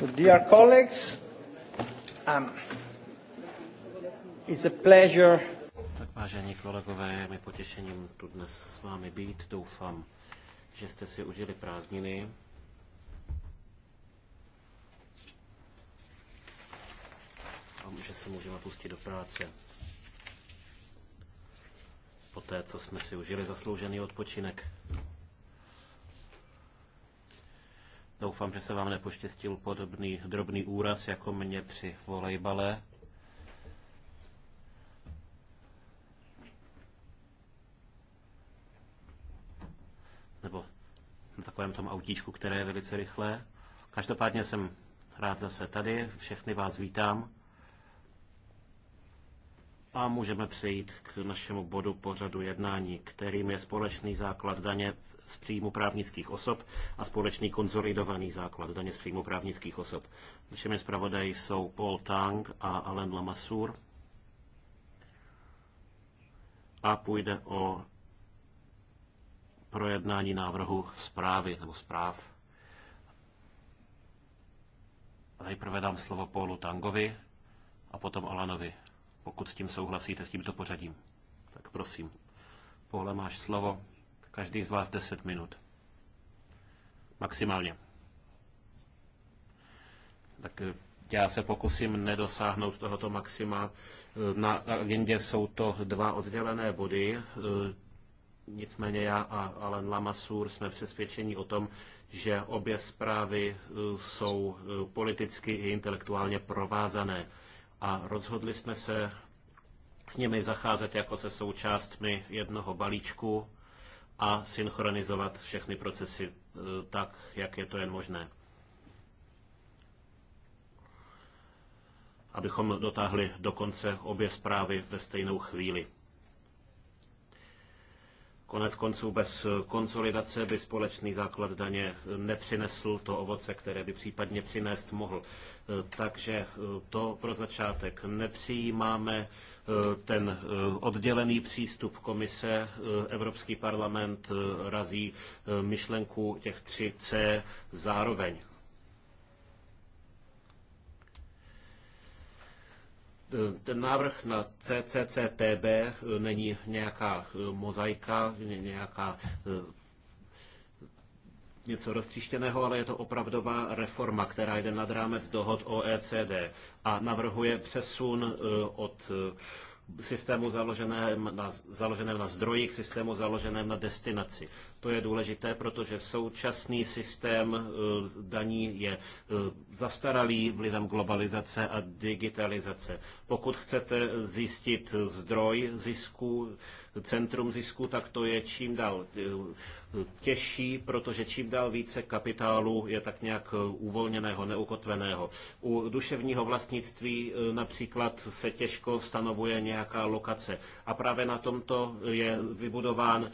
So dear colleagues, um, it's a pleasure. Tak vážení kolegové, je mi potěšením tu dnes s vámi být. Doufám, že jste si užili prázdniny. A že se můžeme pustit do práce. Poté, co jsme si užili zasloužený odpočinek. Doufám, že se vám nepoštěstil podobný drobný úraz jako mě při volejbale. Nebo na takovém tom autíčku, které je velice rychlé. Každopádně jsem rád zase tady, všechny vás vítám. A můžeme přejít k našemu bodu pořadu jednání, kterým je společný základ daně z příjmu právnických osob a společný konzolidovaný základ daně z příjmu právnických osob. Našimi zpravodaji jsou Paul Tang a Alan Lamassur. A půjde o projednání návrhu zprávy nebo zpráv. Nejprve dám slovo Paulu Tangovi a potom Alanovi pokud s tím souhlasíte, s tímto pořadím. Tak prosím, pohle máš slovo, každý z vás 10 minut. Maximálně. Tak eh, já se pokusím nedosáhnout tohoto maxima. Eh, na agendě jsou to dva oddělené body. Eh, nicméně já a Alan Lamassur jsme přesvědčeni o tom, že obě zprávy jsou politicky i intelektuálně provázané a rozhodli jsme se s nimi zacházet jako se součástmi jednoho balíčku a synchronizovat všechny procesy eh, tak, jak je to jen možné. Abychom dotáhli do konce obě zprávy ve stejnou chvíli. Konec konců bez konsolidace by společný základ daně nepřinesl to ovoce, které by případně přinést mohl. Takže to pro začátek. Nepřijímáme eh, ten eh, oddělený přístup komise. Eh, Evropský parlament razí myšlenku těch 3C zároveň. Eh, ten návrh na CCCTB eh, není nějaká eh, mozaika, nějaká něco roztříštěného, ale je to opravdová reforma, která jde nad rámec dohod OECD a navrhuje přesun od systému založeném na, založeném na zdroji k systému založeném na destinaci. To je důležité, protože současný systém eh, daní je eh, zastaralý vlivem globalizace a digitalizace. Pokud chcete zjistit zdroj zisku, centrum zisku, tak to je čím dál eh, těžší, protože čím dál více kapitálu je tak nějak uvolněného, neukotveného. U duševního vlastnictví například se těžko stanovuje nějaká lokace. A právě na tomto je vybudován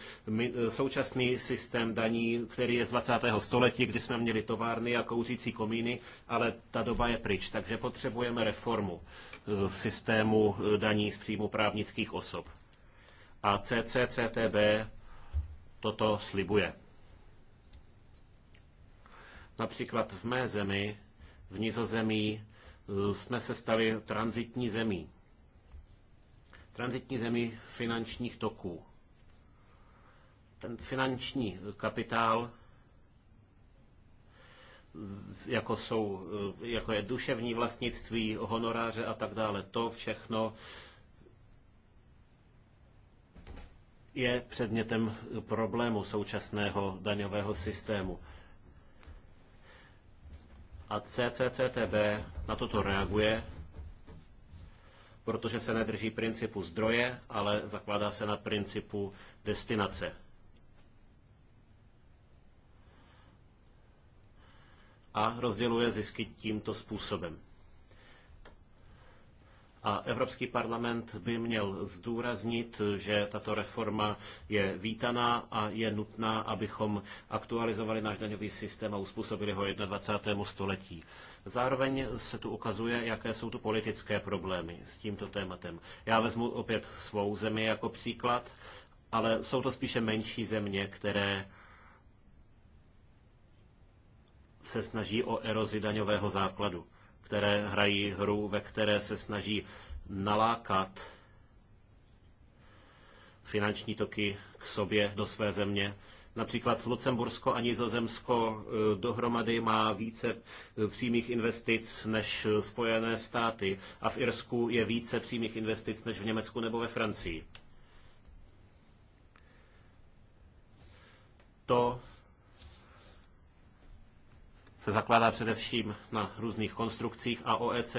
současný systém daní, který je z 20. století, kdy jsme měli továrny a kouřící komíny, ale ta doba je pryč, takže potřebujeme reformu eh, systému eh, daní z příjmu právnických osob. A CCCTB toto slibuje. Například v mé zemi, v Nizozemí, eh, jsme se stali transitní zemí. Transitní zemí finančních toků ten finanční kapitál, jako, jsou, e, jako je duševní vlastnictví, honoráře a tak dále, to všechno je předmětem problému současného daňového systému. A CCCTB na toto reaguje, protože se nedrží principu zdroje, ale zakládá se na principu destinace. a rozděluje zisky tímto způsobem. A Evropský parlament by měl zdůraznit, že tato reforma je vítaná a je nutná, abychom aktualizovali náš daňový systém a uspůsobili ho 21. století. Zároveň se tu ukazuje, jaké jsou tu politické problémy s tímto tématem. Já vezmu opět svou zemi jako příklad, ale jsou to spíše menší země, které se snaží o erozi daňového základu, které hrají hru, ve které se snaží nalákat finanční toky k sobě do své země. Například Lucembursko a Nizozemsko eh, dohromady má více eh, přímých investic než eh, Spojené státy a v Irsku je více přímých investic než v Německu nebo ve Francii. To se zakládá především na různých konstrukcích a OECD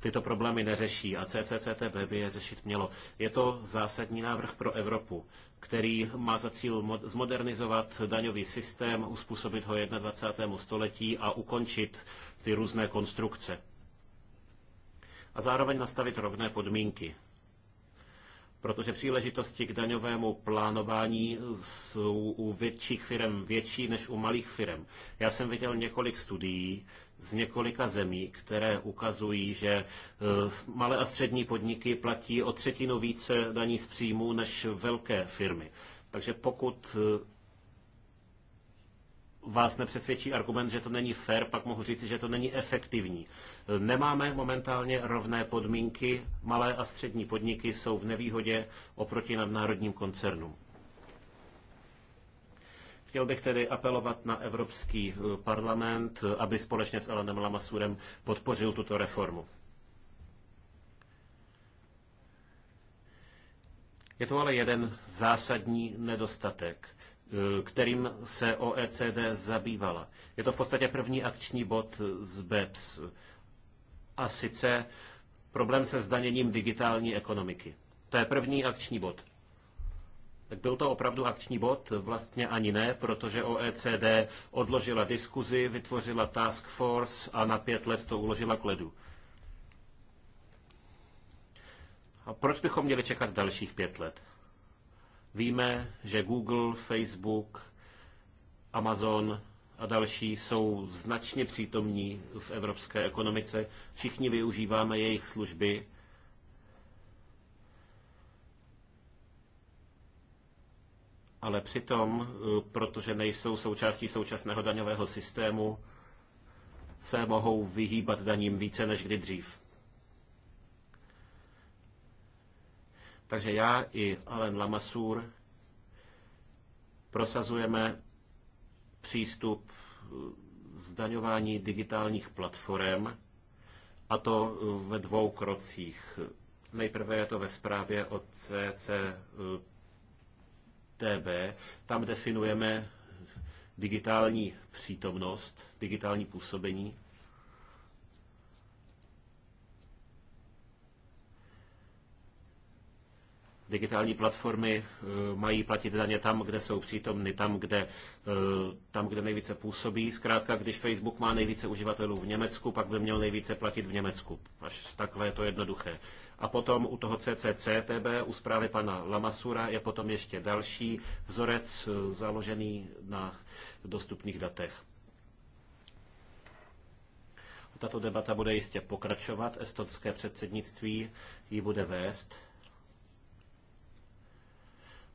tyto problémy neřeší a CCCTB by je řešit mělo. Je to zásadní návrh pro Evropu, který má za cíl zmodernizovat daňový systém, uspůsobit ho 21. století a ukončit ty různé konstrukce. A zároveň nastavit rovné podmínky protože příležitosti k daňovému plánování jsou u větších firm větší než u malých firm. Já jsem viděl několik studií z několika zemí, které ukazují, že e, malé a střední podniky platí o třetinu více daní z příjmů než velké firmy. Takže pokud e, vás nepřesvědčí argument, že to není fair, pak mohu říci, že to není efektivní. Nemáme momentálně rovné podmínky, malé a střední podniky jsou v nevýhodě oproti nadnárodním koncernům. Chtěl bych tedy apelovat na Evropský eh, parlament, eh, aby společně s Alanem Lamasurem podpořil tuto reformu. Je to ale jeden zásadní nedostatek. Eh, kterým se OECD zabývala. Je to v podstatě první akční bod z BEPS. A sice problém se zdaněním digitální ekonomiky. To je první akční bod. Tak byl to opravdu akční bod? Vlastně ani ne, protože OECD odložila diskuzi, vytvořila task force a na pět let to uložila k ledu. A proč bychom měli čekat dalších pět let? Víme, že Google, Facebook, Amazon a další jsou značně přítomní v evropské ekonomice. Všichni využíváme jejich služby. Ale přitom, protože nejsou součástí současného daňového systému, se mohou vyhýbat daním více než kdy dřív. Takže já i Alen Lamassur prosazujeme přístup eh, zdaňování digitálních platform, a to eh, ve dvou krocích. Nejprve je to ve zprávě od CCTB. Tam definujeme digitální přítomnost, digitální působení digitální platformy eh, mají platit daně tam, kde jsou přítomny, tam kde, eh, tam, kde nejvíce působí. Zkrátka, když Facebook má nejvíce uživatelů v Německu, pak by měl nejvíce platit v Německu. Až takhle je to jednoduché. A potom u toho CCCTB, u zprávy pana Lamasura, je potom ještě další vzorec eh, založený na dostupných datech. Tato debata bude jistě pokračovat. Estonské předsednictví ji bude vést.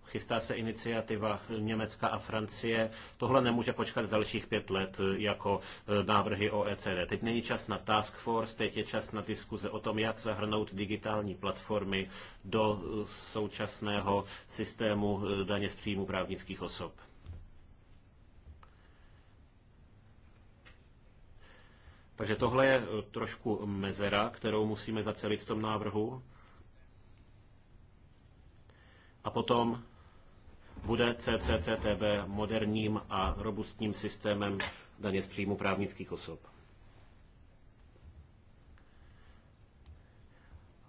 Chystá se iniciativa Německa a Francie. Tohle nemůže počkat dalších pět let e, jako e, návrhy OECD. Teď není čas na task force, teď je čas na diskuze o tom, jak zahrnout digitální platformy do e, současného systému daně z příjmu právnických osob. Takže tohle je trošku mezera, kterou musíme zacelit v tom návrhu. A potom bude CCCTB moderním a robustním systémem daně z příjmu právnických osob.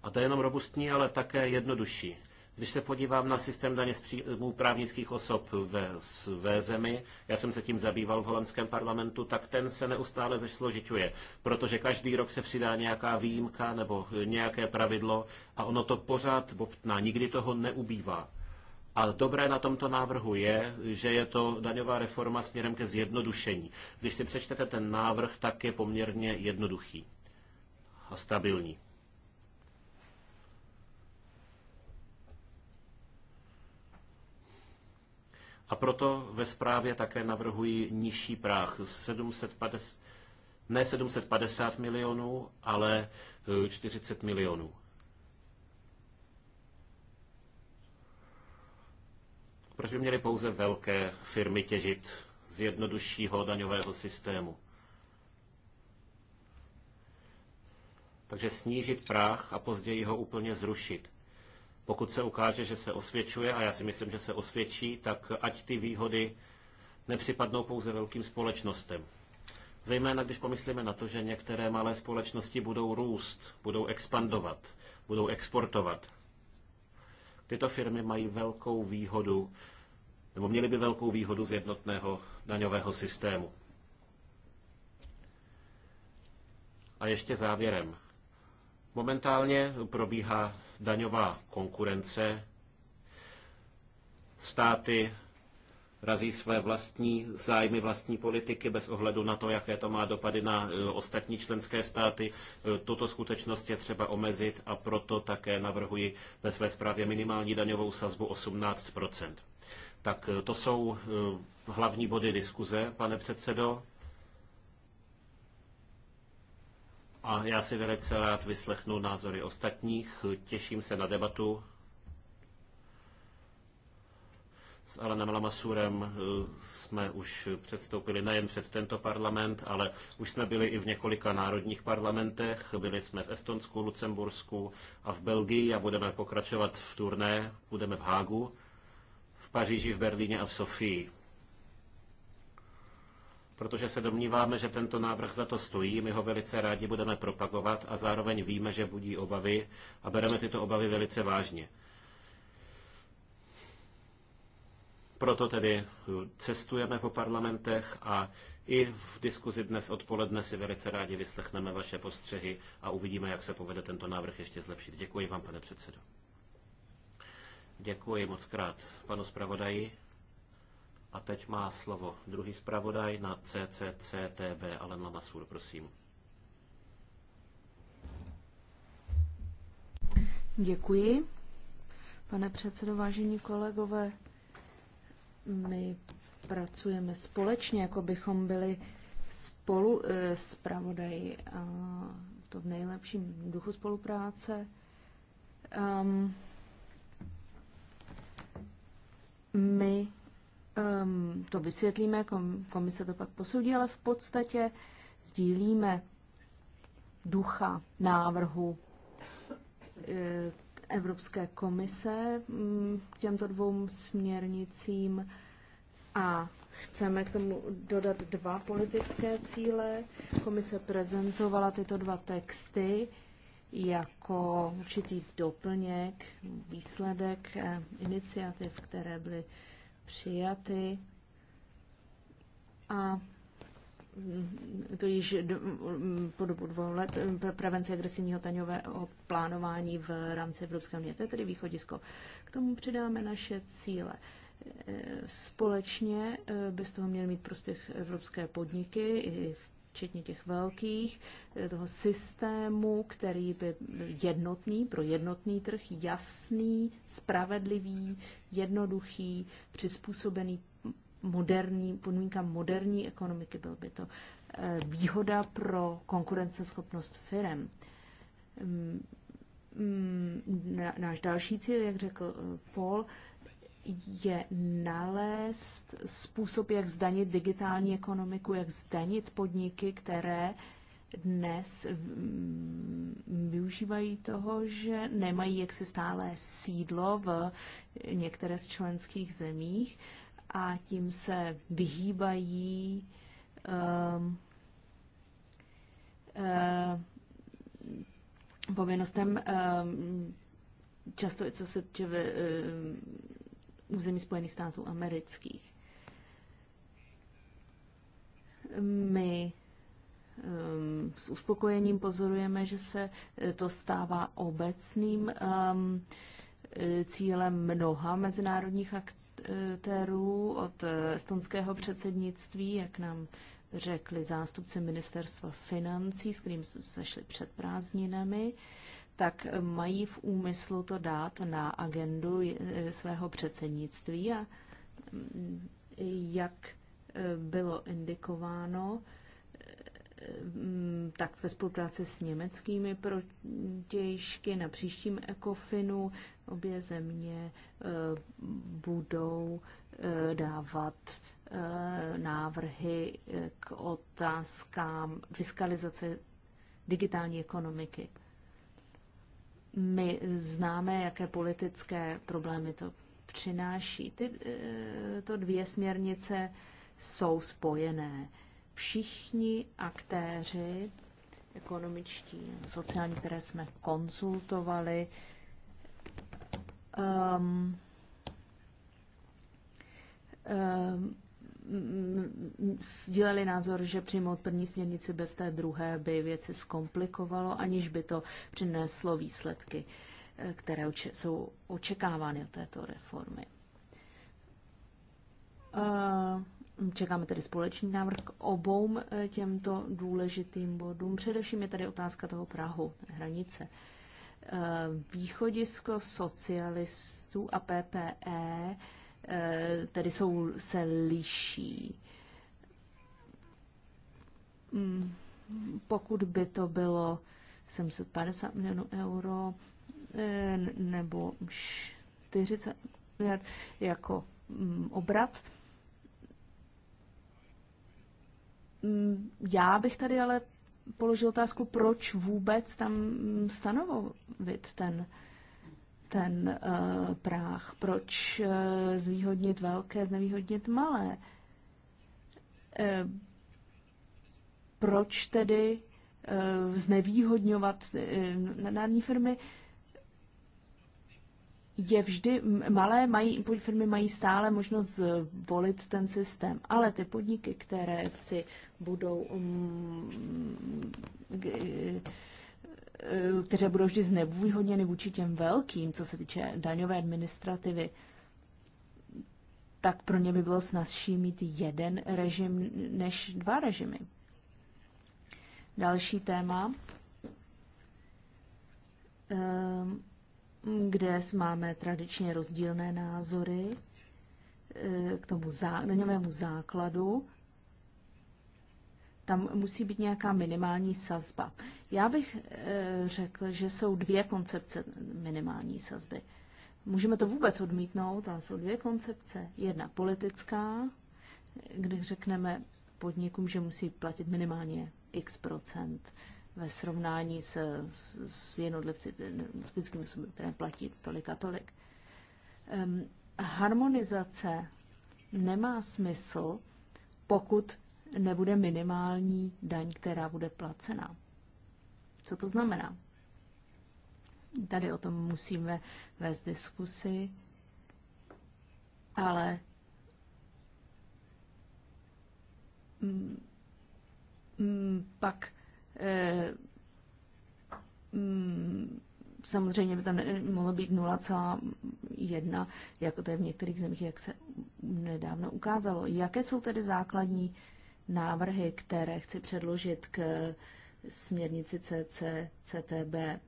A to je jenom robustní, ale také jednodušší. Když se podívám na systém daně z příjmu právnických osob ve své zemi, já jsem se tím zabýval v holandském parlamentu, tak ten se neustále zesložituje, protože každý rok se přidá nějaká výjimka nebo nějaké pravidlo a ono to pořád bobtná, nikdy toho neubývá. A dobré na tomto návrhu je, že je to daňová reforma směrem ke zjednodušení. Když si přečtete ten návrh, tak je poměrně jednoduchý a stabilní. A proto ve zprávě také navrhují nižší práh 750, ne 750 milionů, ale 40 eh, milionů. Proč by měly pouze velké firmy těžit z jednoduššího daňového systému? Takže snížit práh a později ho úplně zrušit. Pokud se ukáže, že se osvědčuje, a já si myslím, že se osvědčí, tak ať ty výhody nepřipadnou pouze velkým společnostem. Zejména když pomyslíme na to, že některé malé společnosti budou růst, budou expandovat, budou exportovat. Tyto firmy mají velkou výhodu, nebo měly by velkou výhodu z jednotného daňového systému. A ještě závěrem. Momentálně probíhá daňová konkurence. Státy razí své vlastní zájmy, vlastní politiky bez ohledu na to, jaké to má dopady na e, ostatní členské státy. E, tuto skutečnost je třeba omezit a proto také navrhuji ve své zprávě minimální daňovou sazbu 18 Tak e, to jsou hlavní body diskuze, pane předsedo. A já si velice rád vyslechnu názory ostatních. Těším se na debatu S Alanem Lamasurem eh, jsme už předstoupili nejen před tento parlament, ale už jsme byli i v několika národních parlamentech. Byli jsme v Estonsku, Lucembursku a v Belgii a budeme pokračovat v turné. Budeme v Hágu, v Paříži, v Berlíně a v Sofii protože se domníváme, že tento návrh za to stojí. My ho velice rádi budeme propagovat a zároveň víme, že budí obavy a bereme tyto obavy velice vážně. Proto tedy cestujeme po parlamentech a i v diskuzi dnes odpoledne si velice rádi vyslechneme vaše postřehy a uvidíme, jak se povede tento návrh ještě zlepšit. Děkuji vám, pane předsedo. Děkuji moc krát panu zpravodaji. A teď má slovo druhý zpravodaj na CCCTB, Alen Lamasur, prosím. Děkuji. Pane předsedo, vážení kolegové, my pracujeme společně, jako bychom byli spolu e, zpravodaji, a to v nejlepším duchu spolupráce. Um, my um, to vysvětlíme, kom, komise to pak posoudí, ale v podstatě sdílíme ducha návrhu, e, Evropské komise k mm, těmto dvou směrnicím a chceme k tomu dodat dva politické cíle. Komise prezentovala tyto dva texty jako určitý doplněk, výsledek eh, iniciativ, které byly přijaty. A to již po dobu dvou let, eh, prevence agresivního taňového plánování v rámci Evropské unie. To je tedy východisko. K tomu přidáme naše cíle. Eh, společně eh, by z toho měly mít prospěch evropské podniky, včetně těch velkých, toho systému, který by byl jednotný, pro jednotný trh, jasný, spravedlivý, jednoduchý, přizpůsobený moderní, podmínka moderní ekonomiky. Byl by to eh, výhoda pro konkurenceschopnost firem. Mm, mm, náš další cíl, jak řekl eh, Paul, je nalézt způsob, jak zdanit digitální ekonomiku, jak zdanit podniky, které dnes mm, využívají toho, že nemají jaksi stále sídlo v některé z členských zemích a tím se vyhýbají um, um, povinnostem um, často i co se týče um, území Spojených států amerických. My um, s uspokojením pozorujeme, že se eh, to stává obecným um, cílem mnoha mezinárodních aktivit auditérů od eh, estonského předsednictví, jak nám řekli zástupci ministerstva financí, s kterým jsme sešli před prázdninami, tak mají v úmyslu to dát na agendu eh, svého předsednictví a mm, jak eh, bylo indikováno, Mm, tak ve spolupráci s německými protějšky na příštím ECOFINu obě země e, budou e, dávat e, návrhy k otázkám fiskalizace digitální ekonomiky. My známe, jaké politické problémy to přináší. Ty, to dvě směrnice jsou spojené všichni aktéři ekonomičtí, sociální, které jsme konsultovali, um, um, sdíleli názor, že přijmout první směrnici bez té druhé by věci zkomplikovalo, aniž by to přineslo výsledky, eh, které jsou očekávány od této reformy. Uh, Čekáme tedy společný návrh k obou eh, těmto důležitým bodům. Především je tady otázka toho Prahu, hranice. Eh, východisko socialistů a PPE eh, tedy jsou, se liší. Mm, pokud by to bylo 750 milionů euro nebo 40 miliard jako mm, obrat, Já bych tady ale položil otázku, proč vůbec tam stanovit ten, ten uh, práh, proč uh, zvýhodnit velké, znevýhodnit malé. Uh, proč tedy uh, znevýhodňovat uh, nadnárodní firmy? Uh, je vždy, malé mají, firmy mají stále možnost zvolit ten systém, ale ty podniky, které si budou, um, e, které budou vždy znevýhodněny vůči těm velkým, co se týče daňové administrativy, tak pro ně by bylo snazší mít jeden režim než dva režimy. Další téma. Um kde máme tradičně rozdílné názory e, k tomu zá, daňovému základu, tam musí být nějaká minimální sazba. Já bych e, řekl, že jsou dvě koncepce minimální sazby. Můžeme to vůbec odmítnout, ale jsou dvě koncepce. Jedna politická, kdy řekneme podnikům, že musí platit minimálně x procent ve srovnání s, s jednotlivci, fyzickými subjekty, které platí tolik a tolik. Um, harmonizace nemá smysl, pokud nebude minimální daň, která bude placená. Co to znamená? Tady o tom musíme vést diskusi, ale pak Eh, mm, samozřejmě by tam mohlo být 0,1, jako to je v některých zemích, jak se nedávno ukázalo. Jaké jsou tedy základní návrhy, které chci předložit k směrnici CC, CTB?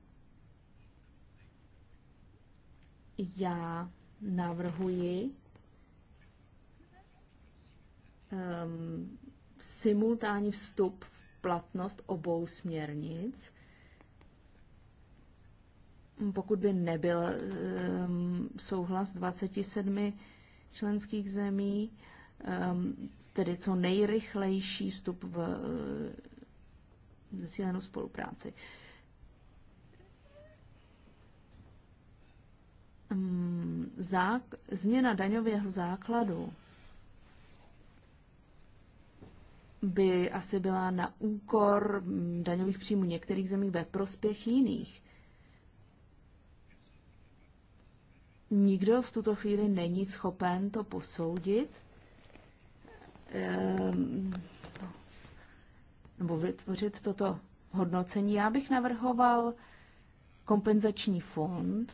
Já navrhuji um, simultánní vstup platnost obou směrnic, pokud by nebyl um, souhlas 27 členských zemí, um, tedy co nejrychlejší vstup v zesílenou eh, spolupráci. Ehm, zák- změna daňového základu by asi byla na úkor daňových příjmů některých zemí ve prospěch jiných. Nikdo v tuto chvíli není schopen to posoudit ehm, nebo vytvořit toto hodnocení. Já bych navrhoval kompenzační fond,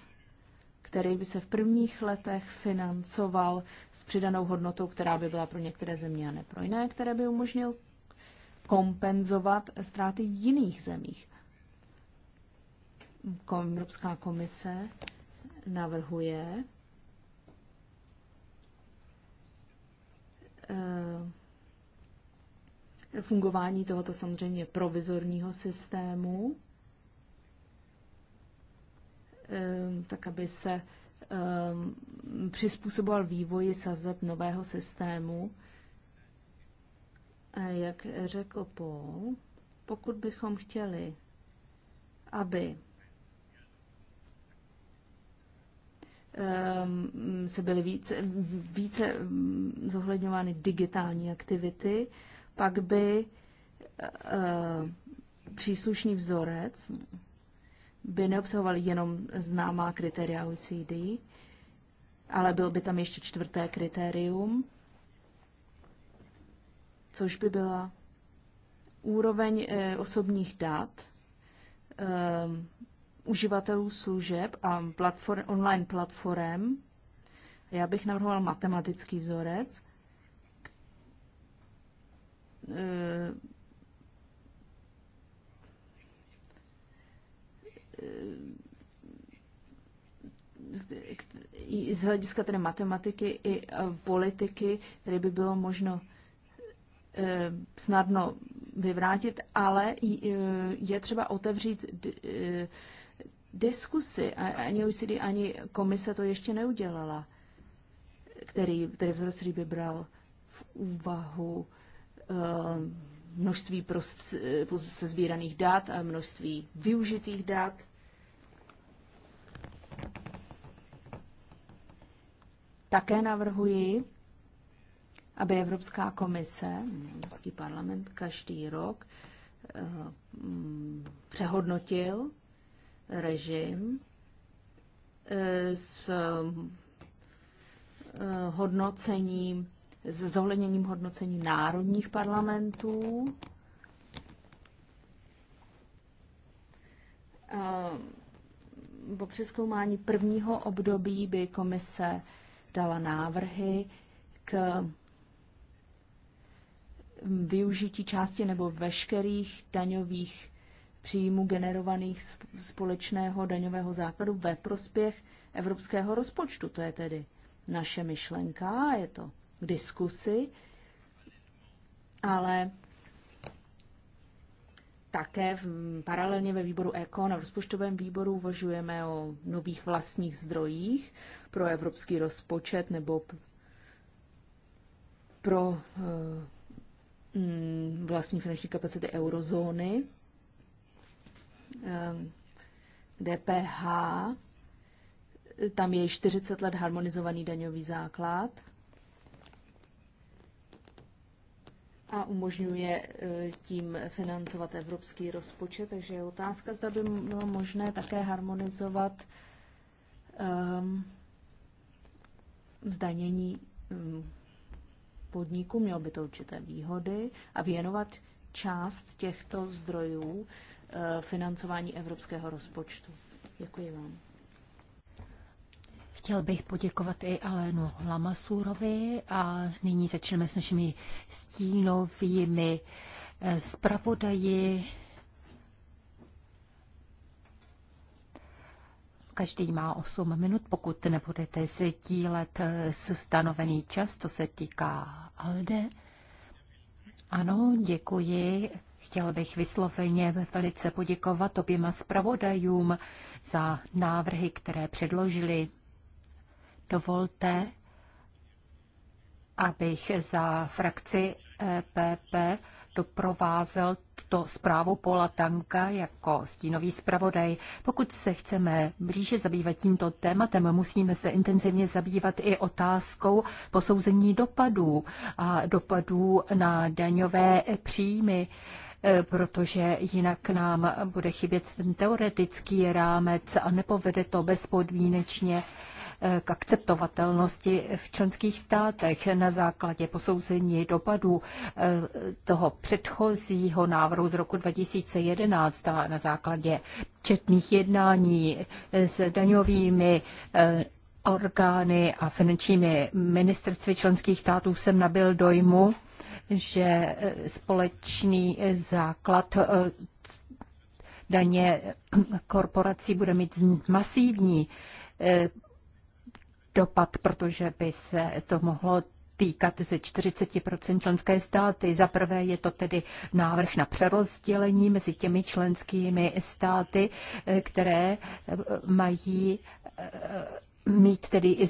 který by se v prvních letech financoval s přidanou hodnotou, která by byla pro některé země a ne pro jiné, které by umožnil kompenzovat ztráty v jiných zemích. Evropská komise navrhuje eh, fungování tohoto samozřejmě provizorního systému, Ehm, tak aby se ehm, přizpůsoboval vývoji sazeb nového systému. A jak řekl Paul, pokud bychom chtěli, aby ehm, se byly více, více zohledňovány digitální aktivity, pak by příslušný vzorec by neobsahoval jenom známá kritéria OCD, ale byl by tam ještě čtvrté kritérium, což by byla úroveň eh, osobních dat ehm, uživatelů služeb a platform, online platform. Já bych navrhoval matematický vzorec. Eh, E, z hlediska tedy matematiky i e, politiky, které by bylo možno e, snadno vyvrátit, ale je třeba otevřít diskusy. Ani OECD, ani komise to ještě neudělala, který, který vzrostří by bral v úvahu množství se sbíraných dat a množství využitých dat Také navrhuji, aby Evropská komise, Evropský parlament každý rok eh, přehodnotil režim eh, s eh, hodnocením, s zohledněním hodnocení národních parlamentů. Po přeskoumání prvního období by komise dala návrhy k využití části nebo veškerých daňových příjmů generovaných společného daňového základu ve prospěch evropského rozpočtu. To je tedy naše myšlenka, je to k diskusi, ale také v, paralelně ve výboru ECO a v rozpočtovém výboru uvažujeme o nových vlastních zdrojích pro evropský rozpočet nebo pro eh, mm, vlastní finanční kapacity eurozóny. DPH, eh, tam je 40 let harmonizovaný daňový základ – a umožňuje e, tím financovat evropský rozpočet. Takže je otázka, zda by bylo možné také harmonizovat um, zdanění um, ehm, podniku, mělo by to určité výhody a věnovat část těchto zdrojů uh, financování evropského rozpočtu. Děkuji vám. Chtěl bych poděkovat i Alénu Lamasurovi a nyní začneme s našimi stínovými eh, zpravodaji. Každý má 8 minut, pokud nebudete sdílet eh, stanovený čas, to se týká Alde. Ano, děkuji. Chtěl bych vysloveně velice poděkovat oběma zpravodajům za návrhy, které předložili dovolte, abych za frakci EPP doprovázel tuto zprávu Pola Tanka jako stínový zpravodaj. Pokud se chceme blíže zabývat tímto tématem, musíme se intenzivně zabývat i otázkou posouzení dopadů a dopadů na daňové příjmy e, protože jinak nám bude chybět ten teoretický rámec a nepovede to bezpodmínečně Eh, k akceptovatelnosti v členských státech na základě posouzení dopadů eh, toho předchozího návrhu z roku 2011 a na základě četných jednání eh, s daňovými orgány a finančními ministerství členských států jsem nabil dojmu, že společný základ daně korporací bude mít masivní dopad, protože by se to mohlo týkat ze 40 členské státy. Za prvé je to tedy návrh na přerozdělení mezi těmi členskými státy, eh, které eh, mají eh, mít tedy i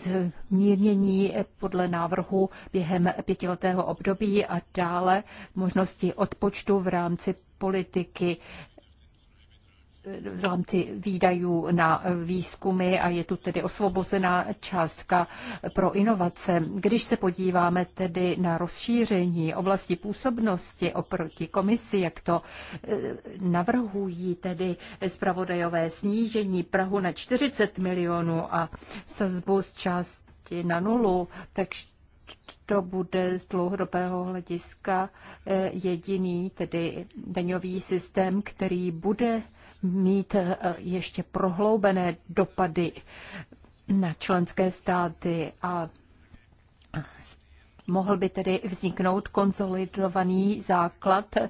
zmírnění podle návrhu během pětiletého období a dále možnosti odpočtu v rámci politiky v rámci výdajů na výzkumy a je tu tedy osvobozená částka pro inovace. Když se podíváme tedy na rozšíření oblasti působnosti oproti komisi, jak to eh, navrhují tedy zpravodajové snížení Prahu na 40 milionů a sazbu z části na nulu, takže to bude z dlouhodobého hlediska eh, jediný, tedy daňový systém, který bude mít eh, ještě prohloubené dopady na členské státy a Mohl by tedy vzniknout konsolidovaný základ, eh,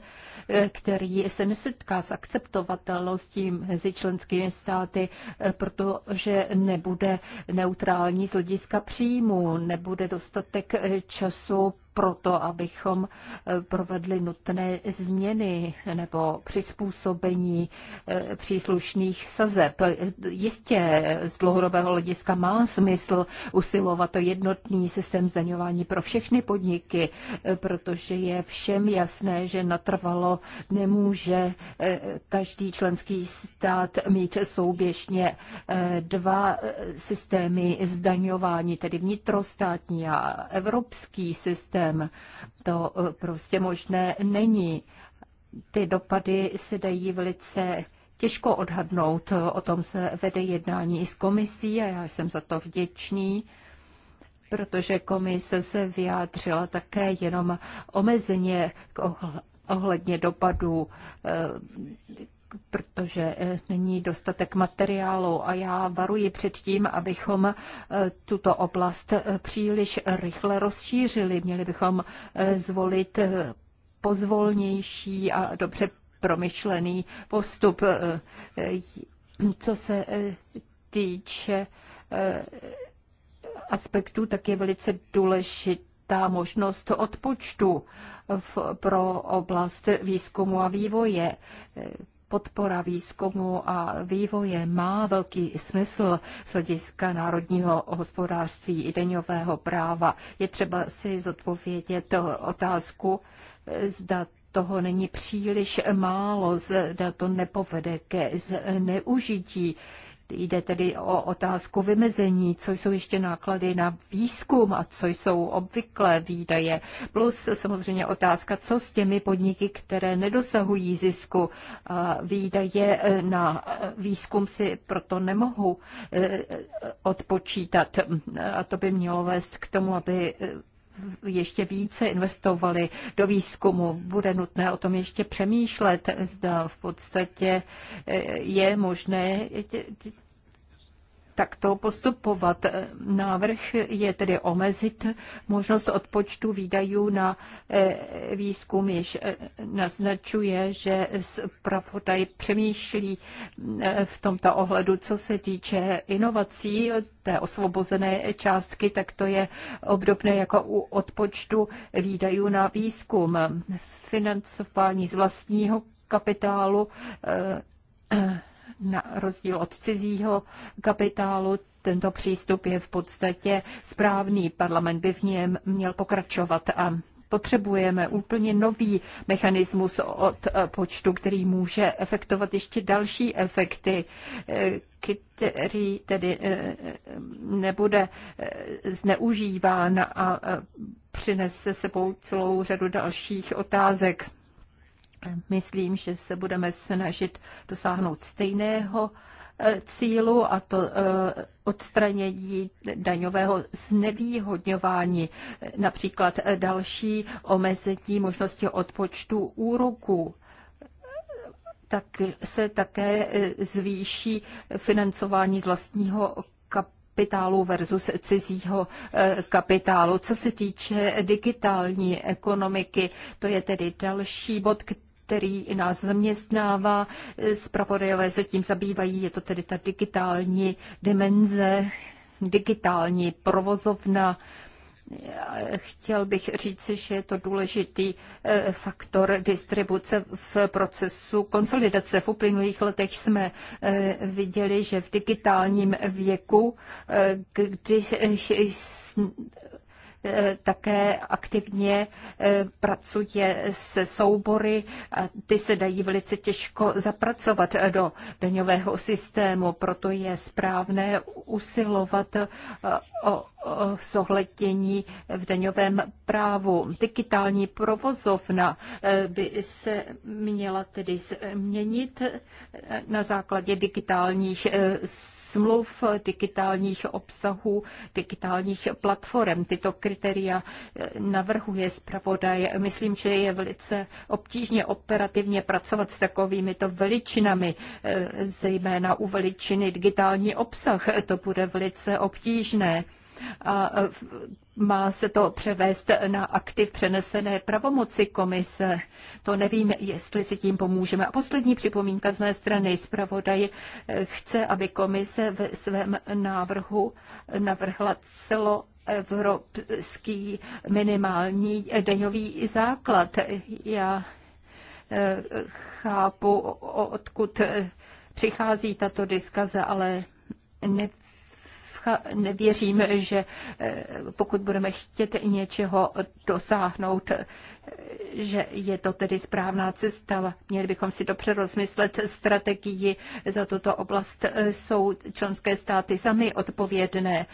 který se nesetká s akceptovatelností mezi členskými státy, eh, protože nebude neutrální z hlediska příjmu, nebude dostatek eh, času proto, abychom eh, provedli nutné změny nebo přizpůsobení eh, příslušných sazeb. Jistě z dlouhodobého hlediska má smysl usilovat o jednotný systém zdaňování pro všechny podniky, eh, protože je všem jasné, že natrvalo nemůže každý členský stát mít souběžně dva systémy zdaňování, tedy vnitrostátní a evropský systém systém. To eh, prostě možné není. Ty dopady se dají velice těžko odhadnout. O tom se vede jednání i s komisí a já jsem za to vděčný protože komise se vyjádřila také jenom omezeně k ohledně dopadů eh, protože eh, není dostatek materiálu a já varuji před tím, abychom eh, tuto oblast eh, příliš rychle rozšířili. Měli bychom zvolit pozvolnější a dobře promyšlený postup, co se týče aspektů, tak je velice důležitá možnost odpočtu v, pro oblast výzkumu a vývoje podpora výzkumu a vývoje má velký smysl z hlediska národního hospodářství i deňového práva. Je třeba si zodpovědět otázku, zda toho není příliš málo, zda to nepovede ke zneužití Jde tedy o otázku vymezení, co jsou ještě náklady na výzkum a co jsou obvyklé výdaje. Plus samozřejmě otázka, co s těmi podniky, které nedosahují zisku. Výdaje na výzkum si proto nemohu eh, odpočítat. A to by mělo vést k tomu, aby ještě více investovali do výzkumu. Bude nutné o tom ještě přemýšlet, zda v podstatě eh, je možné takto postupovat. Návrh je tedy omezit možnost odpočtu výdajů na eh, výzkum, již eh, naznačuje, že zpravodaj přemýšlí eh, v tomto ohledu, co se týče inovací, té osvobozené částky, tak to je obdobné jako u odpočtu výdajů na výzkum. Financování z vlastního kapitálu na rozdíl od cizího kapitálu. Tento přístup je v podstatě správný. Parlament by v něm měl pokračovat a potřebujeme úplně nový mechanismus od počtu, který může efektovat ještě další efekty, který tedy eh, nebude eh, zneužíván a eh, přinese sebou celou řadu dalších otázek. Myslím, že se budeme snažit dosáhnout stejného eh, cílu, a to eh, odstranění daňového znevýhodňování, například eh, další omezení možnosti odpočtu úroků tak se také zvýší financování z vlastního kapitálu versus cizího kapitálu. Co se týče digitální ekonomiky, to je tedy další bod, který který nás zaměstnává. Zpravodajové se tím zabývají, je to tedy ta digitální dimenze, digitální provozovna. Chtěl bych říci, že je to důležitý eh, faktor distribuce v procesu konsolidace. V uplynulých letech jsme eh, viděli, že v digitálním věku, eh, kdy Eh, také aktivně eh, pracuje s soubory a ty se dají velice těžko zapracovat eh, do daňového systému, proto je správné usilovat o zohlednění v daňovém právu. Digitální provozovna by se měla tedy změnit na základě digitálních smluv, digitálních obsahů, digitálních platform. Tyto kritéria eh, navrhuje zpravodaj. Myslím, že je velice obtížně operativně pracovat s takovými to veličinami, eh, zejména u veličiny digitální obsah. To bude velice obtížné. A eh, má se to převést na aktiv přenesené pravomoci komise. To nevím, jestli si tím pomůžeme. A poslední připomínka z mé strany. Zpravodaj eh, chce, aby komise ve svém návrhu navrhla celo evropský minimální eh, denový základ. Já eh, chápu, odkud přichází tato diskaze, ale nevím, a nevěřím, že eh, pokud budeme chtět něčeho dosáhnout, eh, že je to tedy správná cesta. Měli bychom si dobře rozmyslet strategii za tuto oblast. Eh, jsou členské státy sami odpovědné.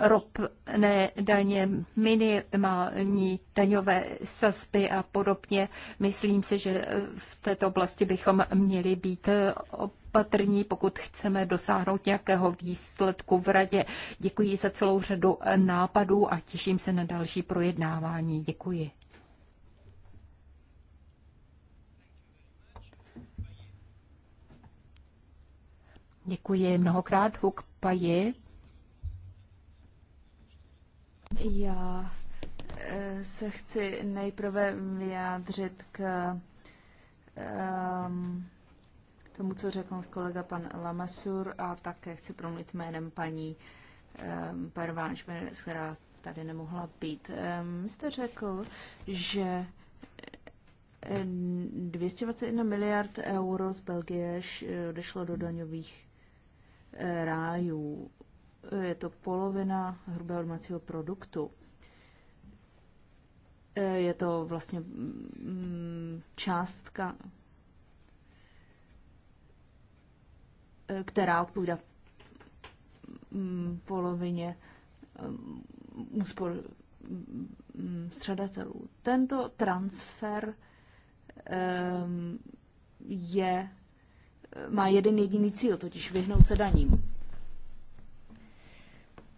Ropné daně, minimální daňové sazby a podobně. Myslím si, že v této oblasti bychom měli být opatrní, pokud chceme dosáhnout nějakého výsledku v radě. Děkuji za celou řadu nápadů a těším se na další projednávání. Děkuji. Děkuji mnohokrát, Huk Paji. Já eh, se chci nejprve vyjádřit k um, tomu, co řekl kolega pan Lamasur a také chci promluvit jménem paní um, ehm, Pervánš, která tady nemohla být. Um, jste řekl, že 221 ehm, miliard euro z Belgie eh, odešlo do daňových eh, rájů. Je to polovina hrubého domácího produktu. Eh, je to vlastně mm, částka, která odpovídá mm, polovině mm, úspor mm, středatelů. Tento transfer je, má jeden jediný cíl, totiž vyhnout se daním.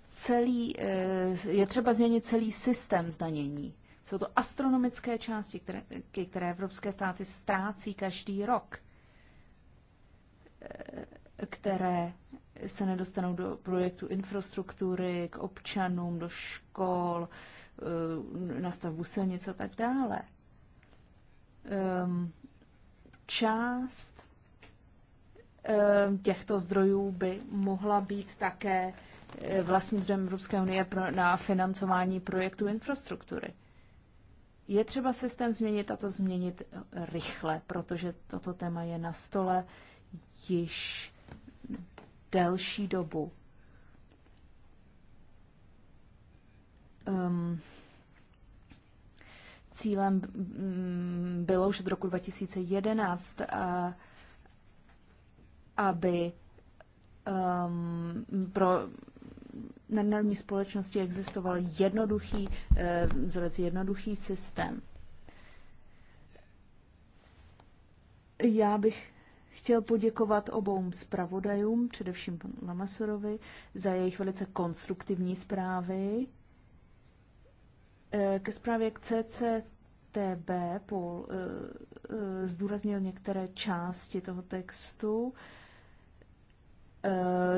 Celý, eh, je třeba změnit celý systém zdanění. Jsou to astronomické části, které, které evropské státy ztrácí každý rok – které se nedostanou do projektu infrastruktury, k občanům, do škol, eh, na stavbu silnic a tak dále. Ehm, část ehm, těchto zdrojů by mohla být také eh, vlastním zdrojem Evropské unie na financování projektu infrastruktury. Je třeba systém změnit a to změnit rychle, protože toto téma je na stole již delší dobu. Um, cílem mm, bylo už od roku 2011, a, eh, aby um, pro nadnárodní společnosti existoval jednoduchý, eh, vzorec jednoduchý systém. Já bych chtěl poděkovat obou zpravodajům, především panu Lamasurovi, za jejich velice konstruktivní zprávy. E, ke zprávě k CCTB Paul e, e, zdůraznil některé části toho textu,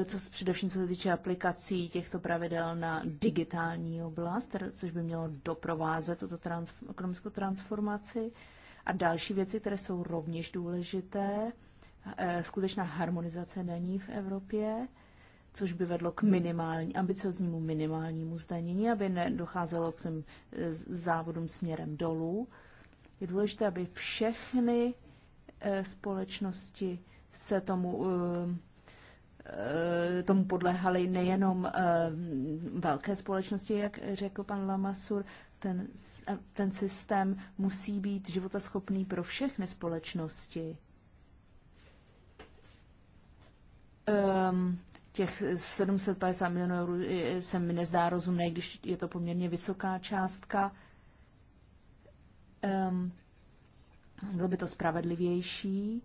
co především co se týče aplikací těchto pravidel na digitální oblast, což by mělo doprovázet tuto trans- ekonomickou transformaci. A další věci, které jsou rovněž důležité, Eh, skutečná harmonizace daní v Evropě, což by vedlo k minimální, ambicioznímu minimálnímu zdanění, aby nedocházelo k těm eh, závodům směrem dolů. Je důležité, aby všechny eh, společnosti se tomu tomu podléhaly nejenom velké společnosti, jak řekl pan Lamasur, ten, ten systém musí být životaschopný pro všechny společnosti. Um, těch 750 milionů eur se mi nezdá rozumné, když je to poměrně vysoká částka. Um, bylo by to spravedlivější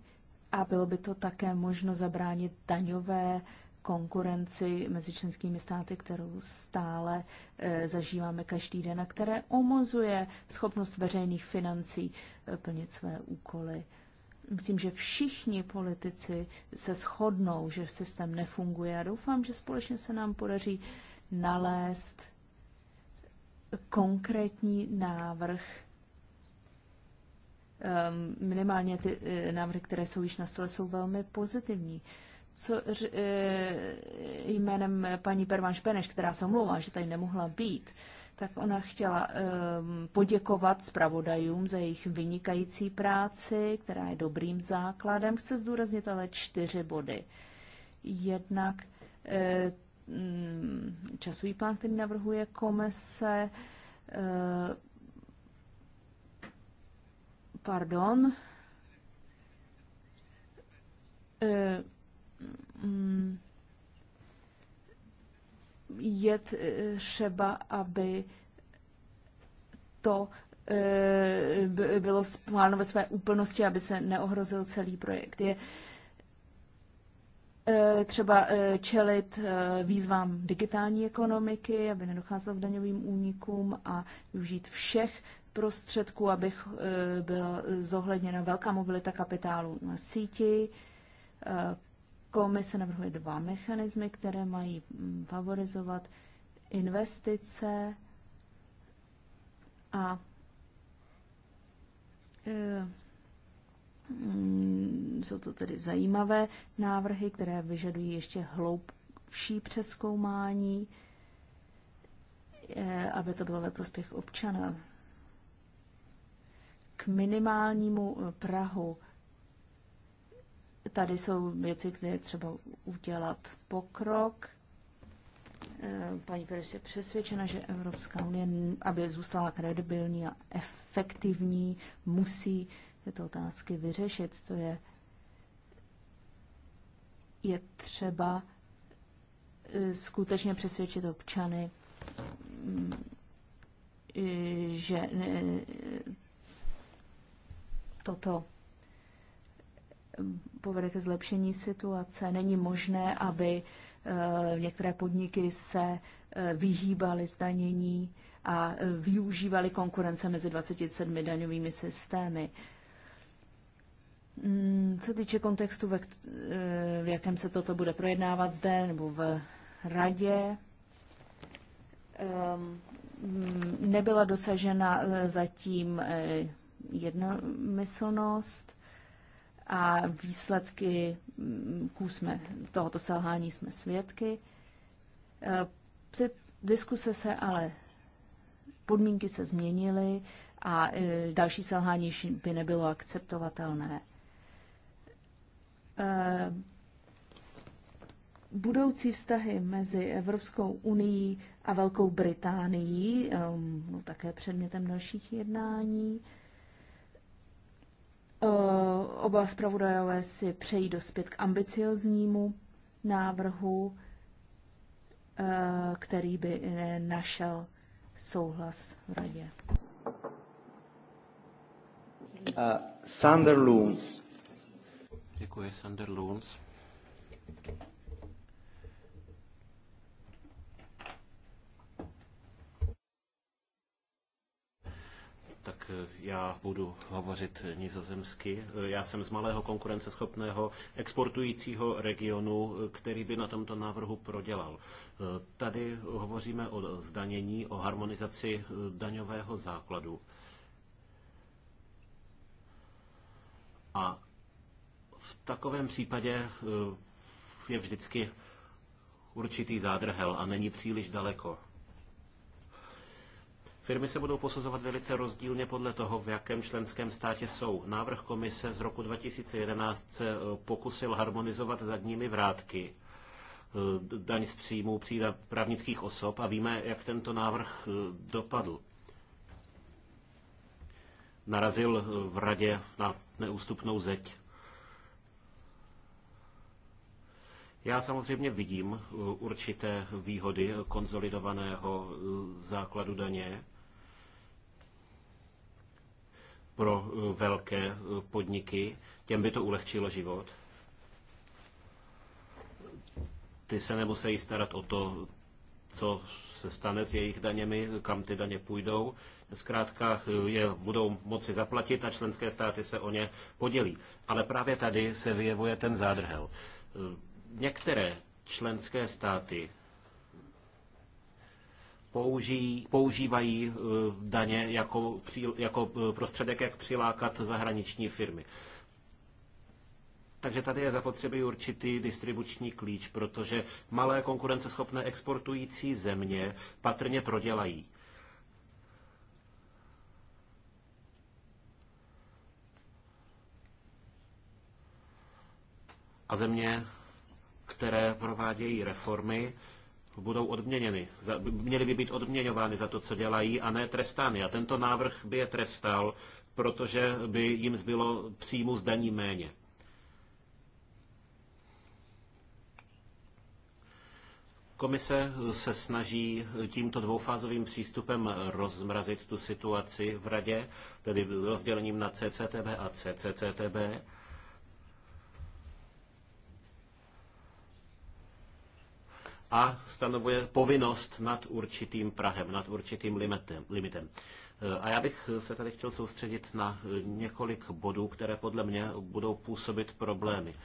a bylo by to také možno zabránit daňové konkurenci mezi členskými státy, kterou stále e, zažíváme každý den a které omozuje schopnost veřejných financí eh, plnit své úkoly. E, Myslím, že všichni politici se shodnou, že systém nefunguje a doufám, že společně se nám podaří nalézt konkrétní návrh, ehm, minimálně ty eh, návrhy, které jsou již na stole, jsou velmi pozitivní. Co eh, jménem paní Pervanš Beneš, která se omlouvá, že tady nemohla být, tak ona chtěla um, poděkovat zpravodajům za jejich vynikající práci, která je dobrým základem. Chce zdůraznit ale čtyři body. Jednak um, časový plán, který navrhuje komise, um, pardon, um, je eh, třeba, aby to eh, bylo spláno ve své úplnosti, aby se neohrozil celý projekt. Je eh, třeba čelit výzvám digitální ekonomiky, aby nedocházelo k daňovým únikům a využít všech prostředků, abych byla zohledněna velká mobilita kapitálu na síti, Komise navrhuje dva mechanismy, které mají mm, favorizovat investice a e, mm, jsou to tedy zajímavé návrhy, které vyžadují ještě hloubší přeskoumání, e, aby to bylo ve prospěch občana. K minimálnímu e, Prahu Tady jsou věci, kde je třeba udělat pokrok. Eh, paní Pérez je přesvědčena, že Evropská unie, aby zůstala kredibilní a efektivní, musí tyto otázky vyřešit. To je, je třeba eh, skutečně přesvědčit občany, mm, že eh, toto povede ke zlepšení situace. Není možné, aby eh, některé podniky se eh, vyhýbaly zdanění a eh, využívaly konkurence mezi 27 daňovými systémy. Mm, co týče kontextu, v jakém se toto bude projednávat zde nebo v radě, ehm, mm, nebyla dosažena zatím jednomyslnost a výsledky mm, kůsme tohoto selhání jsme svědky. E, Před diskuse se ale podmínky se změnily a e, další selhání by nebylo akceptovatelné. E, budoucí vztahy mezi Evropskou unii a Velkou Británií, no, také předmětem dalších jednání, Eh, oba zpravodajové si přejí dospět k ambicioznímu návrhu, eh, který by našel souhlas v radě. Uh, Sander Loons. Děkuji, Sander Loons. tak eh, já budu hovořit nizozemsky. Eh, já jsem z malého konkurenceschopného exportujícího regionu, eh, který by na tomto návrhu prodělal. Tady hovoříme o zdanění, o harmonizaci daňového základu. A v takovém případě je vždycky určitý zádrhel a není příliš daleko. Firmy se budou posuzovat velice rozdílně podle toho, v jakém členském státě jsou. Návrh komise z roku 2011 se eh, pokusil harmonizovat zadními vrátky eh, daň z příjmů přída právnických osob a víme, jak tento návrh eh, dopadl. Narazil v radě na neústupnou zeď. Já samozřejmě vidím určité výhody konzolidovaného základu daně, pro eh, velké eh, podniky, těm by to ulehčilo život. Ty se nemusí starat o to, co se stane s jejich daněmi, kam ty daně půjdou. Zkrátka eh, je budou moci zaplatit a členské státy se o ně podělí. Ale právě tady se vyjevuje ten zádrhel. Některé členské státy použijí, používají eh, daně jako, jako eh, prostředek, jak přilákat zahraniční firmy. Takže tady je zapotřebí určitý distribuční klíč, protože malé konkurenceschopné exportující země patrně prodělají. A země, které provádějí reformy, budou odměněny, za, měly by být odměňovány za to, co dělají a ne trestány. A tento návrh by je trestal, protože by jim zbylo příjmu z daní méně. Komise se snaží tímto dvoufázovým přístupem rozmrazit tu situaci v radě, tedy rozdělením na CCTB a CCCTB. a stanovuje povinnost nad určitým Prahem, nad určitým limitem. E, a já bych se tady chtěl soustředit na několik bodů, které podle mě budou působit problémy.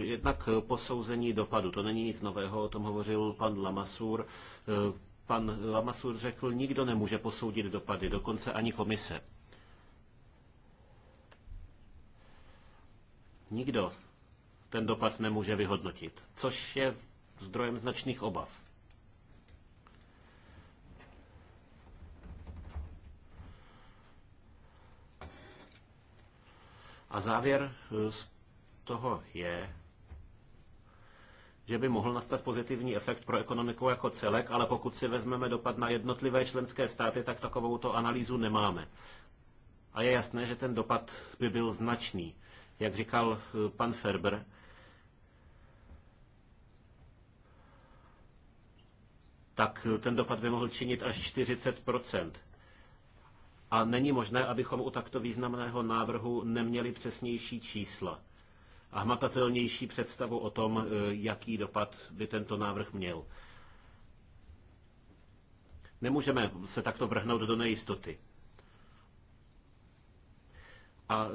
E, jednak posouzení dopadu, to není nic nového, o tom hovořil pan Lamasur. E, pan Lamasur řekl, nikdo nemůže posoudit dopady, dokonce ani komise. Nikdo ten dopad nemůže vyhodnotit, což je zdrojem značných obav. A závěr eh, z toho je, že by mohl nastat pozitivní efekt pro ekonomiku jako celek, ale pokud si vezmeme dopad na jednotlivé členské státy, tak takovou to analýzu nemáme. A je jasné, že ten dopad by byl značný. Jak říkal eh, pan Ferber, tak ten dopad by mohl činit až 40 A není možné, abychom u takto významného návrhu neměli přesnější čísla a hmatatelnější představu o tom, eh, jaký dopad by tento návrh měl. Nemůžeme se takto vrhnout do nejistoty. A eh,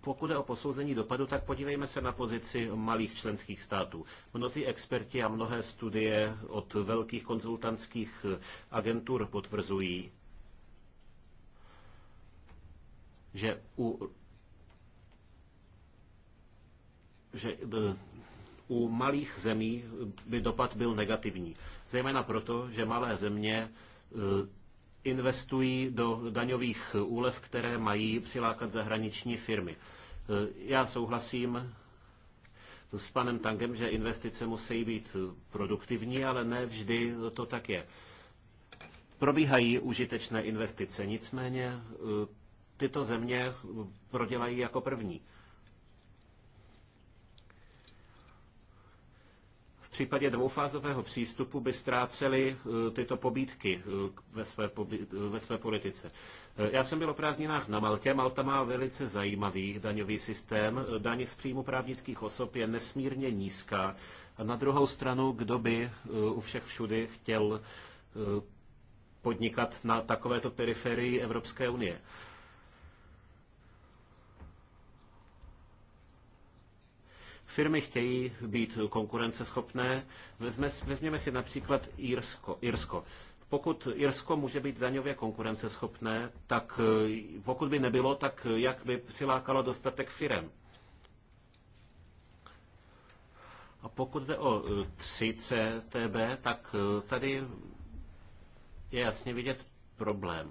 pokud je o posouzení dopadu, tak podívejme se na pozici malých členských států. Mnozí experti a mnohé studie od velkých konzultantských agentur potvrzují, že u že eh, u malých zemí by dopad byl negativní. Zejména proto, že malé země eh, investují do daňových úlev, které mají přilákat zahraniční firmy. E, já souhlasím s panem Tangem, že investice musí být produktivní, ale ne vždy to tak je. Probíhají užitečné investice, nicméně e, tyto země prodělají jako první. případě dvoufázového přístupu by ztráceli e, tyto pobídky e, ve své, e, ve své politice. Já jsem byl o prázdninách na Maltě. Malta má velice zajímavý daňový systém. Daň z příjmu právnických osob je nesmírně nízká. A na druhou stranu, kdo by u všech všudy chtěl podnikat na takovéto periferii Evropské unie. Firmy chtějí být konkurenceschopné. Vezměme si například Irsko. Irsko pokud Irsko může být daňově konkurenceschopné, tak eh, pokud by nebylo, tak jak by přilákalo dostatek firem? A pokud jde o 3CTB, eh, tak eh, tady je jasně vidět problém.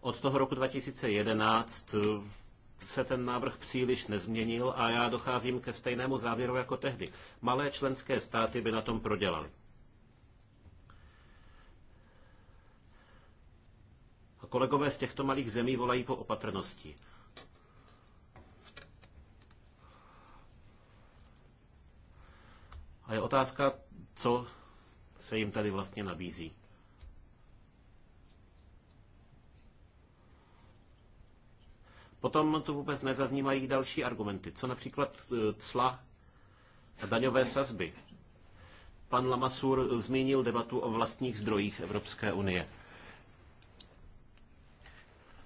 Od toho roku 2011 se ten návrh příliš nezměnil a já docházím ke stejnému závěru jako tehdy. Malé členské státy by na tom prodělaly. A kolegové z těchto malých zemí volají po opatrnosti. A je otázka, co se jim tady vlastně nabízí. Potom tu vůbec nezaznívají další argumenty, co například e, cla a daňové sazby. Pan Lamasur zmínil debatu o vlastních zdrojích Evropské unie.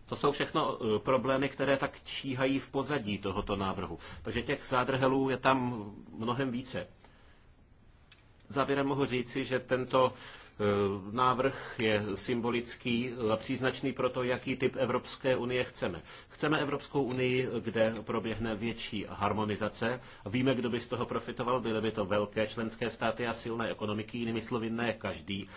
To jsou všechno e, problémy, které tak číhají v pozadí tohoto návrhu. Takže těch zádrhelů je tam mnohem více. Závěrem mohu říci, že tento Eh, návrh je symbolický a eh, příznačný pro to, jaký typ Evropské unie chceme. Chceme Evropskou unii, kde proběhne větší harmonizace. Víme, kdo by z toho profitoval, byly by to velké členské státy a silné ekonomiky, jinými slovy ne každý.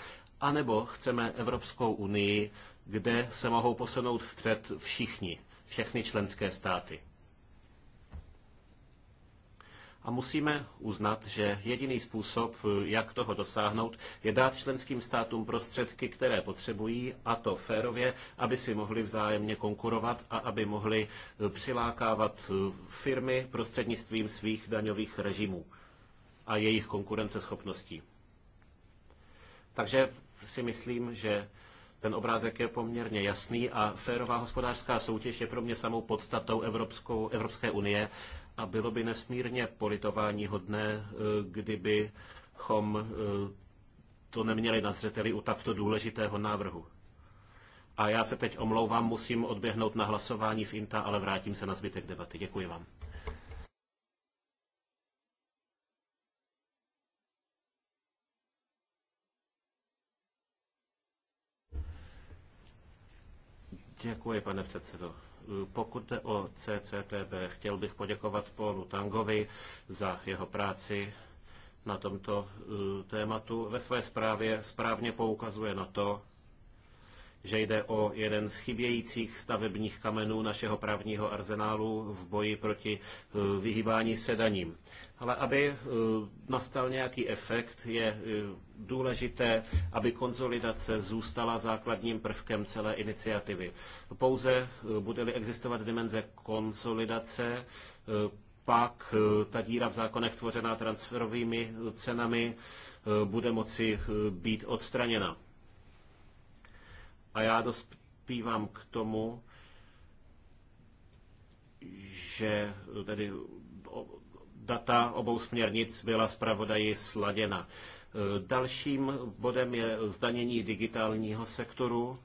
A nebo chceme Evropskou unii, kde se mohou posunout vpřed všichni, všechny členské státy. A musíme uznat, že jediný způsob, jak toho dosáhnout, je dát členským státům prostředky, které potřebují, a to férově, aby si mohli vzájemně konkurovat a aby mohli eh, přilákávat eh, firmy prostřednictvím svých daňových režimů a jejich konkurenceschopností. Takže si myslím, že ten obrázek je poměrně jasný a férová hospodářská soutěž je pro mě samou podstatou Evropskou, Evropské unie a bylo by nesmírně politování hodné, eh, kdybychom eh, to neměli na zřeteli u takto důležitého návrhu. A já se teď omlouvám, musím odběhnout na hlasování v INTA, ale vrátím se na zbytek debaty. Děkuji vám. Děkuji, pane předsedo. Pokud jde o CCTB, chtěl bych poděkovat Paulu Tangovi za jeho práci na tomto eh, tématu. Ve své zprávě správně poukazuje na to, že jde o jeden z chybějících stavebních kamenů našeho právního arzenálu v boji proti eh, vyhýbání se daním. Ale aby eh, nastal nějaký efekt, je eh, důležité, aby konzolidace zůstala základním prvkem celé iniciativy. Pouze bude-li existovat dimenze konsolidace, pak ta díra v zákonech tvořená transferovými cenami bude moci být odstraněna. A já dospívám k tomu, že tedy data obou směrnic byla zpravodaji sladěna. Dalším bodem je zdanění digitálního sektoru.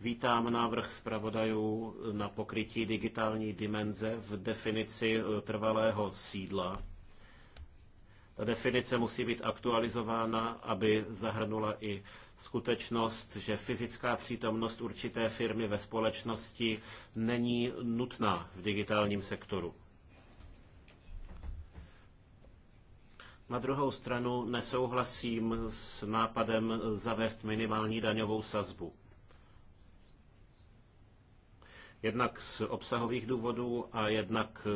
Vítám návrh zpravodajů na pokrytí digitální dimenze v definici trvalého sídla. Ta definice musí být aktualizována, aby zahrnula i skutečnost, že fyzická přítomnost určité firmy ve společnosti není nutná v digitálním sektoru. Na druhou stranu nesouhlasím s nápadem zavést minimální daňovou sazbu. Jednak z obsahových důvodů a jednak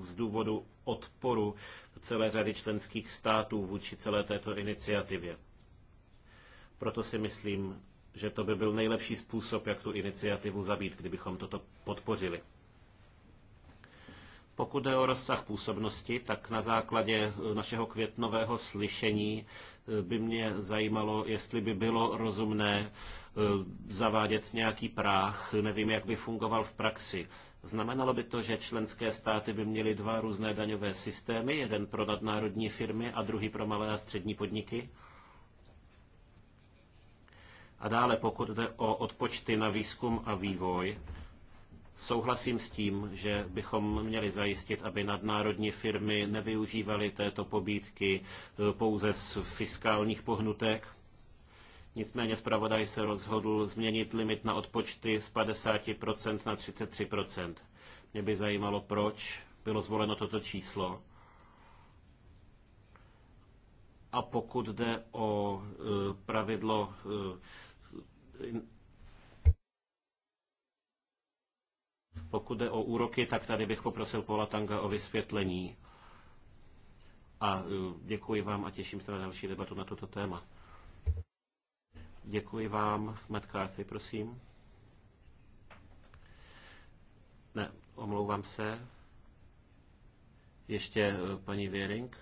z důvodu odporu celé řady členských států vůči celé této iniciativě. Proto si myslím, že to by byl nejlepší způsob, jak tu iniciativu zabít, kdybychom toto podpořili. Pokud je o rozsah působnosti, tak na základě eh, našeho květnového slyšení eh, by mě zajímalo, jestli by bylo rozumné eh, zavádět nějaký práh. Nevím, jak by fungoval v praxi. Znamenalo by to, že členské státy by měly dva různé daňové systémy, jeden pro nadnárodní firmy a druhý pro malé a střední podniky? A dále, pokud jde o odpočty na výzkum a vývoj, souhlasím s tím, že bychom měli zajistit, aby nadnárodní firmy nevyužívaly této pobídky eh, pouze z fiskálních pohnutek, Nicméně zpravodaj se rozhodl změnit limit na odpočty z 50% na 33%. Mě by zajímalo, proč bylo zvoleno toto číslo. A pokud jde o e, pravidlo e, pokud jde o úroky, tak tady bych poprosil Paula Tanga o vysvětlení. A e, děkuji vám a těším se na další debatu na toto téma. Děkuji vám. Matt Carthy, prosím. Ne, omlouvám se. Ještě eh, paní Věring.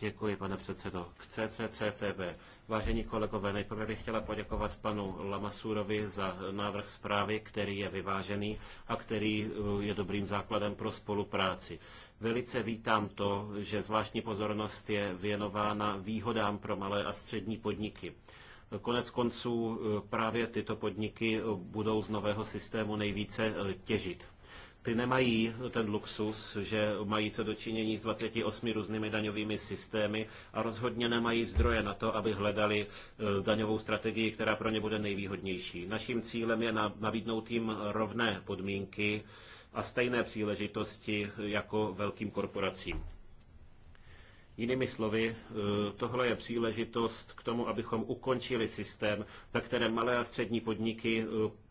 Děkuji, pane předsedo. K CCCTB. Vážení kolegové, nejprve bych chtěla poděkovat panu Lamasurovi za návrh zprávy, který je vyvážený a který eh, je dobrým základem pro spolupráci. Velice vítám to, že zvláštní pozornost je věnována výhodám pro malé a střední podniky. Konec konců eh, právě tyto podniky budou z nového systému nejvíce eh, těžit ty nemají ten luxus, že mají co dočinění s 28 různými daňovými systémy a rozhodně nemají zdroje na to, aby hledali e, daňovou strategii, která pro ně bude nejvýhodnější. Naším cílem je nabídnout jim rovné podmínky a stejné příležitosti jako velkým korporacím. Jinými slovy, eh, tohle je příležitost k tomu, abychom ukončili systém, ve kterém malé a střední podniky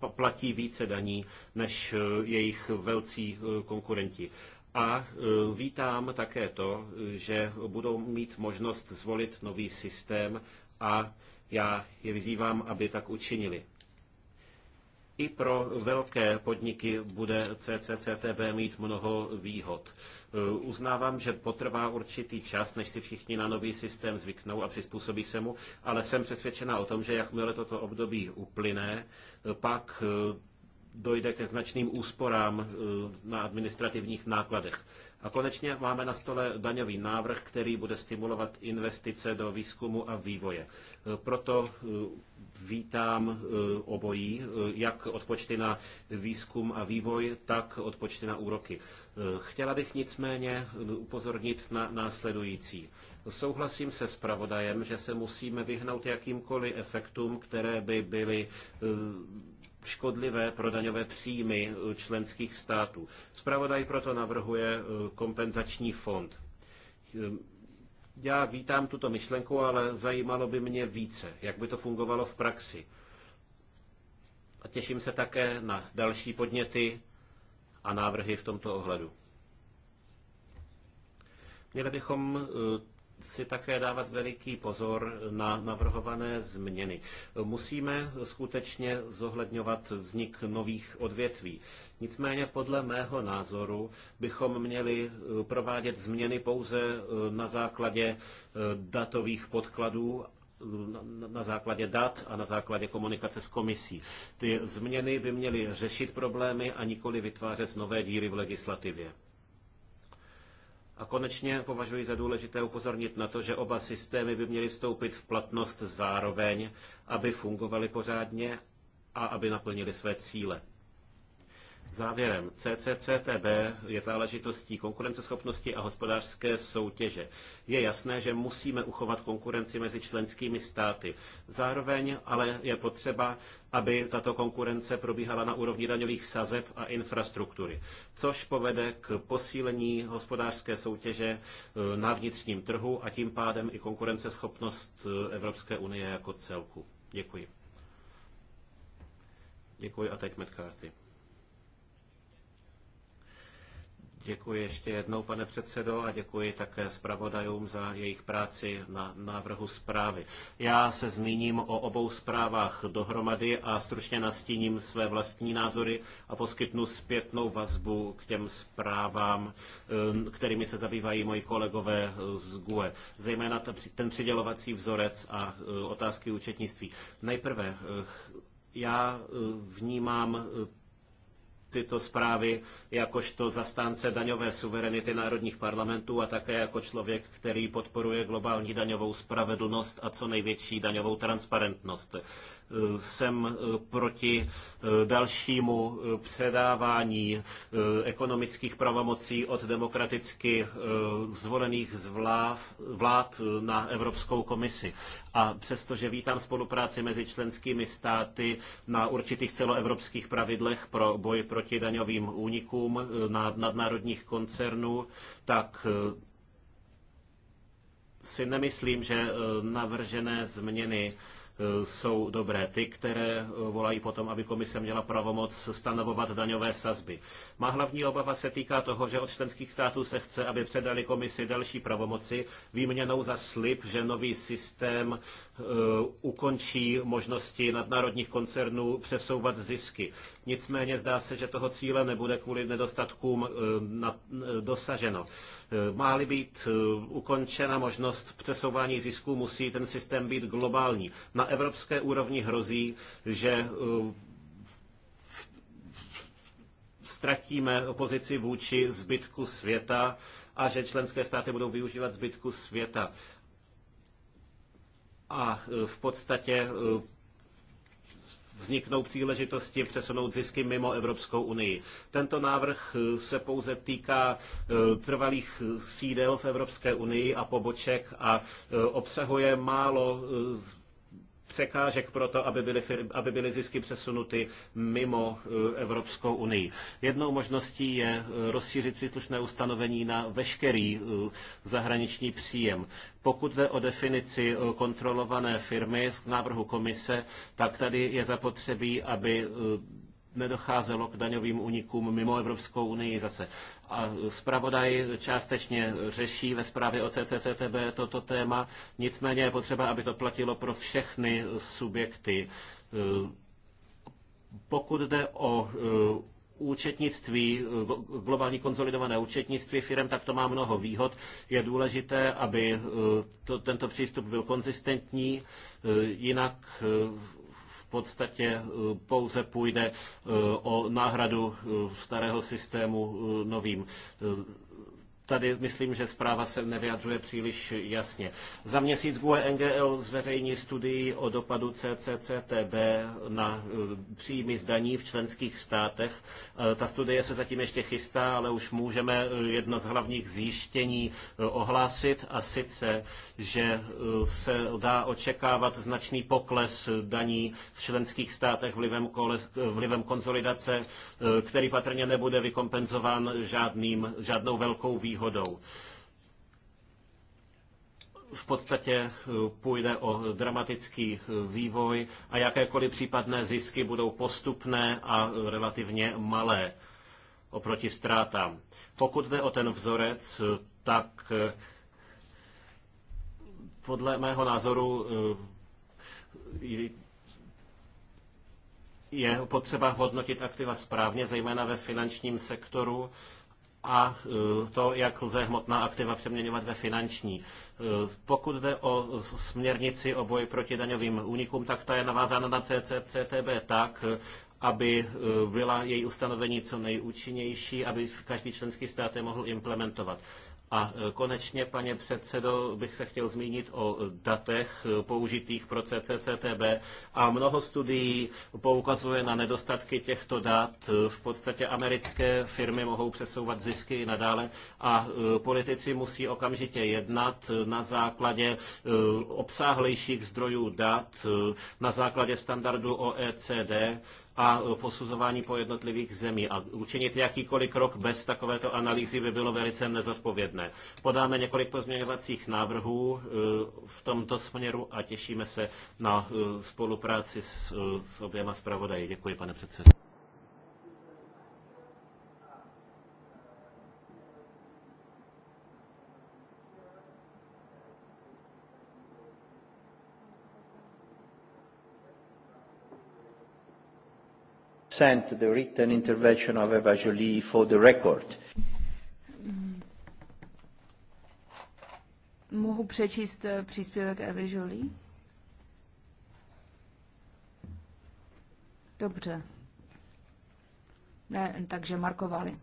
eh, platí více daní než eh, jejich velcí konkurenti. A vítám také to, že budou mít možnost zvolit nový systém a já je vyzývám, aby tak učinili. I pro velké podniky bude CCCTB mít mnoho výhod. Eh, uznávám, že potrvá určitý čas, než si všichni na nový systém zvyknou a přizpůsobí se mu, ale jsem přesvědčena o tom, že jakmile toto období uplyne, eh, pak eh, dojde ke značným úsporám eh, na administrativních nákladech. A konečně máme na stole daňový návrh, který bude stimulovat investice do výzkumu a vývoje. Eh, proto eh, vítám obojí, jak odpočty na výzkum a vývoj, tak odpočty na úroky. Chtěla bych nicméně upozornit na následující. Souhlasím se pravodajem, že se musíme vyhnout jakýmkoliv efektům, které by byly škodlivé pro daňové příjmy e, členských států. Spravodaj proto navrhuje e, kompenzační fond. E, já vítám tuto myšlenku, ale zajímalo by mě více, jak by to fungovalo v praxi. A těším se také na další podněty a návrhy v tomto ohledu. Měli bychom si také dávat veliký pozor na navrhované změny. Musíme skutečně zohledňovat vznik nových odvětví. Nicméně podle mého názoru bychom měli eh, provádět změny pouze eh, na základě eh, datových podkladů na základě dat a na základě komunikace s komisí. Ty změny by měly řešit problémy a nikoli vytvářet nové díry v legislativě. A konečně považuji za důležité upozornit na to, že oba systémy by měly vstoupit v platnost zároveň, aby fungovaly pořádně a aby naplnili své cíle. Závěrem, CCCTB je záležitostí konkurenceschopnosti a hospodářské soutěže. Je jasné, že musíme uchovat konkurenci mezi členskými státy. Zároveň ale je potřeba, aby tato konkurence probíhala na úrovni daňových sazeb a infrastruktury, což povede k posílení hospodářské soutěže e, na vnitřním trhu a tím pádem i konkurenceschopnost e, Evropské unie jako celku. Děkuji. Děkuji a teď McCarthy. Děkuji ještě jednou, pane předsedo, a děkuji také zpravodajům za jejich práci na návrhu zprávy. Já se zmíním o obou zprávách dohromady a stručně nastíním své vlastní názory a poskytnu zpětnou vazbu k těm zprávám, eh, kterými se zabývají moji kolegové z GUE, zejména ten přidělovací vzorec a eh, otázky účetnictví. Nejprve eh, já vnímám tyto zprávy jakožto zastánce daňové suverenity národních parlamentů a také jako člověk, který podporuje globální daňovou spravedlnost a co největší daňovou transparentnost jsem e, proti e, dalšímu e, předávání ekonomických pravomocí od demokraticky zvolených vlád na Evropskou komisi. A přestože vítám spolupráci mezi členskými státy na určitých celoevropských pravidlech pro boj proti daňovým únikům na nadnárodních koncernů, tak si nemyslím, že navržené změny Eh, jsou dobré. Ty, které eh, volají potom, aby komise měla pravomoc stanovovat daňové sazby. Má hlavní obava se týká toho, že od členských států se chce, aby předali komisi další pravomoci výměnou za slib, že nový systém eh, ukončí možnosti nadnárodních koncernů přesouvat zisky. Nicméně zdá se, že toho cíle nebude kvůli nedostatkům dosaženo. Eh, má-li být eh, ukončena možnost přesouvání zisků, musí ten systém být globální. Na evropské úrovni hrozí, že eh, ztratíme opozici vůči zbytku světa a že členské státy budou využívat zbytku světa. A v podstatě vzniknou příležitosti přesunout zisky mimo Evropskou unii. Tento návrh eh, se pouze týká eh, trvalých eh, sídel v Evropské unii a poboček a obsahuje málo překážek pro to, aby byly, firmy, aby byly zisky přesunuty mimo e, Evropskou unii. Jednou možností je e, rozšířit příslušné ustanovení na veškerý e, zahraniční příjem. Pokud jde o definici kontrolované firmy z návrhu komise, tak tady je zapotřebí, aby nedocházelo k daňovým únikům mimo Evropskou unii zase. A zpravodaj částečně řeší ve zprávě o CCCTB toto téma, nicméně je potřeba, aby to platilo pro všechny subjekty. Pokud jde o e, účetnictví, e, globální konzolidované účetnictví firm, tak to má mnoho výhod. Je důležité, aby e, to, tento přístup byl konzistentní, jinak podstatě eh, pouze půjde eh, o náhradu eh, starého systému novým tady myslím, že zpráva se nevyjadřuje příliš jasně. Za měsíc GUE NGL zveřejní studii o dopadu CCCTB na eh, příjmy zdaní v členských státech. Eh, ta studie se zatím ještě chystá, ale už můžeme eh, jedno z hlavních zjištění ohlásit a sice, že se dá očekávat značný pokles daní v členských státech vlivem, kole, vlivem konsolidace, který patrně nebude vykompenzován žádným, žádnou velkou výhodou výhodou. V podstatě eh, půjde o dramatický eh, vývoj a jakékoliv případné zisky budou postupné a eh, relativně malé oproti ztrátám. Pokud jde o ten vzorec, tak podle mého názoru je potřeba hodnotit aktiva správně, zejména ve finančním sektoru, a e, to, jak lze hmotná aktiva přeměňovat ve finanční. E, pokud jde o směrnici o boji proti daňovým únikům, tak ta je navázána na CCCTB tak, aby e, byla její ustanovení co nejúčinnější, aby každý členský stát je mohl implementovat. A e, konečně, pane předsedo, bych se chtěl zmínit o datech e, použitých pro CCCTB. A mnoho studií poukazuje na nedostatky těchto dat. E, v podstatě americké firmy mohou přesouvat zisky i nadále a politici musí okamžitě jednat na základě obsáhlejších zdrojů dat, na základě standardu OECD a posuzování po jednotlivých zemí. A učinit jakýkoliv krok bez takovéto analýzy by bylo velice nezodpovědné. Podáme několik pozměňovacích návrhů eh, v tomto směru a těšíme se na eh, spolupráci eh, s, oběma zpravodaji. Děkuji, pane předsedo. sent the written intervention of Eva Jolie for the record. Mohu přečíst eh, příspěvek Evy Jolie? Dobře. Ne, takže markovali.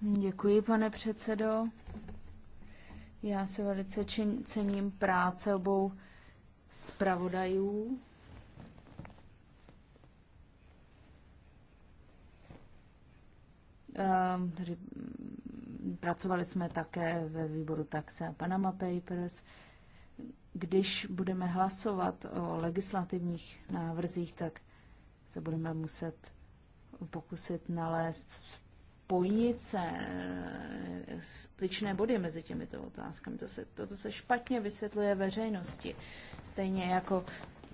Děkuji, pane předsedo. Já se velice cením práce obou zpravodajů. Ehm, mm, pracovali jsme také ve výboru Taxe a Panama Papers. Když budeme hlasovat o legislativních návrzích, tak se budeme muset pokusit nalézt spojnice, eh, styčné body mezi těmito otázkami. To se, toto se špatně vysvětluje veřejnosti. Stejně jako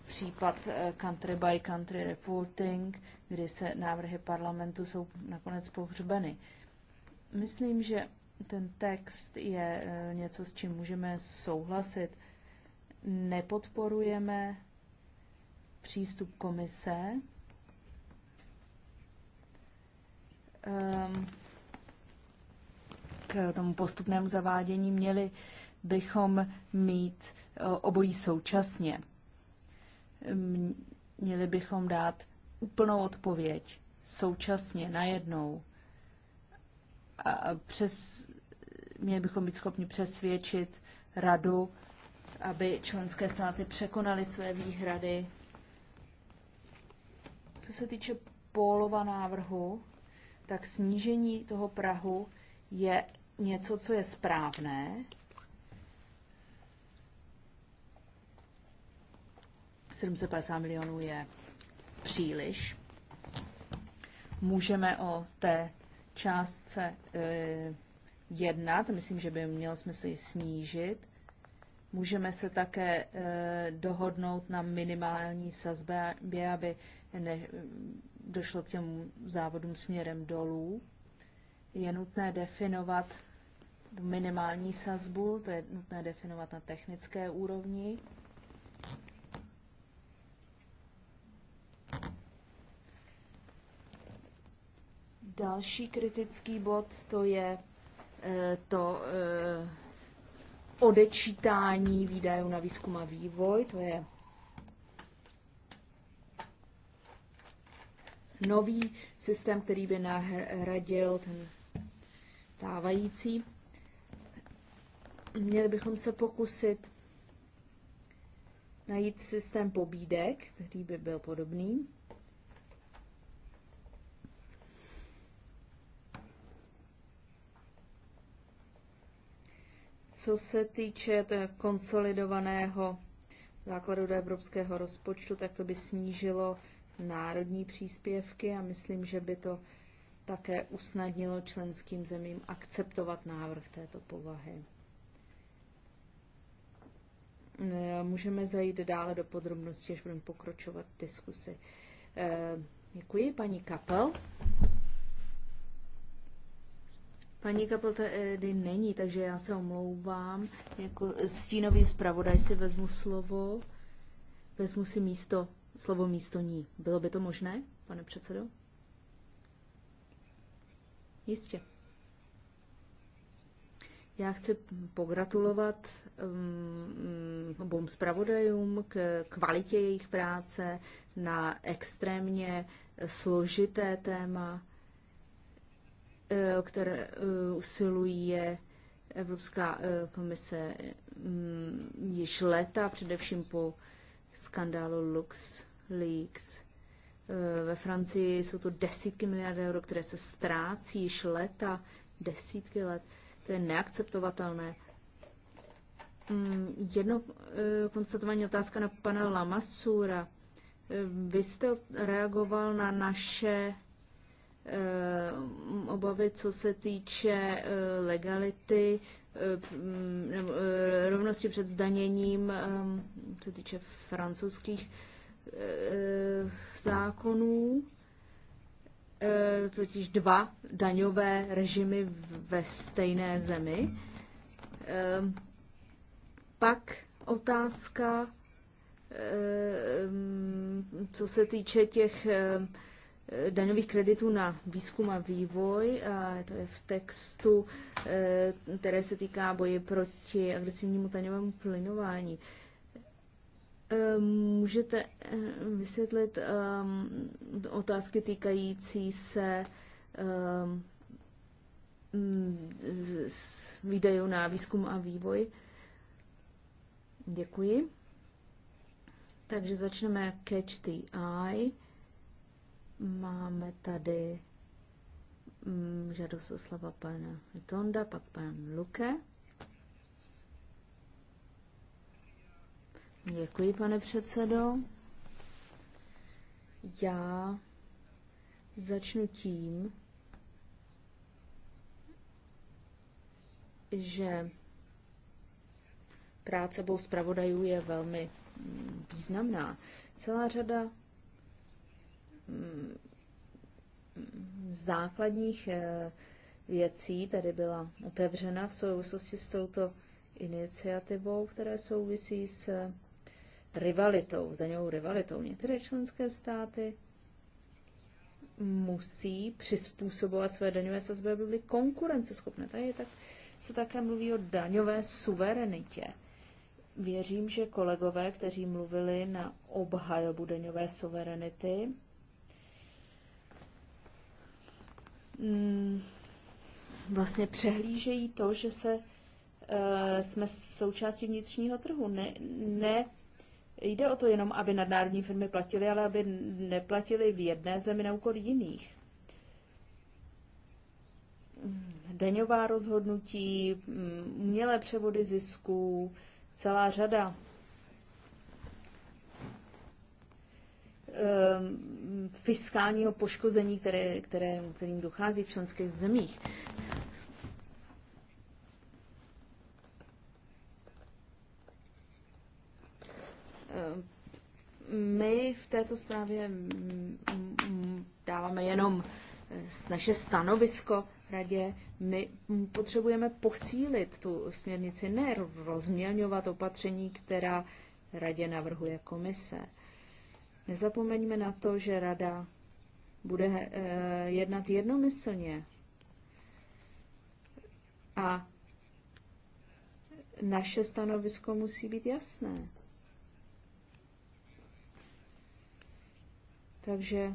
případ eh, country by country reporting, kdy se návrhy parlamentu jsou nakonec pohřbeny. Myslím, že ten text je eh, něco, s čím můžeme souhlasit. Nepodporujeme přístup komise. Ehm, k tomu postupnému zavádění měli bychom mít eh, obojí současně měli bychom dát úplnou odpověď současně, najednou. A přes, měli bychom být schopni přesvědčit radu, aby členské státy překonaly své výhrady. Co se týče pólova návrhu, tak snížení toho Prahu je něco, co je správné, 750 milionů je příliš. Můžeme o té částce e, jednat, myslím, že by měl smysl ji snížit. Můžeme se také e, dohodnout na minimální sazbě, aby ne, došlo k těm závodům směrem dolů. Je nutné definovat minimální sazbu, to je nutné definovat na technické úrovni. Další kritický bod to je eh, to eh, odečítání výdajů na výzkum a vývoj, to je nový systém, který by nahradil ten stávající. Měli bychom se pokusit najít systém pobídek, který by byl podobný. Co se týče konsolidovaného základu do evropského rozpočtu, tak to by snížilo národní příspěvky a myslím, že by to také usnadnilo členským zemím akceptovat návrh této povahy. E, můžeme zajít dále do podrobností, až budeme pokročovat v diskusi. E, děkuji, paní Kapel. Paní Kapel tady není, takže já se omlouvám. Jako stínový zpravodaj si vezmu slovo, vezmu si místo, slovo místo ní. Bylo by to možné, pane předsedo? Jistě. Já chci pogratulovat um, obou zpravodajům k kvalitě jejich práce na extrémně složité téma Eh, o které eh, usilují je Evropská eh, komise mm, již léta, především po skandálu LuxLeaks. Ve Francii jsou to desítky miliard euro, které se ztrácí již léta, desítky let. To je neakceptovatelné. Mm, jedno konstatování otázka na pana Lamasura. Vy jste reagoval na naše Eh, obavy, co se týče eh, legality, eh, rovnosti před zdaněním, co se týče francouzských zákonů, totiž dva daňové režimy ve stejné zemi. Pak otázka, co se týče těch Eh, daňových kreditů na výzkum a vývoj, a to je v textu, eh, které se týká boje proti agresivnímu daňovému plynování. Eh, můžete vysvětlit otázky týkající se mm, výdajů na výzkum a vývoj? Děkuji. Takže začneme Catch the Eye. Máme tady mm, žádost oslava pana Tonda, pak pan Luke. Děkuji, pane předsedo. Já začnu tím, že práce obou zpravodajů je velmi mm, významná. Celá řada základních eh, věcí tedy byla otevřena v souvislosti s touto iniciativou, které souvisí s eh, rivalitou, daňovou rivalitou. Některé členské státy musí přizpůsobovat své daňové sazby, aby byly konkurenceschopné. Tady tak, se také mluví o daňové suverenitě. Věřím, že kolegové, kteří mluvili na obhajobu daňové suverenity, Mm, vlastně přehlížejí to, že se eh, jsme součástí vnitřního trhu. Ne, ne jde o to jenom, aby nadnárodní firmy platily, ale aby neplatily v jedné zemi na úkor jiných. Daňová rozhodnutí, mm, umělé převody zisků, celá řada Ehm, fiskálního poškození, které, které, kterým dochází v členských zemích. Ehm, my v této zprávě dáváme jenom eh, naše stanovisko radě. My potřebujeme posílit tu směrnici, ne rozmělňovat opatření, která radě navrhuje komise. Nezapomeňme na to, že rada bude eh, jednat jednomyslně. A naše stanovisko musí být jasné. Takže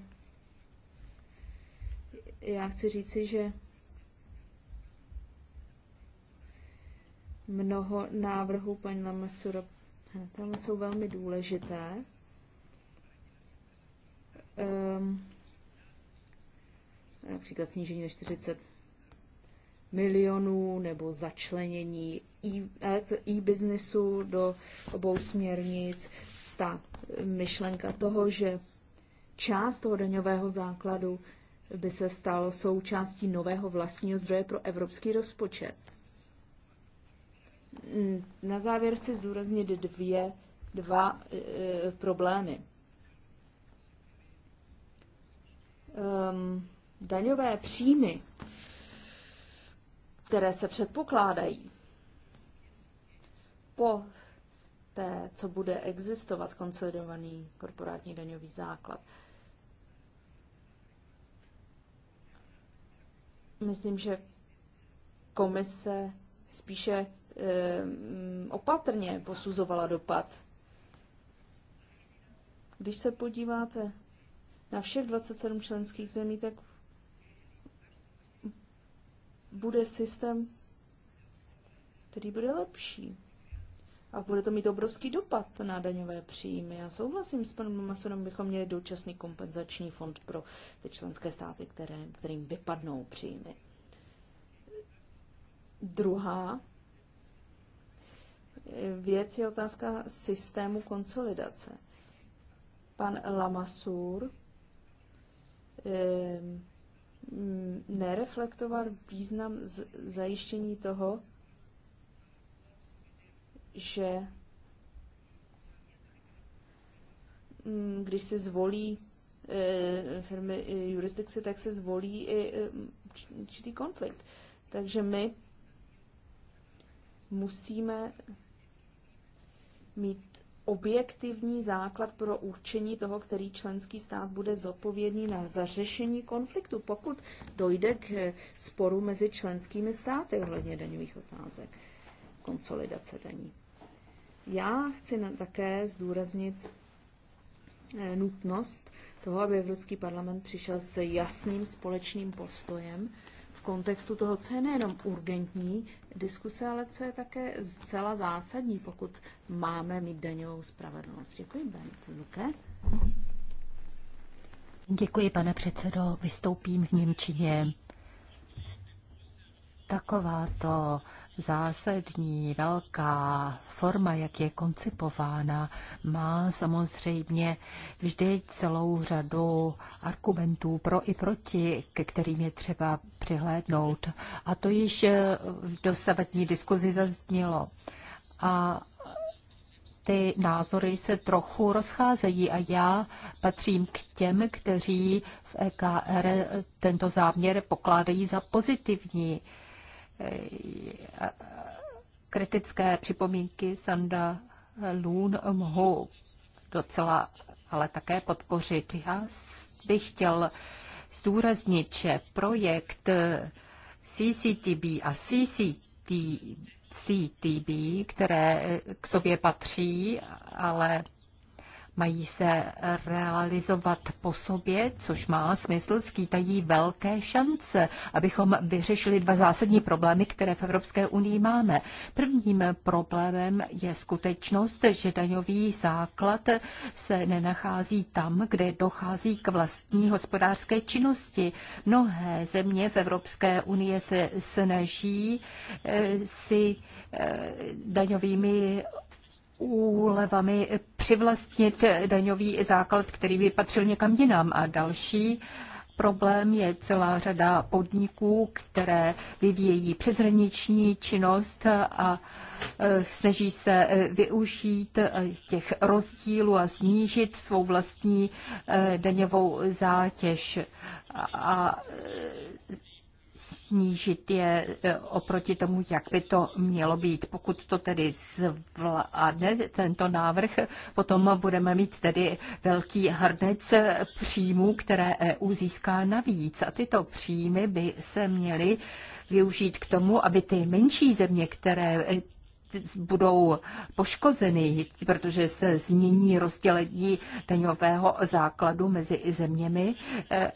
já chci říci, že mnoho návrhů paní Lamasura tam jsou velmi důležité. Ehm, například snížení na 40 milionů nebo začlenění e, e, e-businessu do obou směrnic. Ta myšlenka toho, že část toho daňového základu by se stalo součástí nového vlastního zdroje pro evropský rozpočet. Na závěr chci zdůraznit dvě, dva e, e problémy. um, daňové příjmy, které se předpokládají po té, co bude existovat konsolidovaný korporátní daňový základ. Myslím, že komise spíše eh, opatrně posuzovala dopad. Když se podíváte na všech 27 členských zemí, tak bude systém, který bude lepší. A bude to mít obrovský dopad na daňové příjmy. Já souhlasím s panem Masonem, bychom měli dočasný kompenzační fond pro ty členské státy, které, kterým vypadnou příjmy. Druhá věc je otázka systému konsolidace. Pan Lamasur Eh, nereflektovat význam zajištění toho, že mm, když se zvolí eh, firmy eh, jurisdikci, tak se zvolí i určitý konflikt. Takže my musíme mít objektivní základ pro určení toho, který členský stát bude zodpovědný na zařešení konfliktu, pokud dojde k sporu mezi členskými státy ohledně daňových otázek, konsolidace daní. Já chci také zdůraznit eh, nutnost toho, aby Evropský parlament přišel s jasným společným postojem kontextu toho, co je nejenom urgentní diskuse, ale co je také zcela zásadní, pokud máme mít daňovou spravedlnost. Děkuji, Bent Luke. Děkuji, pane předsedo. Vystoupím v Němčině. Takováto zásadní, velká forma, jak je koncipována, má samozřejmě vždy celou řadu argumentů pro i proti, ke kterým je třeba přihlédnout. A to již eh, v dosavadní diskuzi zaznělo. A ty názory se trochu rozcházejí a já patřím k těm, kteří v EKR tento záměr pokládají za pozitivní kritické připomínky Sanda Lůn mohu docela ale také podpořit. Já bych chtěl zdůraznit, že projekt CCTB a CCTB, které k sobě patří, ale mají se realizovat po sobě, což má smysl, skýtají velké šance, abychom vyřešili dva zásadní problémy, které v Evropské unii máme. Prvním problémem je skutečnost, že daňový základ se nenachází tam, kde dochází k vlastní hospodářské činnosti. Mnohé země v Evropské unii se snaží eh, si eh, daňovými úlevami přivlastnit daňový základ, který by patřil někam jinam. A další problém je celá řada podniků, které vyvíjejí přeshraniční činnost a e, snaží se e, využít e, těch rozdílů a snížit svou vlastní daňovou zátěž. A snížit je e, oproti tomu, jak by to mělo být. Pokud to tedy zvládne tento návrh, potom budeme mít tedy velký hrnec příjmů, které EU získá navíc. A tyto příjmy by se měly využít k tomu, aby ty menší země, které e, budou poškozeny, protože se změní rozdělení daňového základu mezi zeměmi, e,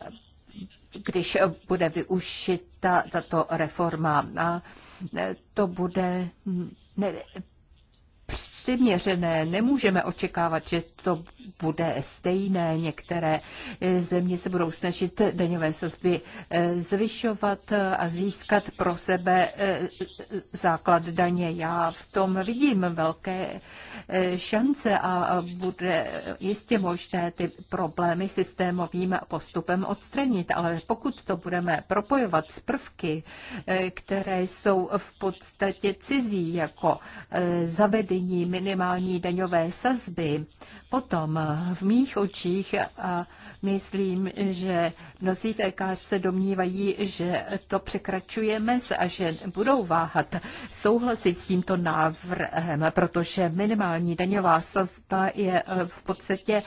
když bude využita tato reforma. A to bude přiměřené. Nemůžeme očekávat, že to bude stejné. Některé eh, země se budou snažit daňové sazby eh, zvyšovat eh, a získat pro sebe základ daně. Já v tom vidím velké šance a bude jistě možné ty problémy systémovým postupem odstranit, ale pokud to budeme propojovat s prvky, které jsou v podstatě cizí, jako zavedení zavedení minimální daňové sazby Potom v mých očích a myslím, že mnozí VK se domnívají, že to překračuje a že budou váhat souhlasit s tímto návrhem, protože minimální daňová sazba je e, v podstatě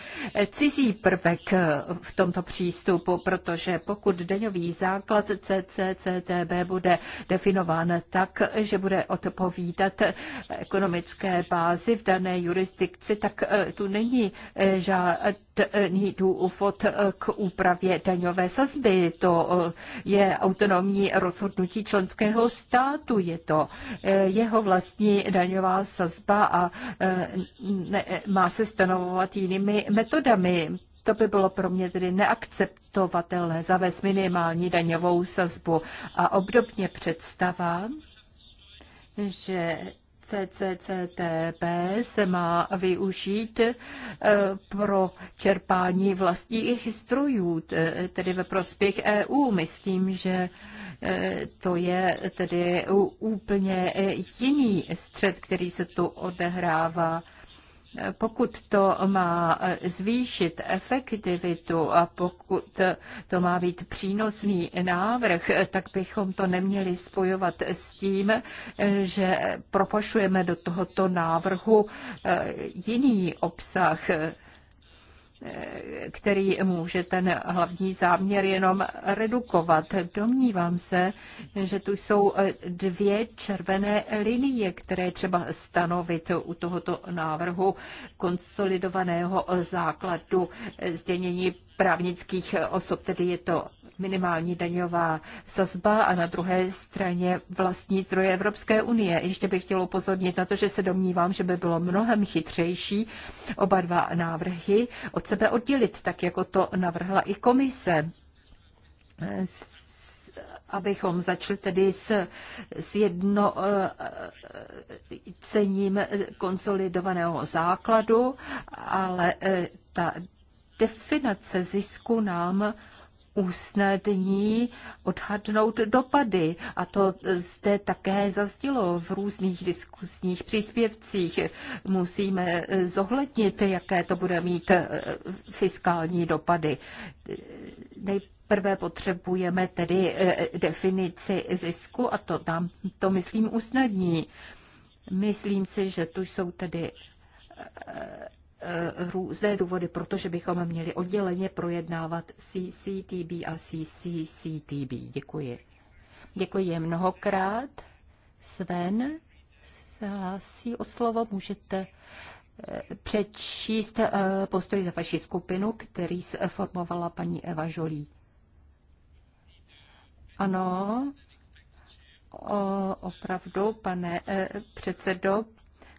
cizí prvek e, v tomto přístupu, protože pokud daňový základ CCCTB bude definován tak, že bude odpovídat ekonomické bázi v dané jurisdikci, tak e, tu není není eh, žádný důvod k úpravě daňové sazby. To eh, je autonomní rozhodnutí členského státu. Je to eh, jeho vlastní daňová sazba a má se stanovovat jinými metodami. To by bylo pro mě tedy neakceptovatelné zavést minimální daňovou sazbu. A obdobně představám, že CCCTP se má využít eh, pro čerpání vlastních strojů, tedy ve prospěch EU. Myslím, že eh, to je tedy úplně jiný střed, který se tu odehrává. Pokud to má zvýšit efektivitu a pokud to má být přínosný návrh, tak bychom to neměli spojovat s tím, že propašujeme do tohoto návrhu eh, jiný obsah který může ten hlavní záměr jenom redukovat. Domnívám se, že tu jsou dvě červené linie, které třeba stanovit u tohoto návrhu konsolidovaného základu zdenění právnických osob, tedy je to minimální daňová sazba a na druhé straně vlastní troje Evropské unie. Ještě bych chtěla upozornit na to, že se domnívám, že by bylo mnohem chytřejší oba dva návrhy od sebe oddělit, tak jako to navrhla i komise abychom začali tedy s, s jedno eh, cením konsolidovaného základu, ale eh, ta definace zisku nám usnadní odhadnout dopady. A to zde také zazdělo v různých diskusních příspěvcích. Musíme zohlednit, jaké to bude mít eh, fiskální dopady. Nejprve potřebujeme tedy eh, definici zisku a to tam to, myslím, usnadní. Myslím si, že tu jsou tedy eh, Eh, různé důvody, protože bychom měli odděleně projednávat CCTB a CCCTB. Děkuji. Děkuji mnohokrát. Sven se hlásí o slovo. Můžete eh, přečíst eh, postoj za vaši skupinu, který formovala paní Eva Žolí. Ano, opravdu, pane předsedo,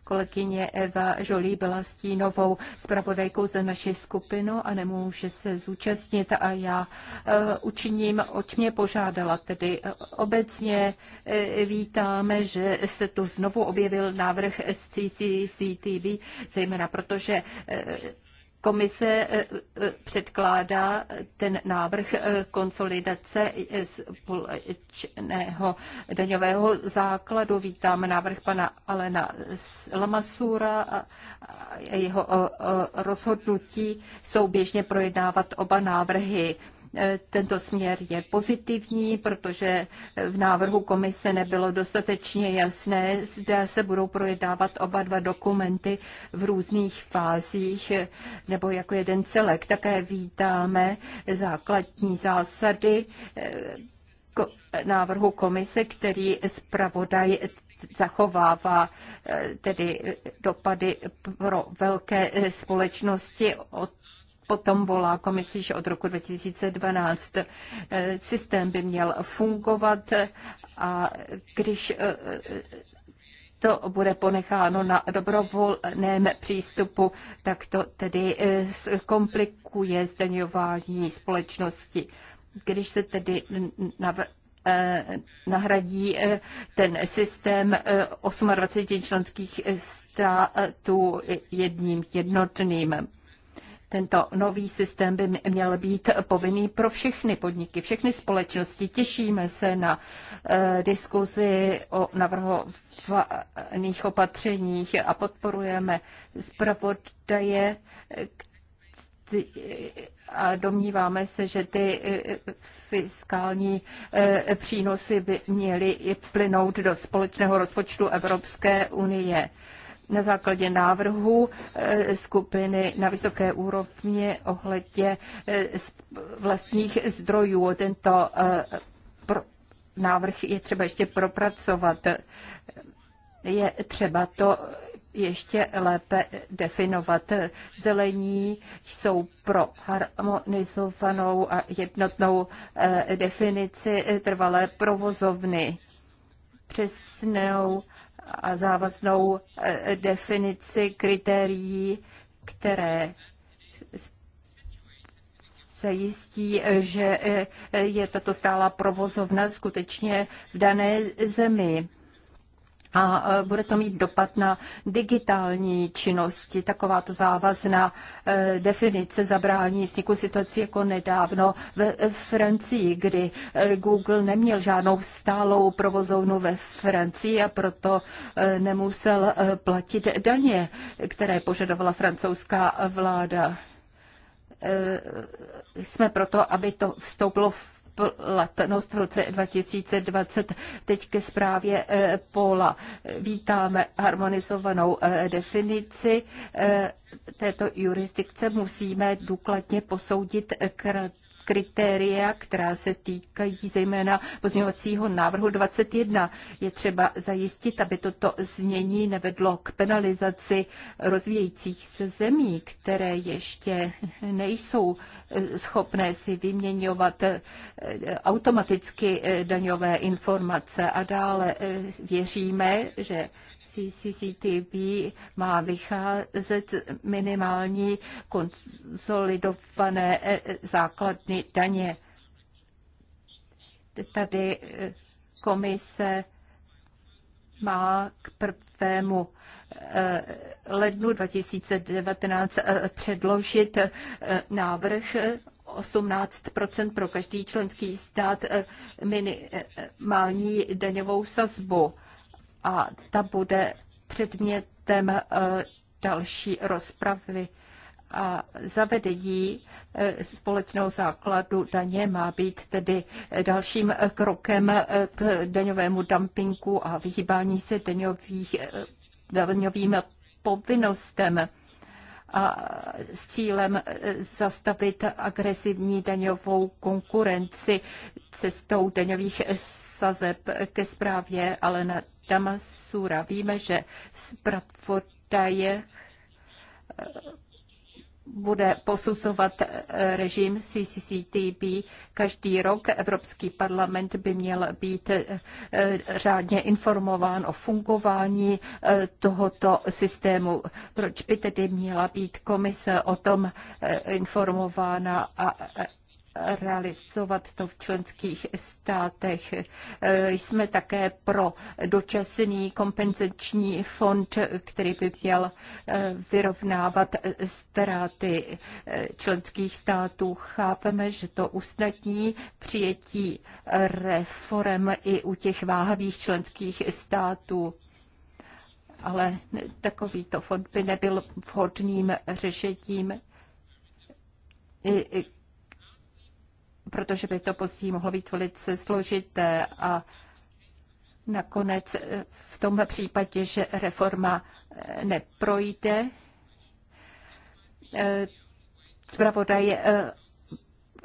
Kolegyně Eva Žolí byla stínovou zpravodajkou za naši skupinu a nemůže se zúčastnit a já eh, učiním, oč mě požádala. Tedy eh, obecně eh, vítáme, že se tu znovu objevil návrh z CCCTV, zejména protože Komise e, e, předkládá ten návrh e, konsolidace společného daňového základu. Vítám návrh pana Alena Lamasura a jeho rozhodnutí souběžně projednávat oba návrhy. E, tento směr je pozitivní, protože v návrhu komise nebylo dostatečně jasné, zda se budou projednávat oba dva dokumenty v různých fázích e, nebo jako jeden celek. Také vítáme základní zásady e, návrhu komise, který zpravodaj zachovává tedy dopady pro velké společnosti od potom volá komisi, že od roku 2012. Eh, systém by měl fungovat a když eh, eh, to bude ponecháno na dobrovolném přístupu, tak to tedy zkomplikuje zdaňování společnosti. Když se tedy navr- nahradí ten systém 28 členských států jedním jednotným. Tento nový systém by měl být povinný pro všechny podniky, všechny společnosti. Těšíme se na e, diskuzi o navrhovaných opatřeních a podporujeme zpravodaje, a domníváme se, že ty e, fiskální e, přínosy by měly plynout do společného rozpočtu Evropské unie na základě návrhu eh, skupiny na vysoké úrovni ohledně eh, vlastních zdrojů. Tento eh, návrh je třeba ještě propracovat. Je třeba to ještě lépe definovat. Zelení jsou pro harmonizovanou a jednotnou definici trvalé provozovny přesnou a závaznou eh, definici kritérií, které zajistí, že eh, je tato stála provozovna skutečně v dané zemi a e, bude to mít dopad na digitální činnosti. Takováto závazná e, definice zabrání vzniku situací jako nedávno ve Francii, kdy e, Google neměl žádnou stálou provozovnu ve Francii a proto nemusel platit daně, které požadovala francouzská vláda. Jsme proto, aby to vstoupilo v platnost v roce 2020. Teď ke zprávě eh, Pola. Vítáme harmonizovanou eh, definici eh, této jurisdikce musíme důkladně posoudit kritéria, která se týkají zejména pozměňovacího návrhu 21. Je třeba zajistit, aby toto změní nevedlo k penalizaci rozvíjejících se zemí, které ještě nejsou eh, schopné si vyměňovat eh, automaticky eh, daňové informace. A dále věříme, že CCTV má vycházet minimální konsolidované eh, eh, základny daně. Tady eh, komise má k prvému lednu 2019 předložit návrh 18 pro každý členský stát minimální daňovou sazbu a ta bude předmětem eh, další rozpravy. A zavedení eh, společného základu daně má být tedy eh, dalším krokem k daňovému dumpingu a vyhýbání se daňových, daňovým povinnostem a s cílem zastavit agresivní daňovou konkurenci cestou daňových sazeb ke zprávě Alena Damasura. Víme, že je eh, bude posuzovat eh, režim CCCTB. Každý rok Evropský parlament by měl být eh, řádně informován o fungování tohoto systému. Proč by tedy měla být komise o tom informována a realizovat to v členských státech. Eh, jsme také pro dočasný kompenzační fond, který by měl eh, vyrovnávat ztráty eh, členských států. Chápeme, že to usnadní přijetí reform i u těch váhavých členských států ale takovýto fond by nebyl vhodným řešením, protože by to později mohlo být velice složité a nakonec v tom případě, že reforma eh, neprojde, eh, zpravodaj eh,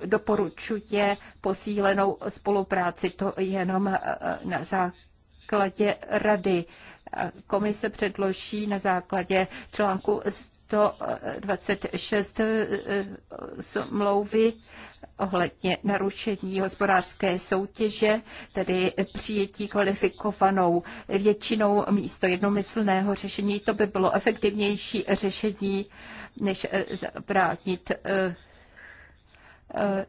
doporučuje posílenou spolupráci. To jenom na základě rady. Komise předloží na základě článku 126 smlouvy ohledně narušení hospodářské soutěže, tedy přijetí kvalifikovanou většinou místo jednomyslného řešení. To by bylo efektivnější řešení, než vrátit eh, eh, eh,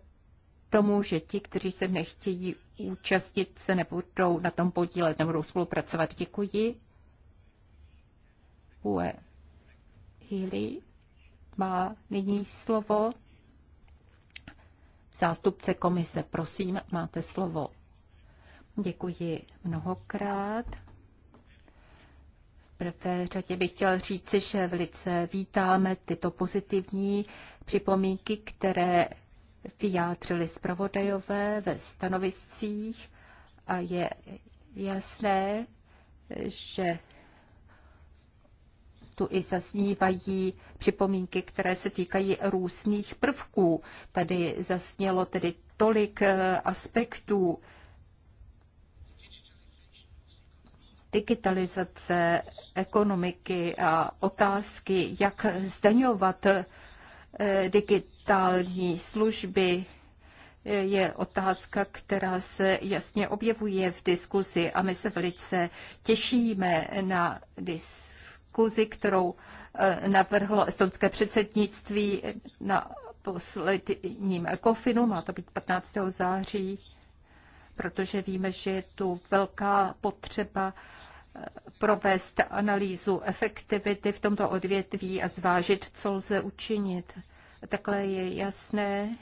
tomu, že ti, kteří se nechtějí účastnit, se nebudou na tom podílet, nebudou spolupracovat. Děkuji. Ue Hili má nyní slovo zástupce komise. Prosím, máte slovo. Děkuji mnohokrát. V prvé řadě bych chtěl říci, že velice vítáme tyto pozitivní připomínky, které vyjádřili zpravodajové ve stanoviscích a je jasné, že tu i zasnívají připomínky, které se týkají různých prvků. Tady zasnělo tedy tolik eh, aspektů digitalizace ekonomiky a otázky, jak zdaňovat eh, digitální služby, eh, je otázka, která se jasně objevuje v diskuzi a my se velice těšíme na diskuzi diskuzi, kterou eh, navrhlo estonské předsednictví na posledním ECOFINu, má to být 15. září, protože víme, že je tu velká potřeba eh, provést analýzu efektivity v tomto odvětví a zvážit, co lze učinit. Takhle je jasné,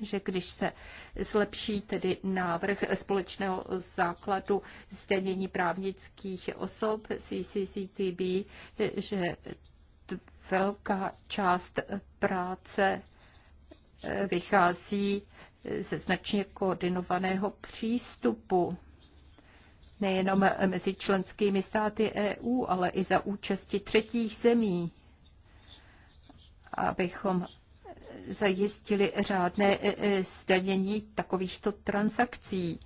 že když se zlepší tedy návrh společného základu zdanění právnických osob CCCTB, že velká část práce eh, vychází ze značně koordinovaného přístupu nejenom mezi členskými státy EU, ale i za účasti třetích zemí, abychom zajistili řádné e, e, zdanění takovýchto transakcí.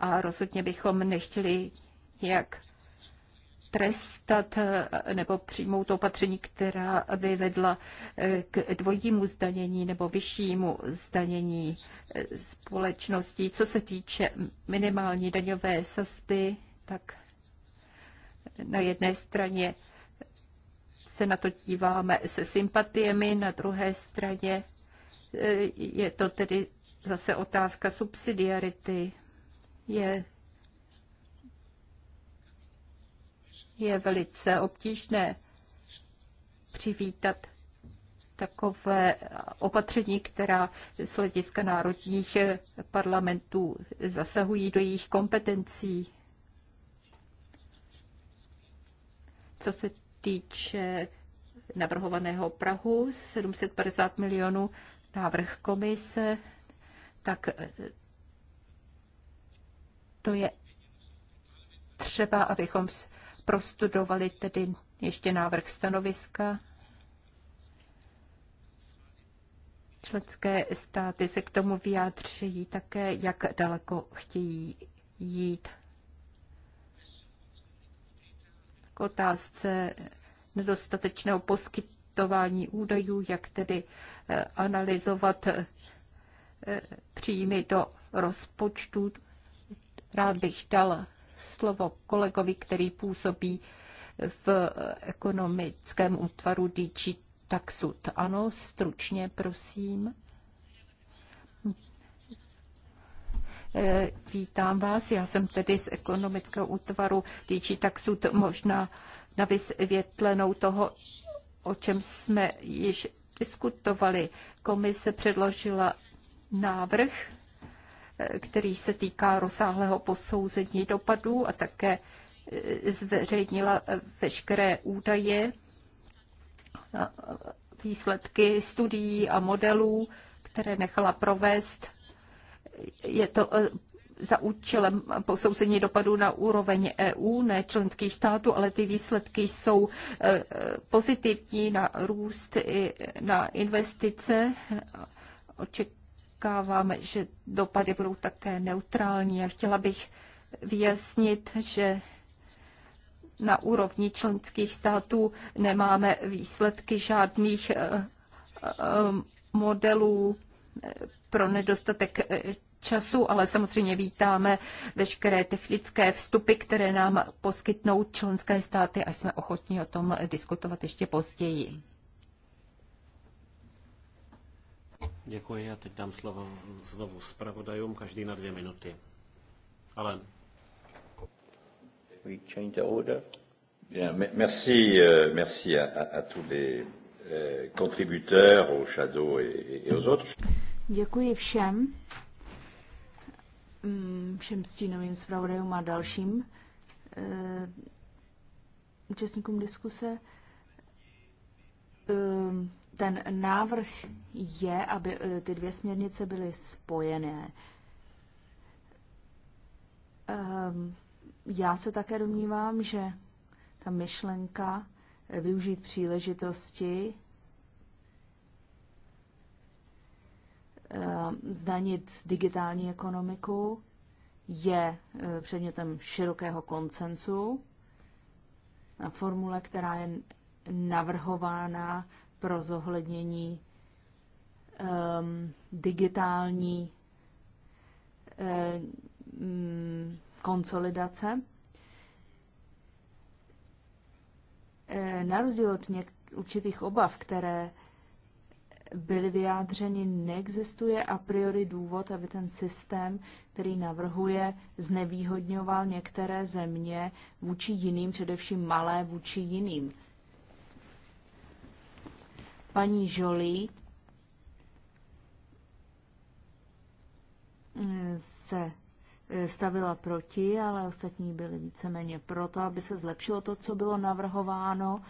A rozhodně bychom nechtěli jak trestat e, nebo přijmout opatření, která by vedla k dvojímu zdanění nebo vyššímu zdanění společností. Co se týče minimální daňové sazby, tak na jedné straně se na to díváme se sympatiemi, na druhé straně eh, je to tedy zase otázka subsidiarity. Je, je velice obtížné přivítat takové opatření, která z hlediska národních parlamentů zasahují do jejich kompetencí. Co se týče navrhovaného Prahu 750 milionů návrh komise, tak eh, to je třeba, abychom prostudovali tedy ještě návrh stanoviska. Členské státy se k tomu vyjádří také, jak daleko chtějí jít. k otázce nedostatečného poskytování údajů, jak tedy eh, analyzovat eh, příjmy do rozpočtu. Rád bych dal slovo kolegovi, který působí v ekonomickém útvaru DG Taxud. Ano, stručně, prosím. Eh, vítám vás, já jsem tedy z ekonomického útvaru DG Taxud možná na vysvětlenou toho, o čem jsme již diskutovali. Komise předložila návrh, eh, který se týká rozsáhlého posouzení dopadů a také eh, zveřejnila veškeré údaje, výsledky studií a modelů, které nechala provést je to eh, za účelem posouzení dopadů na úroveň EU, ne členských států, ale ty výsledky jsou eh, pozitivní na růst i na investice. Očekáváme, že dopady budou také neutrální. A chtěla bych vyjasnit, že na úrovni členských států nemáme výsledky žádných eh, modelů pro nedostatek času, ale samozřejmě vítáme veškeré technické vstupy, které nám poskytnou členské státy a jsme ochotní o tom diskutovat ještě později. Děkuji a teď dám slovo znovu zpravodajům, každý na dvě minuty. Ale. We change the order. Bien, merci, euh, merci à, à, à tous les euh, contributeurs, aux shadows et, et aux autres. Děkuji všem Mm, všem stínovým zpravodajům a dalším eh, účastníkům diskuse. Ehm, ten návrh je, aby eh, ty dvě směrnice byly spojené. Ehm, já se také domnívám, že ta myšlenka eh, využít příležitosti Eh, zdanit digitální ekonomiku je eh, předmětem širokého koncensu. A formule, která je navrhována pro zohlednění um, digitální um, konsolidace. Na rozdíl od něk- určitých obav, které byly vyjádřeny, neexistuje a priori důvod, aby ten systém, který navrhuje, znevýhodňoval některé země vůči jiným, především malé vůči jiným. Paní Žolí eh, se eh, stavila proti, ale ostatní byli víceméně proto, aby se zlepšilo to, co bylo navrhováno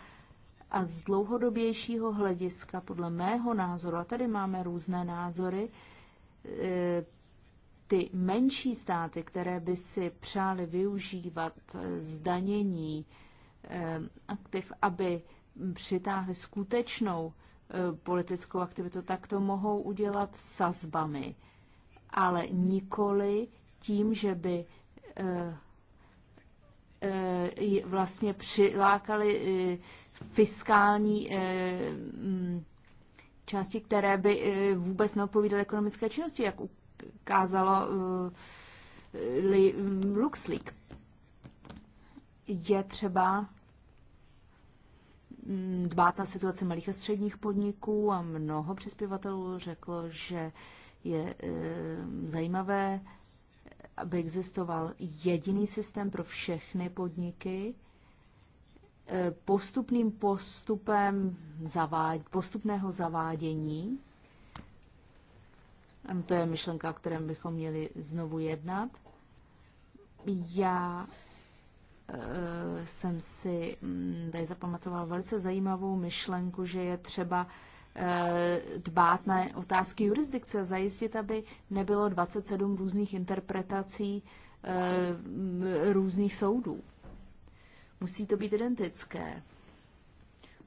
a z dlouhodobějšího hlediska, podle mého názoru, a tady máme různé názory, e, ty menší státy, které by si přáli využívat e, zdanění e, aktiv, aby přitáhly skutečnou politickou aktivitu, tak to mohou udělat sazbami, ale nikoli tím, že by vlastně přilákali fiskální eh, mm, části, které by eh, vůbec neodpovídaly ekonomické činnosti, jak ukázalo eh, LuxLeak. Je třeba mm, dbát na situaci malých a středních podniků a mnoho přispěvatelů řeklo, že je zajímavé, aby existoval jediný systém pro všechny podniky, postupným postupem zavád, postupného zavádění. To je myšlenka, o kterém bychom měli znovu jednat. Já eh, jsem si hm, tady zapamatoval velice zajímavou myšlenku, že je třeba eh, dbát na otázky jurisdikce, zajistit, aby nebylo 27 různých interpretací eh, různých soudů. Musí to být identické.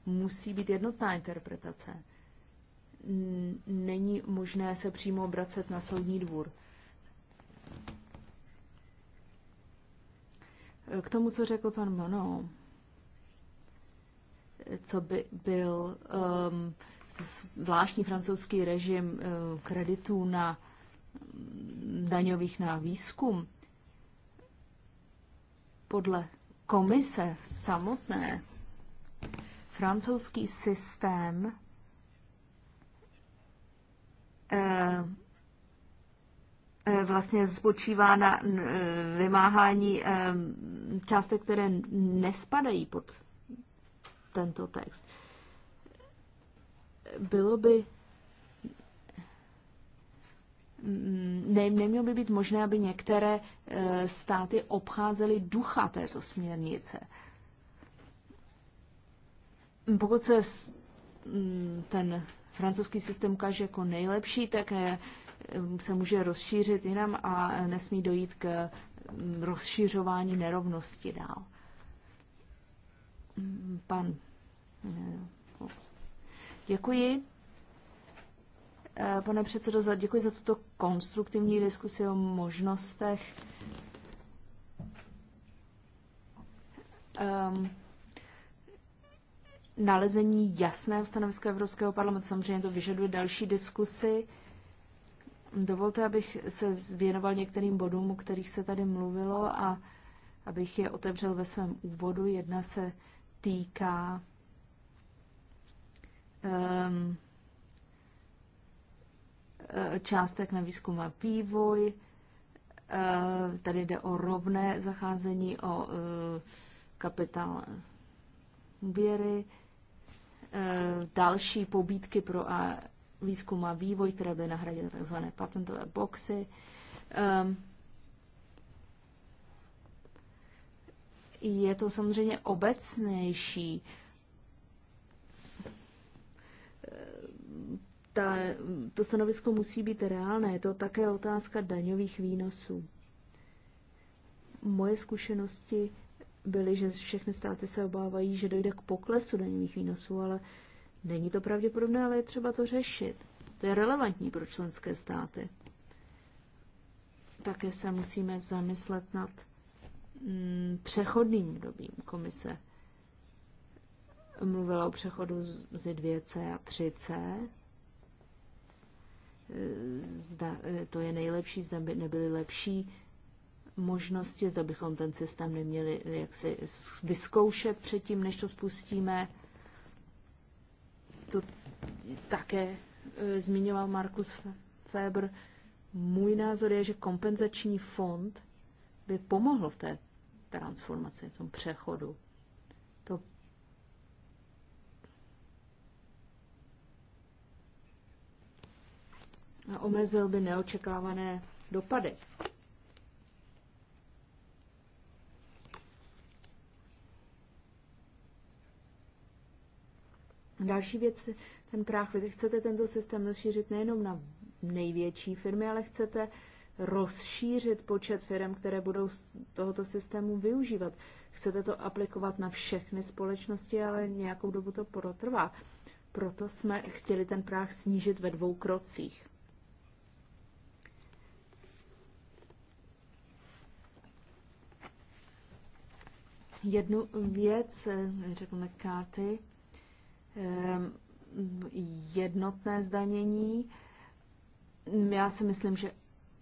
Musí být jednotná interpretace. Není možné se přímo obracet na soudní dvůr. K tomu, co řekl pan Mono, co by byl um, zvláštní francouzský režim um, kreditů na um, daňových na výzkum, podle komise samotné, francouzský systém eh, eh, vlastně spočívá na eh, vymáhání částek, které nespadají pod tento text. Bylo by Mm, ne, nemělo by být možné, aby některé eh, státy obcházely ducha této směrnice. Mm, pokud se mm, ten francouzský systém ukáže jako nejlepší, tak eh, se může rozšířit jinam a nesmí dojít k rozšířování nerovnosti dál. Pan. Eh, oh. Děkuji. Eh, pane předsedo, děkuji za tuto konstruktivní diskusi o možnostech. Um, nalezení jasného stanoviska Evropského parlamentu samozřejmě to vyžaduje další diskusy. Dovolte, abych se věnoval některým bodům, o kterých se tady mluvilo a abych je otevřel ve svém úvodu. Jedna se týká um, částek na výzkum a vývoj. Eh, tady jde o rovné zacházení, o eh, kapitál úvěry, eh, další pobídky pro výzkum a vývoj, které by nahradily tzv. patentové boxy. Ehm, je to samozřejmě obecnější ta, to stanovisko musí být reálné. Je to také otázka daňových výnosů. Moje zkušenosti byly, že všechny státy se obávají, že dojde k poklesu daňových výnosů, ale není to pravděpodobné, ale je třeba to řešit. To je relevantní pro členské státy. Také se musíme zamyslet nad mm, přechodným dobím komise. Mluvila o přechodu z 2C a 3C, zda eh, to je nejlepší, zda by nebyly lepší možnosti, zda bychom ten systém neměli jaksi vyzkoušet předtím, než to spustíme. To také eh, zmiňoval Markus Feber. Můj názor je, že kompenzační fond by pomohl v té transformaci, v tom přechodu. a omezil by neočekávané dopady. Další věc, ten práh, vy chcete tento systém rozšířit nejenom na největší firmy, ale chcete rozšířit počet firm, které budou z tohoto systému využívat. Chcete to aplikovat na všechny společnosti, ale nějakou dobu to protrvá. Proto jsme chtěli ten práh snížit ve dvou krocích. jednu věc, eh, řekl Káty, eh, jednotné zdanění. Já si myslím, že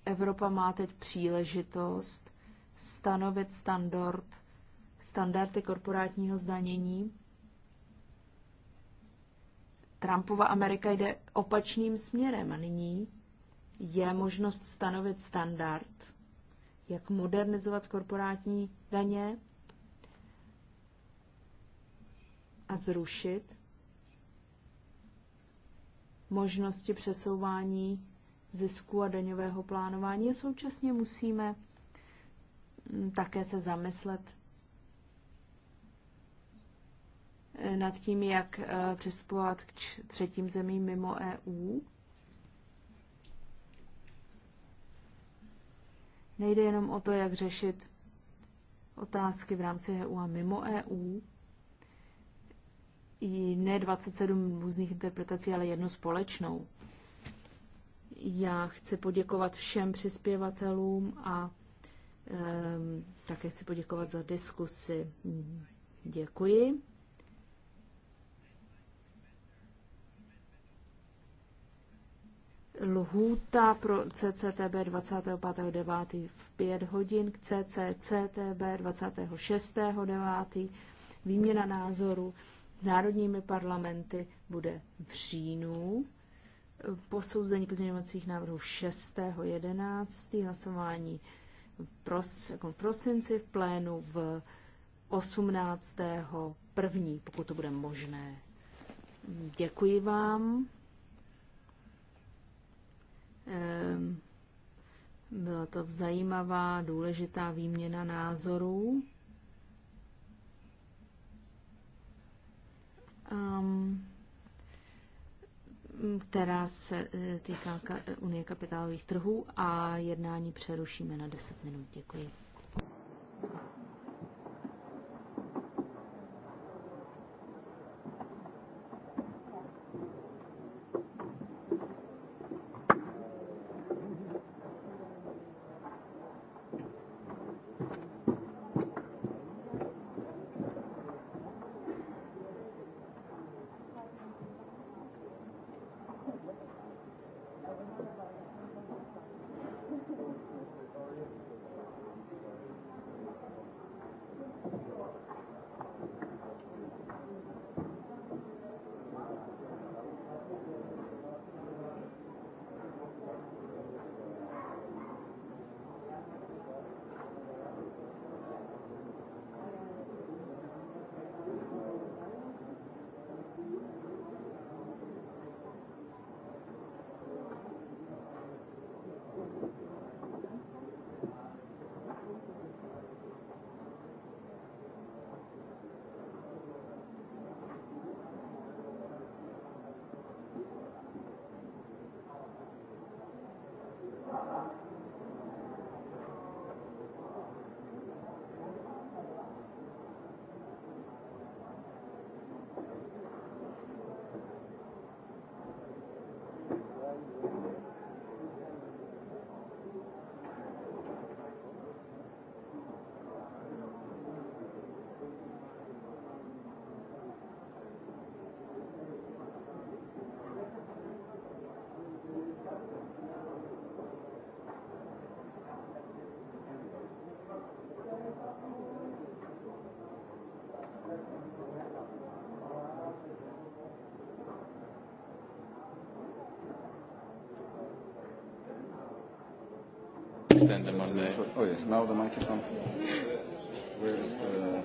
Evropa má teď příležitost stanovit standard, standardy korporátního zdanění. Trumpova Amerika jde opačným směrem a nyní je možnost stanovit standard, jak modernizovat korporátní daně, a zrušit možnosti přesouvání zisku a daňového plánování. A současně musíme mm, také se zamyslet eh, nad tím, jak eh, přistupovat k třetím zemím mimo EU. Nejde jenom o to, jak řešit otázky v rámci EU a mimo EU, ne 27 různých interpretací, ale jednu společnou. Já chci poděkovat všem přispěvatelům a um, také chci poděkovat za diskusi. Děkuji. Lhůta pro CCTB 25.9. v 5 hodin k CCCTB 26.9. Výměna názoru národními parlamenty bude v říjnu. Posouzení pozměňovacích návrhů 6.11. hlasování pros, jako v prosinci v plénu v 18. pokud to bude možné. Děkuji vám. Ehm, byla to zajímavá, důležitá výměna názorů. um, která se e, týká e, Unie kapitálových trhů a jednání přerušíme na 10 minut. Děkuji. extend them on the... Oh yeah, now the mic is on. Where is the...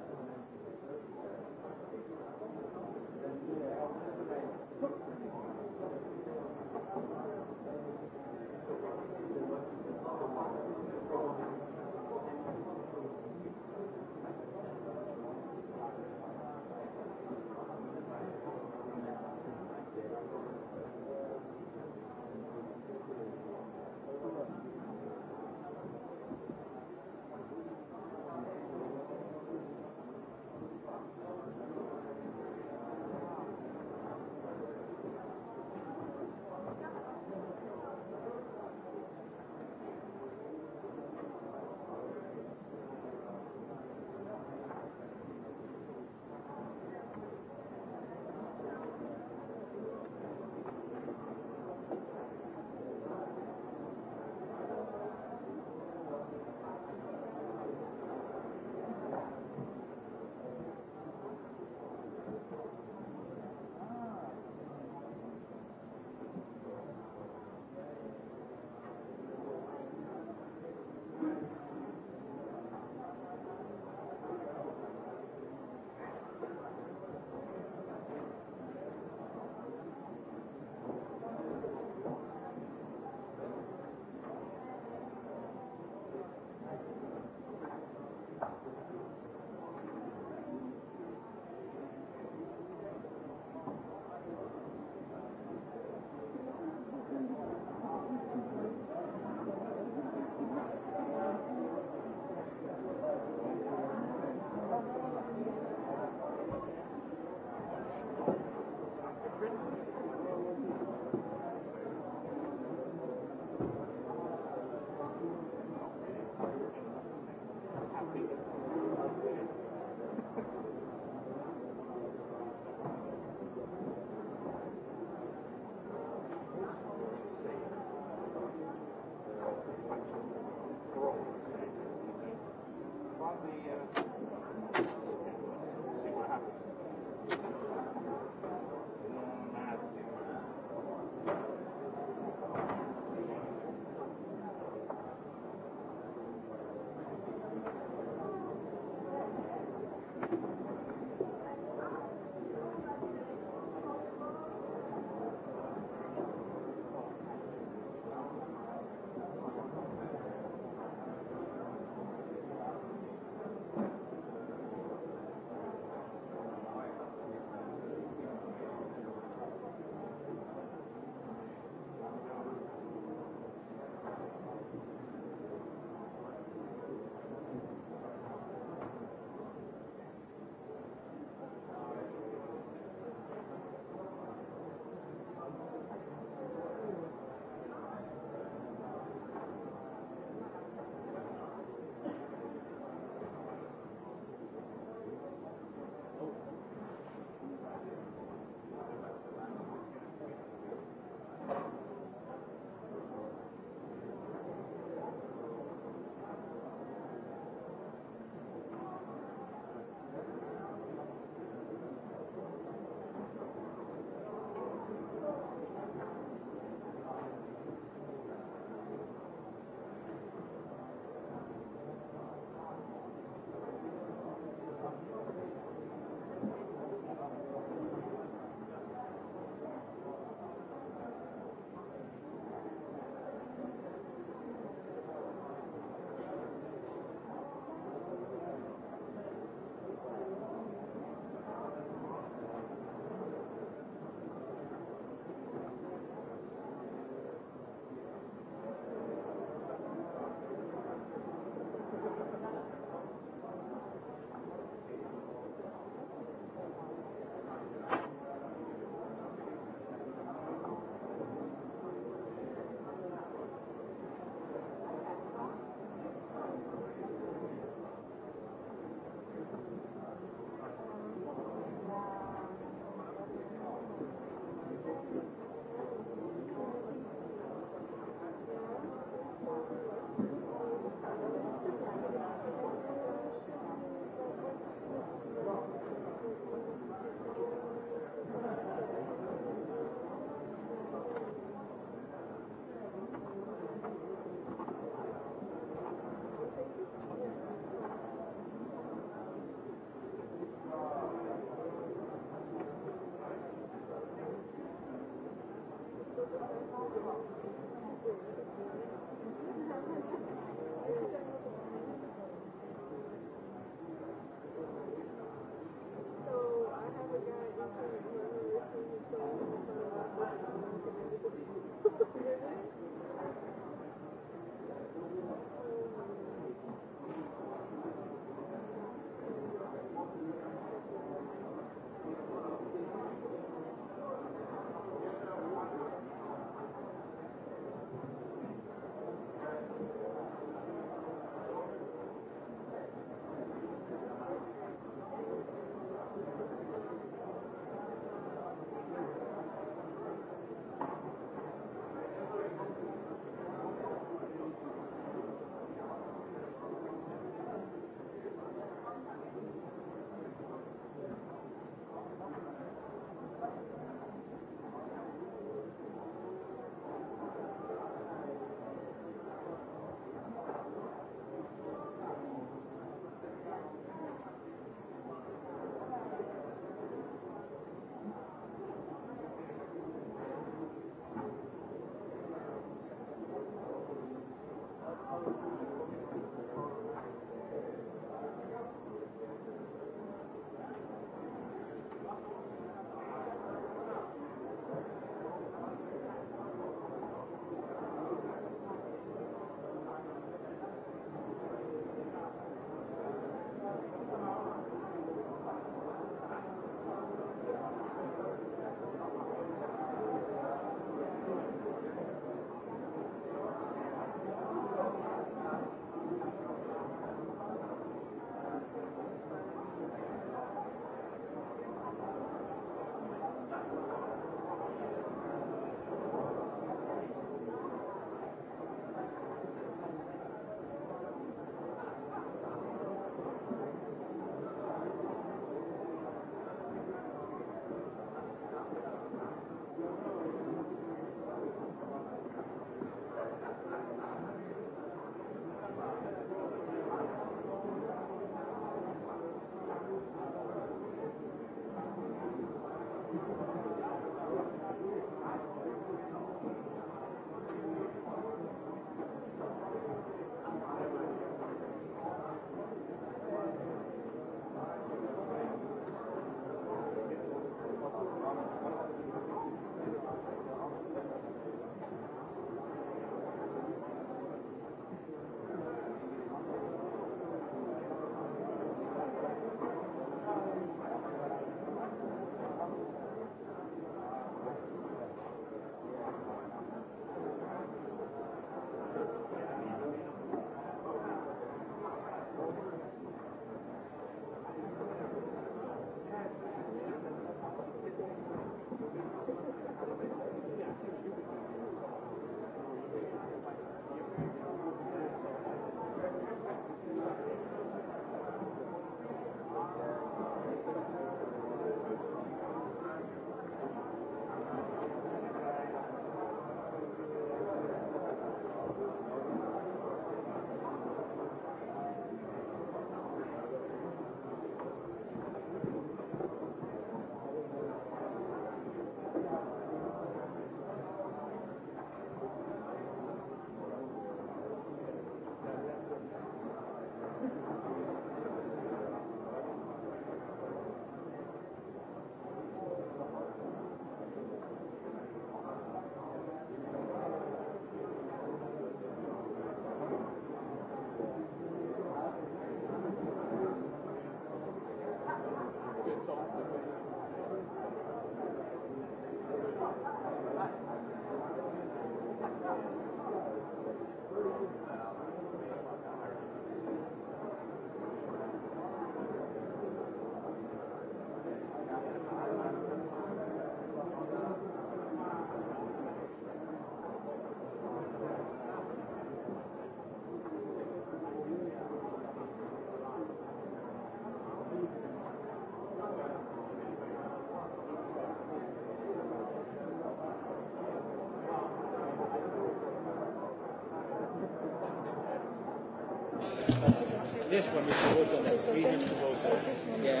this one we can vote on this We have vote on Yeah.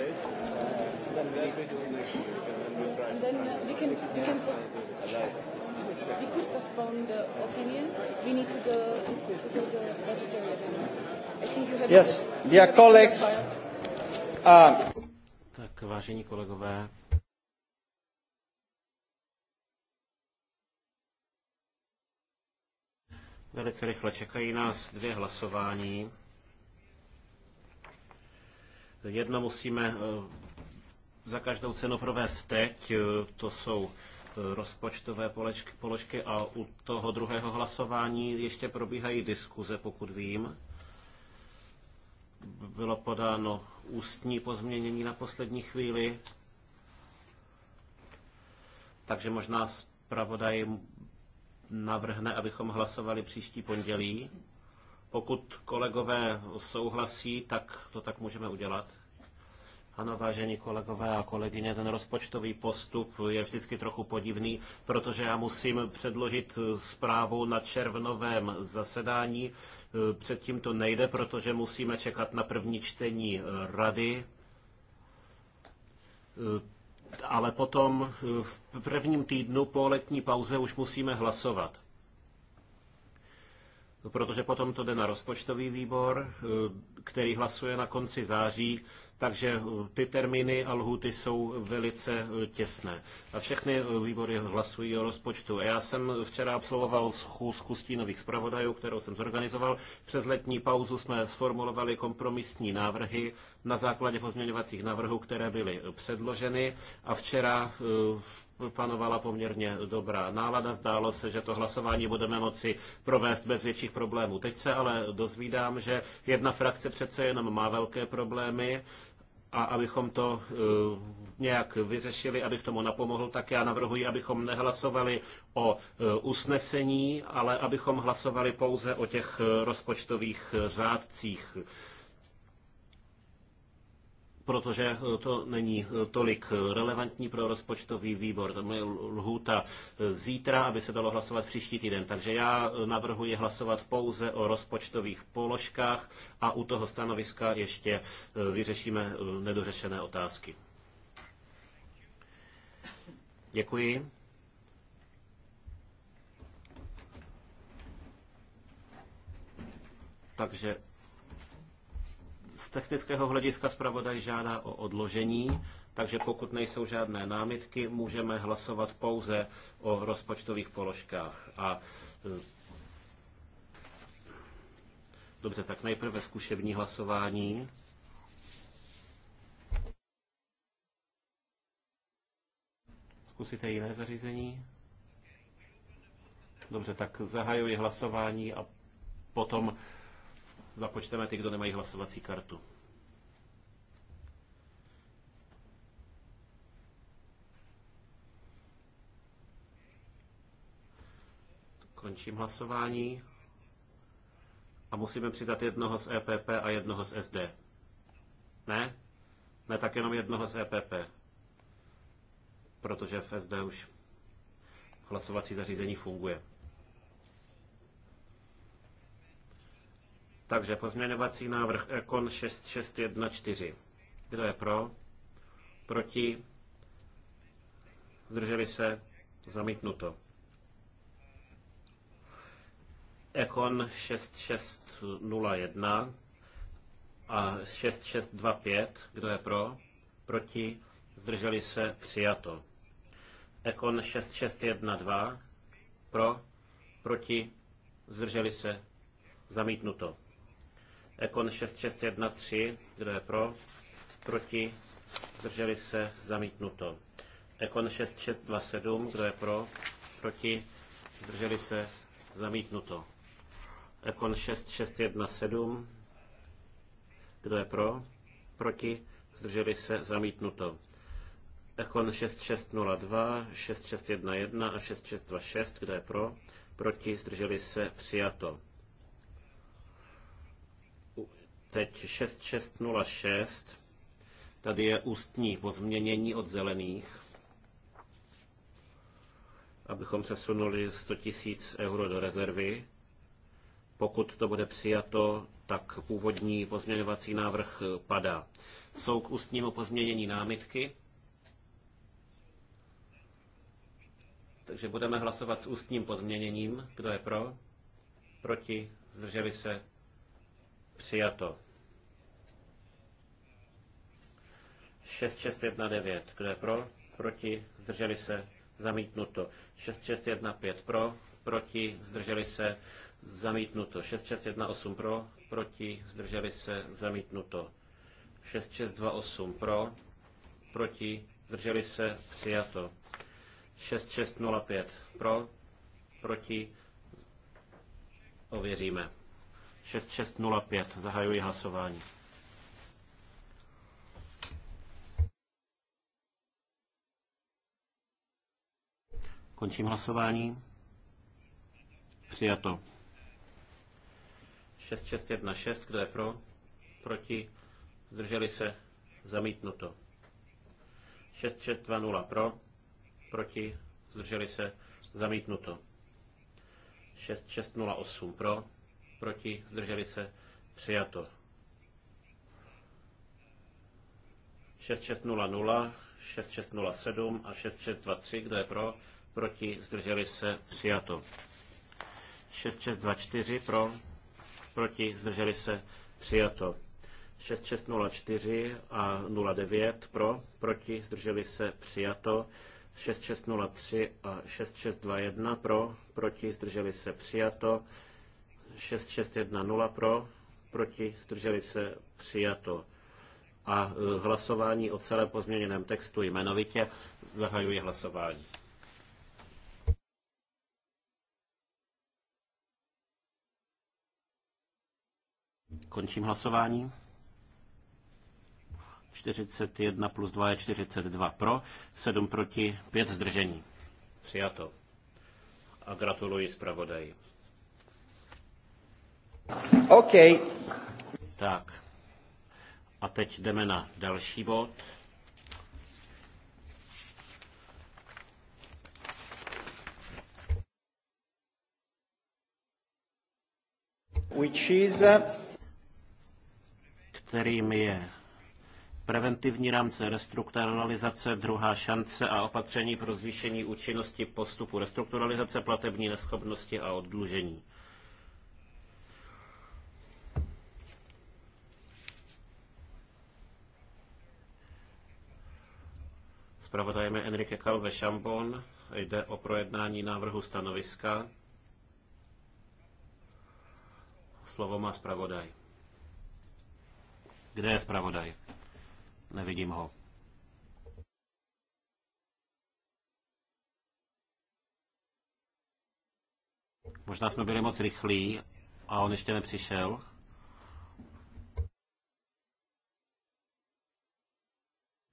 this. Uh, then we need to do next and then uh, we can, we can post- we could postpone the opinion. We need to go to the budgetary I think you have yes, dear colleagues. Uh, tak vážení kolegové, Velice rychle čekají nás dvě hlasování. Jedno musíme eh, za každou cenu provést teď, eh, to jsou eh, rozpočtové položky, a u toho druhého hlasování ještě probíhají diskuze, pokud vím. Bylo podáno ústní pozměnění na poslední chvíli, takže možná zpravodaj navrhne, abychom hlasovali příští pondělí. Pokud kolegové souhlasí, tak to tak můžeme udělat. Ano, vážení kolegové a kolegyně, ten rozpočtový postup je vždycky trochu podivný, protože já musím předložit zprávu na červnovém zasedání. Předtím to nejde, protože musíme čekat na první čtení rady. Ale potom v prvním týdnu po letní pauze už musíme hlasovat. No, protože potom to jde na rozpočtový výbor, eh, který hlasuje na konci září, takže eh, ty termíny a lhuty jsou velice eh, těsné. A všechny výbory hlasují o rozpočtu. Já jsem včera absolvoval schůzku stínových zpravodajů, kterou jsem zorganizoval. Přes letní pauzu jsme sformulovali kompromisní návrhy na základě pozměňovacích návrhů, které byly předloženy. A včera panovala poměrně dobrá nálada. Zdálo se, že to hlasování budeme moci provést bez větších problémů. Teď se ale dozvídám, že jedna frakce přece jenom má velké problémy a abychom to eh, nějak vyřešili, abych tomu napomohl, tak já navrhuji, abychom nehlasovali o eh, usnesení, ale abychom hlasovali pouze o těch eh, rozpočtových řádcích protože eh, to není eh, tolik eh, relevantní pro rozpočtový výbor. Tam je lhůta zítra, aby se dalo hlasovat příští týden. Takže já navrhuji hlasovat pouze o rozpočtových položkách a u toho stanoviska ještě vyřešíme nedořešené otázky. Děkuji. Takže z technického hlediska zpravodaj žádá o odložení, takže pokud nejsou žádné námitky, můžeme hlasovat pouze o rozpočtových položkách. A e, Dobře, tak nejprve zkušební hlasování. Zkusíte jiné zařízení? Dobře, tak zahajuji hlasování a potom započteme ty, kdo nemají hlasovací kartu. Končím hlasování. A musíme přidat jednoho z EPP a jednoho z SD. Ne? Ne, tak jenom jednoho z EPP. Protože v SD už hlasovací zařízení funguje. Takže pozměňovací návrh Econ 6614. Kdo je pro? Proti? Zdrželi se? Zamítnuto. Econ 6601 a 6625. Kdo je pro? Proti? Zdrželi se? Přijato. Econ 6612. Pro? Proti? Zdrželi se? Zamítnuto. Ekon 6613, kdo je pro? Proti? Zdrželi se? Zamítnuto. Ekon 6627, kdo je pro? Proti? Zdrželi se? Zamítnuto. Ekon 6617, kdo je pro? Proti? Zdrželi se? Zamítnuto. Ekon 6602, 6611 a 6626, kdo je pro? Proti? Zdrželi se? Přijato. Teď 6606. Tady je ústní pozměnění od zelených, abychom přesunuli 100 000 euro do rezervy. Pokud to bude přijato, tak původní pozměňovací návrh padá. Jsou k ústnímu pozměnění námitky? Takže budeme hlasovat s ústním pozměněním. Kdo je pro? Proti? Zdrželi se? Přijato. 6619. Kdo je pro? Proti? Zdrželi se? Zamítnuto. 6615 pro? Proti? Zdrželi se? Zamítnuto. 6618 pro? Proti? Zdrželi se? Zamítnuto. 6628 pro? Proti? Zdrželi se? Přijato. 6605 pro? Proti? Ověříme. 6605. Zahajuji hlasování. Končím hlasování. Přijato. 6616, kdo je pro? Proti? Zdrželi se? Zamítnuto. 6620 pro? Proti? Zdrželi se? Zamítnuto. 6608 pro? proti, zdrželi se, přijato. 6600, 6607 a 6623, kdo je pro, proti, zdrželi se, přijato. 6624 pro, proti, zdrželi se, přijato. 6604 a 09 pro, proti, zdrželi se, přijato. 6603 a 6621 pro, proti, zdrželi se, přijato. 6610 pro, proti, zdrželi se, přijato. A e, hlasování o celé pozměněném textu jmenovitě zahajuje hlasování. Končím hlasování. 41 plus 2 je 42 pro, 7 proti, 5 zdržení. Přijato. A gratuluji zpravodaji. OK. Tak. A teď jdeme na další bod. Which is... Uh, Kterým je preventivní rámce restrukturalizace, druhá šance a opatření pro zvýšení účinnosti postupu restrukturalizace platební neschopnosti a oddlužení. zpravodajem je Enrique Calve Šambon. Jde o projednání návrhu stanoviska. Slovo má zpravodaj. Kde je zpravodaj? Nevidím ho. Možná jsme byli moc rychlí a on ještě nepřišel.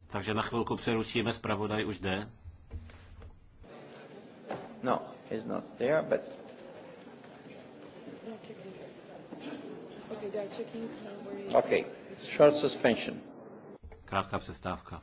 Takže na chvilku přerušíme, zpravodaj už jde. No, he's not there, but... Okay, no short suspension. Krátká přestávka.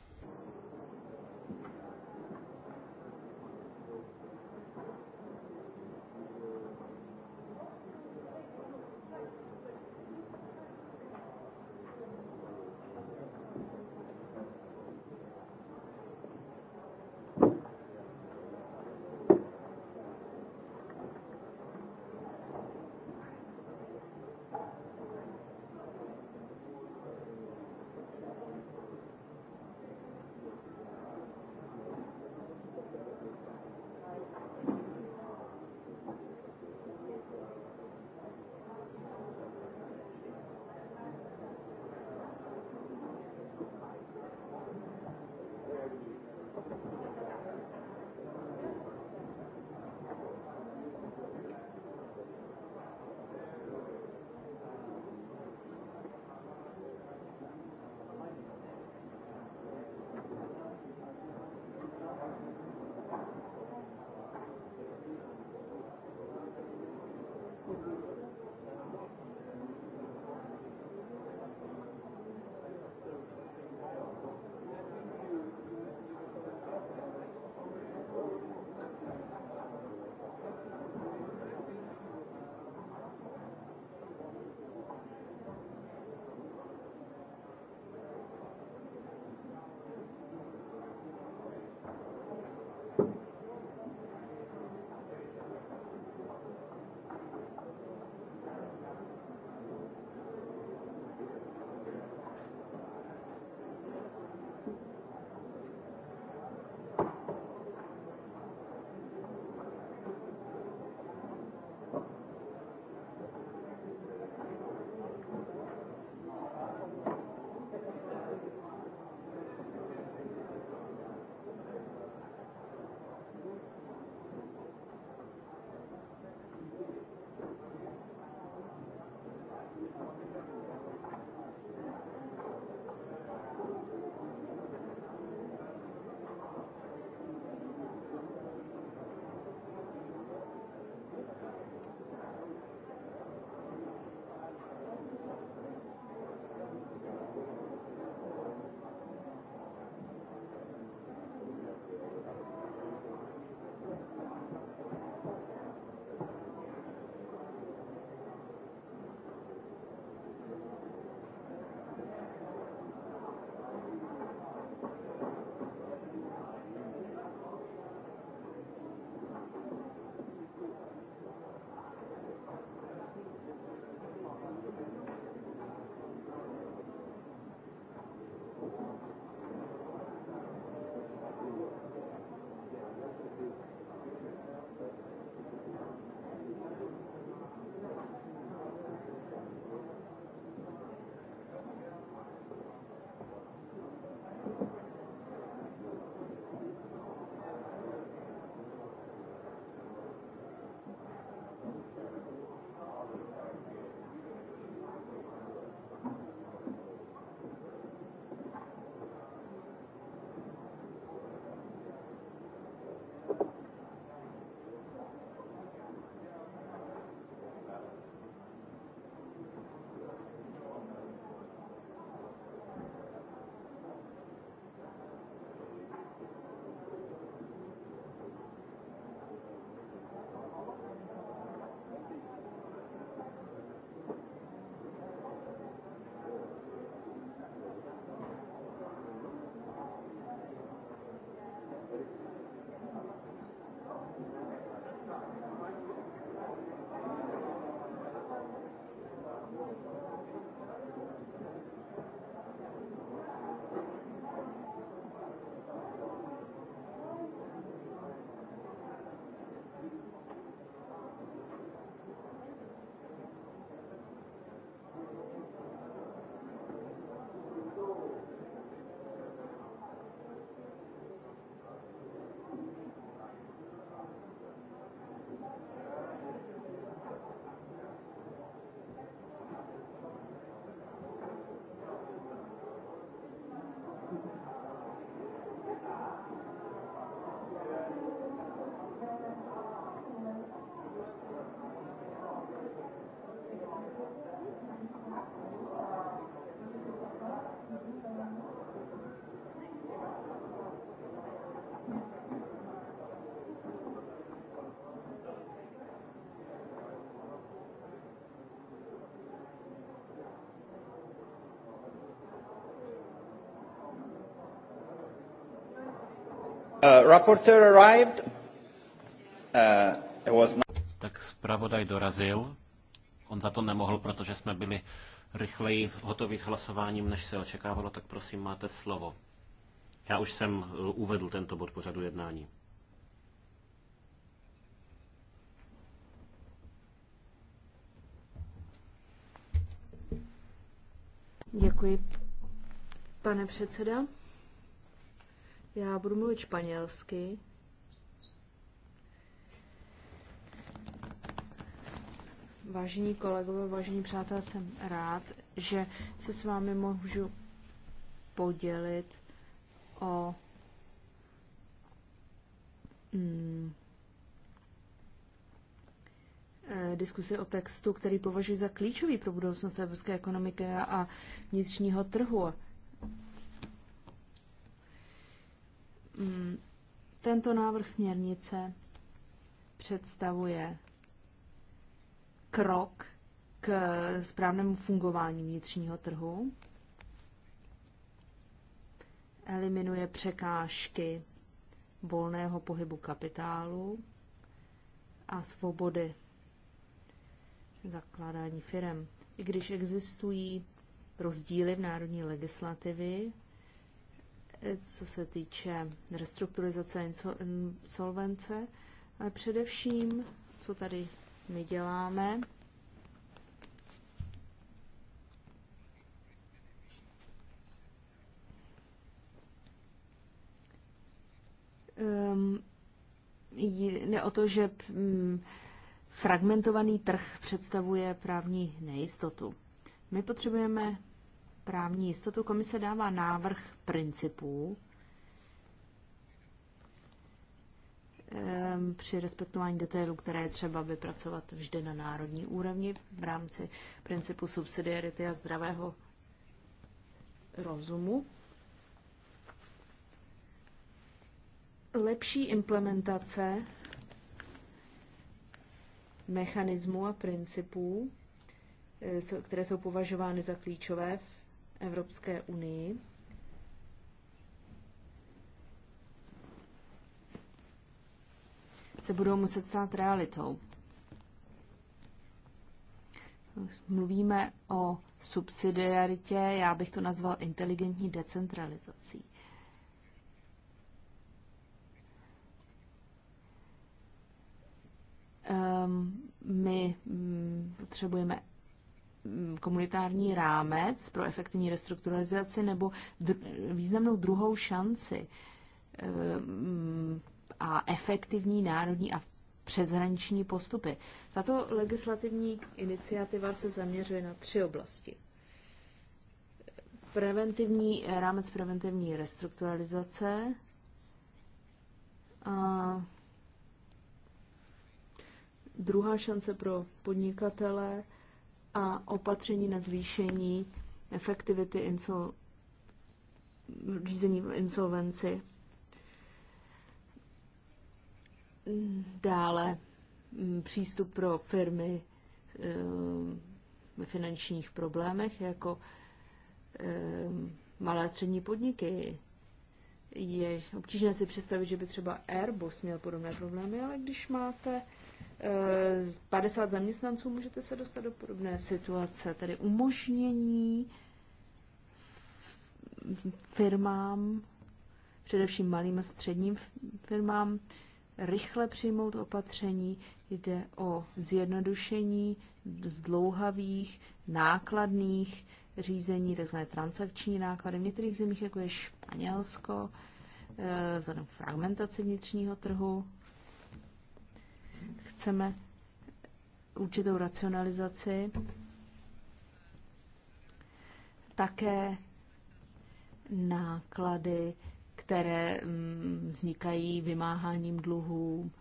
Uh, rapporteur arrived. Uh, it was not... Tak zpravodaj dorazil. On za to nemohl, protože jsme byli rychleji hotoví s hlasováním, než se očekávalo, tak prosím, máte slovo. Já už jsem uh, uvedl tento bod pořadu jednání. Děkuji, pane předseda. Já budu mluvit španělsky. Vážení kolegové, vážení přátelé, jsem rád, že se s vámi můžu podělit o mm, diskusi o textu, který považuji za klíčový pro budoucnost evropské ekonomiky a vnitřního trhu. Mm, tento návrh směrnice představuje krok k správnému fungování vnitřního trhu, eliminuje překážky volného pohybu kapitálu a svobody zakládání firem. I když existují rozdíly v národní legislativě, co se týče restrukturizace insolvence, ale především, co tady my děláme, um, jde o to, že um, fragmentovaný trh představuje právní nejistotu. My potřebujeme právní jistotu. Komise dává návrh principů ehm, při respektování detailů, které je třeba vypracovat vždy na národní úrovni v rámci principu subsidiarity a zdravého rozumu. Lepší implementace mechanismů a principů, eh, které jsou považovány za klíčové v Evropské unii. se budou muset stát realitou. Mluvíme o subsidiaritě, já bych to nazval inteligentní decentralizací. Ehm, my mm, potřebujeme Mm, komunitární rámec pro efektivní restrukturalizaci nebo dr- významnou druhou šanci eh, mm, a efektivní národní a přeshraniční postupy. Tato legislativní iniciativa se zaměřuje na tři oblasti. Preventivní, eh, rámec preventivní restrukturalizace, a druhá šance pro podnikatele, a opatření na zvýšení efektivity insol, řízení v insolvenci. Dále mm, přístup pro firmy ehm, ve finančních problémech jako ehm, malé a střední podniky, je obtížné si představit, že by třeba Airbus měl podobné problémy, ale když máte 50 eh, zaměstnanců, můžete se dostat do podobné situace. Tedy umožnění firmám, především malým a středním firmám, rychle přijmout opatření. Jde o zjednodušení zdlouhavých, nákladných řízení, tzv. transakční náklady. V některých zemích, jako je Španělsko, eh, vzhledem k fragmentaci vnitřního trhu, chceme určitou racionalizaci. Také náklady, které mm, vznikají vymáháním dluhů,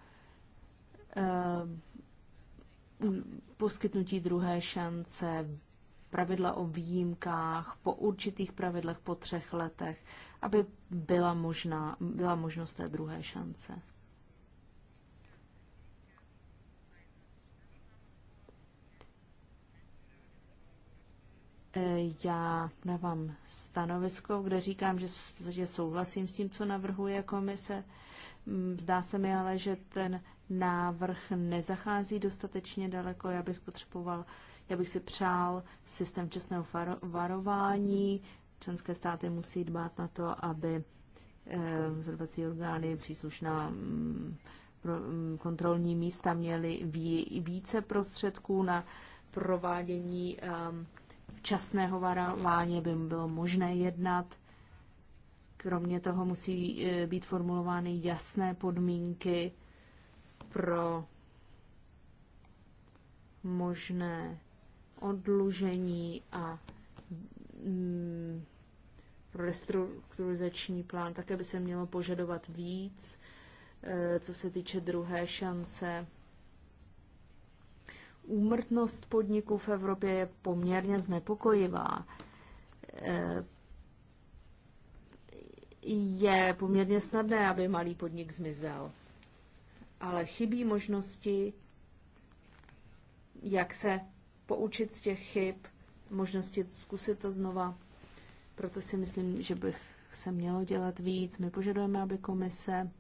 eh, poskytnutí druhé šance, pravidla o výjimkách, po určitých pravidlech po třech letech, aby byla, možná, byla možnost té druhé šance. E, já dávám stanovisko, kde říkám, že, že souhlasím s tím, co navrhuje komise. Mm, zdá se mi ale, že ten návrh nezachází dostatečně daleko. Já bych potřeboval uh, já bych si přál systém včasného varování. Členské státy musí dbát na to, aby vzorovací eh, orgány, příslušná mm, mm, kontrolní místa měly více prostředků na provádění ehm, včasného varování, by bylo možné jednat. Kromě toho musí eh, být formulovány jasné podmínky pro možné odlužení a mm, pro restrukturizační plán, také by se mělo požadovat víc, eh, co se týče druhé šance. Úmrtnost podniků v Evropě je poměrně znepokojivá. Eh, je poměrně snadné, aby malý podnik zmizel, ale chybí možnosti, jak se poučit z těch chyb, možnosti zkusit to znova. Proto si myslím, že bych se mělo dělat víc. My požadujeme, aby komise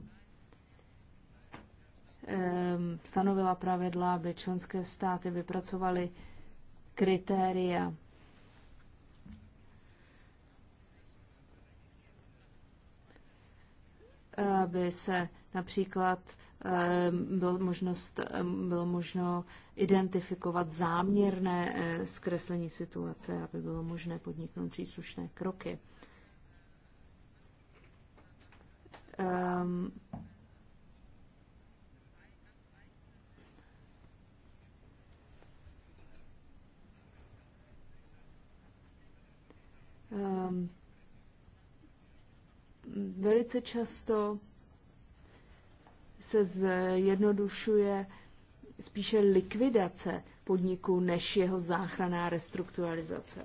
ehm, stanovila pravidla, aby členské státy vypracovaly kritéria. Aby se například Ehm, bylo, možnost, ehm, bylo možno identifikovat záměrné eh, zkreslení situace, aby bylo možné podniknout příslušné kroky. Um, um, velice často se zjednodušuje spíše likvidace podniku než jeho a restrukturalizace.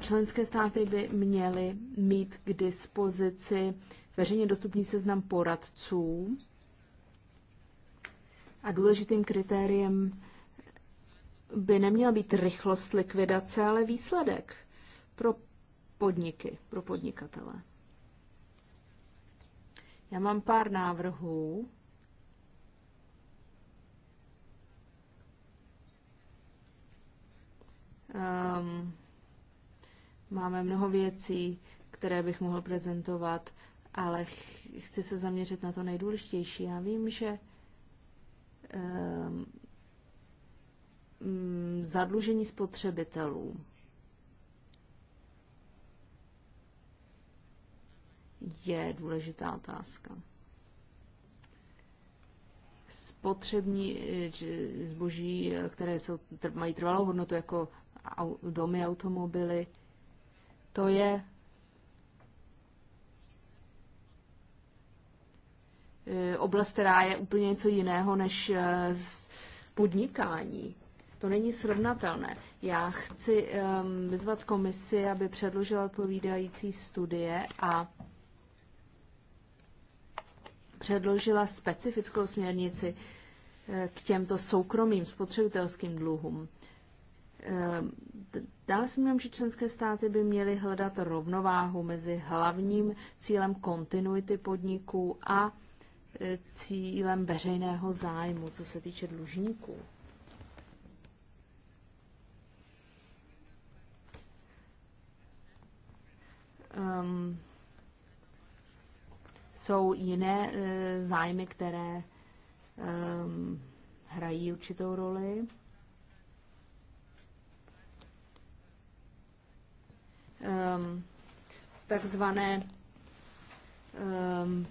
Členské státy by měly mít k dispozici veřejně dostupný seznam poradců a důležitým kritériem by neměla být rychlost likvidace, ale výsledek pro podniky, pro podnikatele. Já mám pár návrhů. Um, máme mnoho věcí, které bych mohl prezentovat, ale chci se zaměřit na to nejdůležitější. Já vím, že um, zadlužení spotřebitelů je důležitá otázka. Spotřební eh, zboží, eh, které jsou, mají trvalou hodnotu jako domy, automobily, to je eh, oblast, která je úplně něco jiného než podnikání. To není srovnatelné. Já chci ehm, vyzvat komisi, aby předložila odpovídající studie a předložila specifickou směrnici eh, k těmto soukromým spotřebitelským dluhům. Eh, dále si myslím, že členské státy by měly hledat rovnováhu mezi hlavním cílem kontinuity podniků a eh, cílem veřejného zájmu, co se týče dlužníků. Um, jsou jiné eh, zájmy, které ehm, hrají určitou roli. Ehm, takzvané ehm,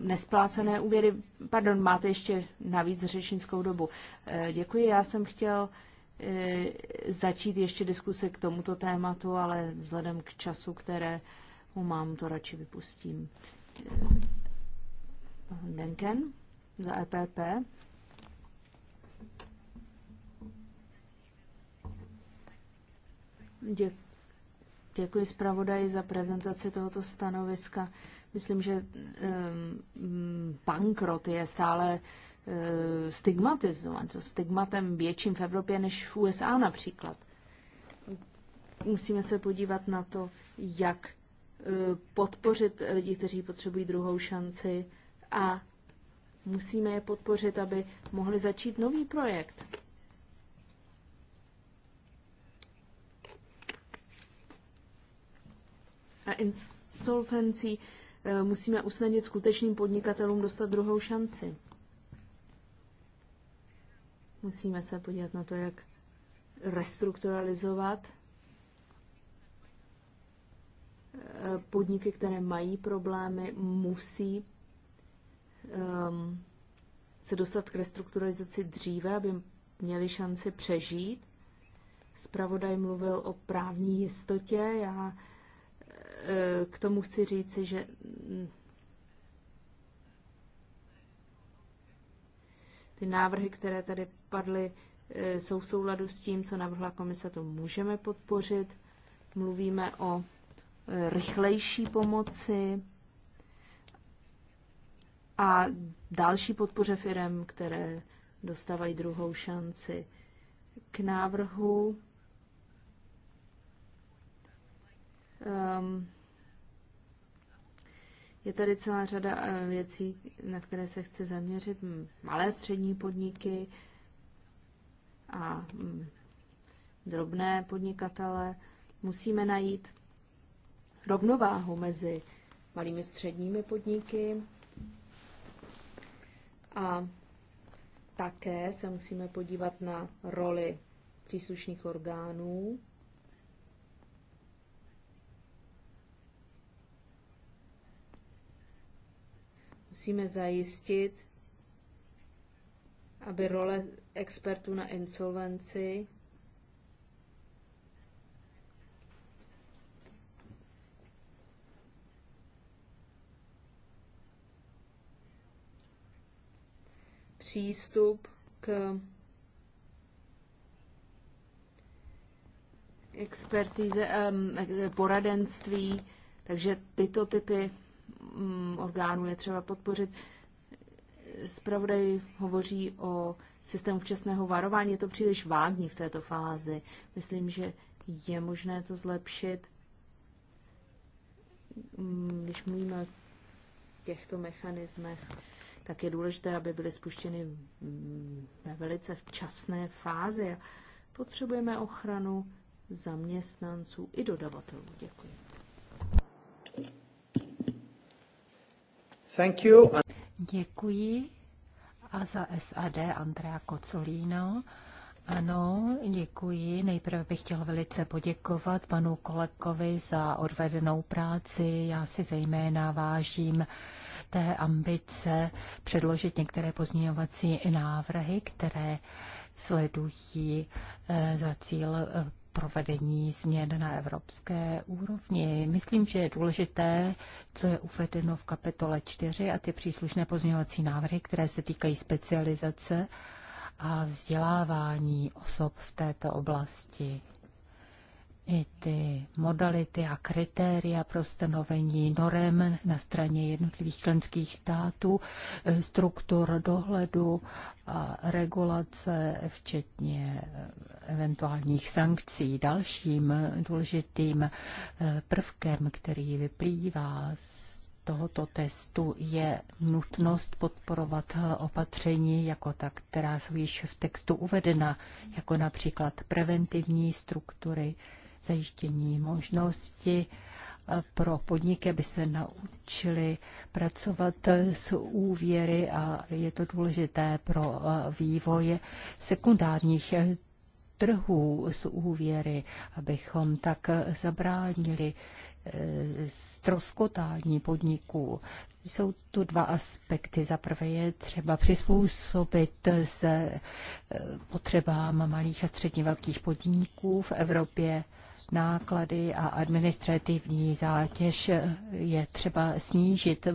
nesplácené úvěry. Pardon, máte ještě navíc řečnickou dobu. Eh, děkuji, já jsem chtěl eh, začít ještě diskuse k tomuto tématu, ale vzhledem k času, které mám, to radši vypustím. Denken za EPP. Děkuji. zpravodaji za prezentaci tohoto stanoviska. Myslím, že um, bankrot je stále uh, e, stigmatizovan. To stigmatem větším v Evropě než v USA například. Musíme se podívat na to, jak Eh, podpořit lidi, kteří potřebují druhou šanci a musíme je podpořit, aby mohli začít nový projekt. A insolvencí eh, musíme usnadnit skutečným podnikatelům dostat druhou šanci. Musíme se podívat na to, jak restrukturalizovat podniky, které mají problémy, musí um, se dostat k restrukturalizaci dříve, aby měli šanci přežít. Spravodaj mluvil o právní jistotě. Já eh, k tomu chci říci, že mm, ty návrhy, které tady padly, eh, jsou v souladu s tím, co navrhla komise, to můžeme podpořit. Mluvíme o rychlejší pomoci a další podpoře firm, které dostávají druhou šanci. K návrhu um, je tady celá řada eh, věcí, na které se chce zaměřit. Malé střední podniky a drobné podnikatele. Musíme najít rovnováhu mezi malými středními podniky a také se musíme podívat na roli příslušných orgánů. Musíme zajistit, aby role expertů na insolvenci přístup k expertíze, poradenství, takže tyto typy mm, orgánů je třeba podpořit. Spravodaj hovoří o systému včasného varování, je to příliš vágní v této fázi. Myslím, že je možné to zlepšit. Mm, když mluvíme o těchto mechanismech, tak je důležité, aby byly spuštěny ve velice včasné fázi. Potřebujeme ochranu zaměstnanců i dodavatelů. Děkuji. Thank you. Děkuji. A za SAD Andrea Kocolíno. Ano, děkuji. Nejprve bych chtěl velice poděkovat panu kolegovi za odvedenou práci. Já si zejména vážím té ambice předložit některé pozměňovací návrhy, které sledují eh, za cíl eh, provedení změn na evropské úrovni. Myslím, že je důležité, co je uvedeno v kapitole 4 a ty příslušné pozměňovací návrhy, které se týkají specializace a vzdělávání osob v této oblasti i ty modality a kritéria pro stanovení norem na straně jednotlivých členských států, e, struktur dohledu a regulace, včetně e, eventuálních sankcí. Dalším důležitým e, prvkem, který vyplývá z tohoto testu je nutnost podporovat opatření jako ta, která jsou již v textu uvedena, jako například preventivní struktury, zajištění možnosti eh, pro podniky, aby se naučili pracovat eh, s úvěry a je to důležité pro eh, vývoj sekundárních trhů s úvěry, abychom tak zabránili stroskotání podniků. Jsou tu dva aspekty. Za prvé je třeba přizpůsobit se potřebám malých a středně velkých podniků v Evropě náklady a administrativní zátěž je třeba snížit.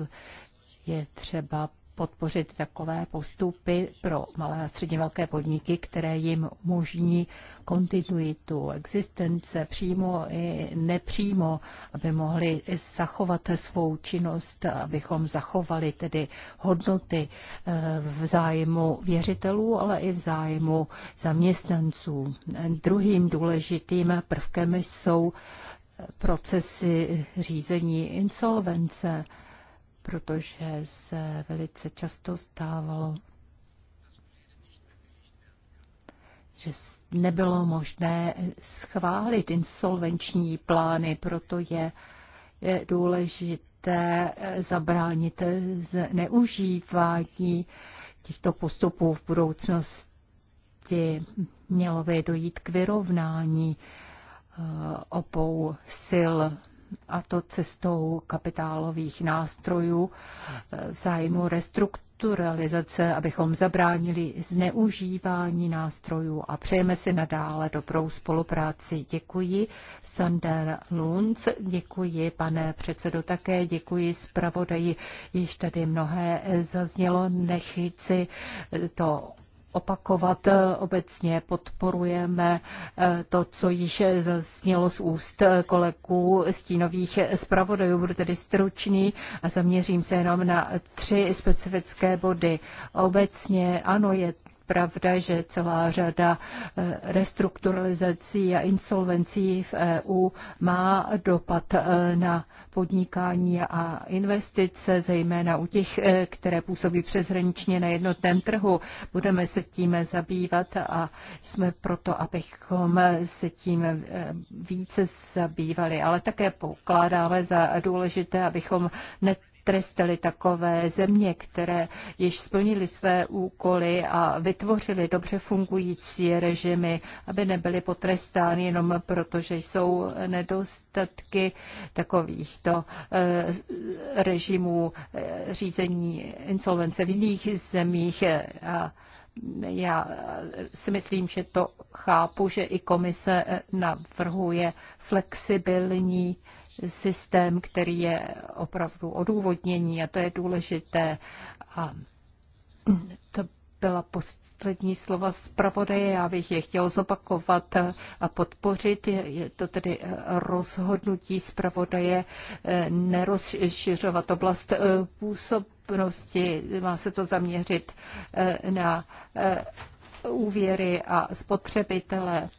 Je třeba podpořit takové postupy pro malé a středně velké podniky, které jim umožní kontinuitu existence přímo i nepřímo, aby mohli zachovat svou činnost, abychom zachovali tedy hodnoty eh, v zájmu věřitelů, ale i v zájmu zaměstnanců. Druhým důležitým prvkem jsou procesy řízení insolvence protože se velice často stávalo, že nebylo možné schválit insolvenční plány, proto je, je důležité eh, zabránit neužívání těchto postupů v budoucnosti. Mělo by dojít k vyrovnání eh, obou sil a to cestou kapitálových nástrojů e, v zájmu restrukturalizace, abychom zabránili zneužívání nástrojů a přejeme si nadále dobrou spolupráci. Děkuji Sander Lunc, děkuji pane předsedo také, děkuji zpravodaji, již tady mnohé zaznělo, nechci to opakovat. Eh, obecně podporujeme eh, to, co již zaznělo z úst kolegů stínových zpravodajů. Budu tedy stručný a zaměřím se jenom na tři specifické body. Obecně ano, je pravda, že celá řada eh, restrukturalizací a insolvencí v EU má dopad eh, na podnikání a investice, zejména u těch, eh, které působí přeshraničně na jednotném trhu. Budeme se tím zabývat a jsme proto, abychom se tím více zabývali, ale také pokládáme za důležité, abychom net trestali takové země, které již splnili své úkoly a vytvořili dobře fungující režimy, aby nebyly potrestány jenom proto, že jsou nedostatky takovýchto eh, režimů eh, řízení insolvence v jiných zemích. Eh, a já si myslím, že to chápu, že i komise navrhuje flexibilní systém, který je opravdu odůvodnění a to je důležité. A to byla poslední slova pravodeje, já bych je chtěl zopakovat a podpořit. Je to tedy rozhodnutí pravodeje eh, nerozšiřovat oblast eh, působnosti, má se to zaměřit eh, na úvěry a spotřebitele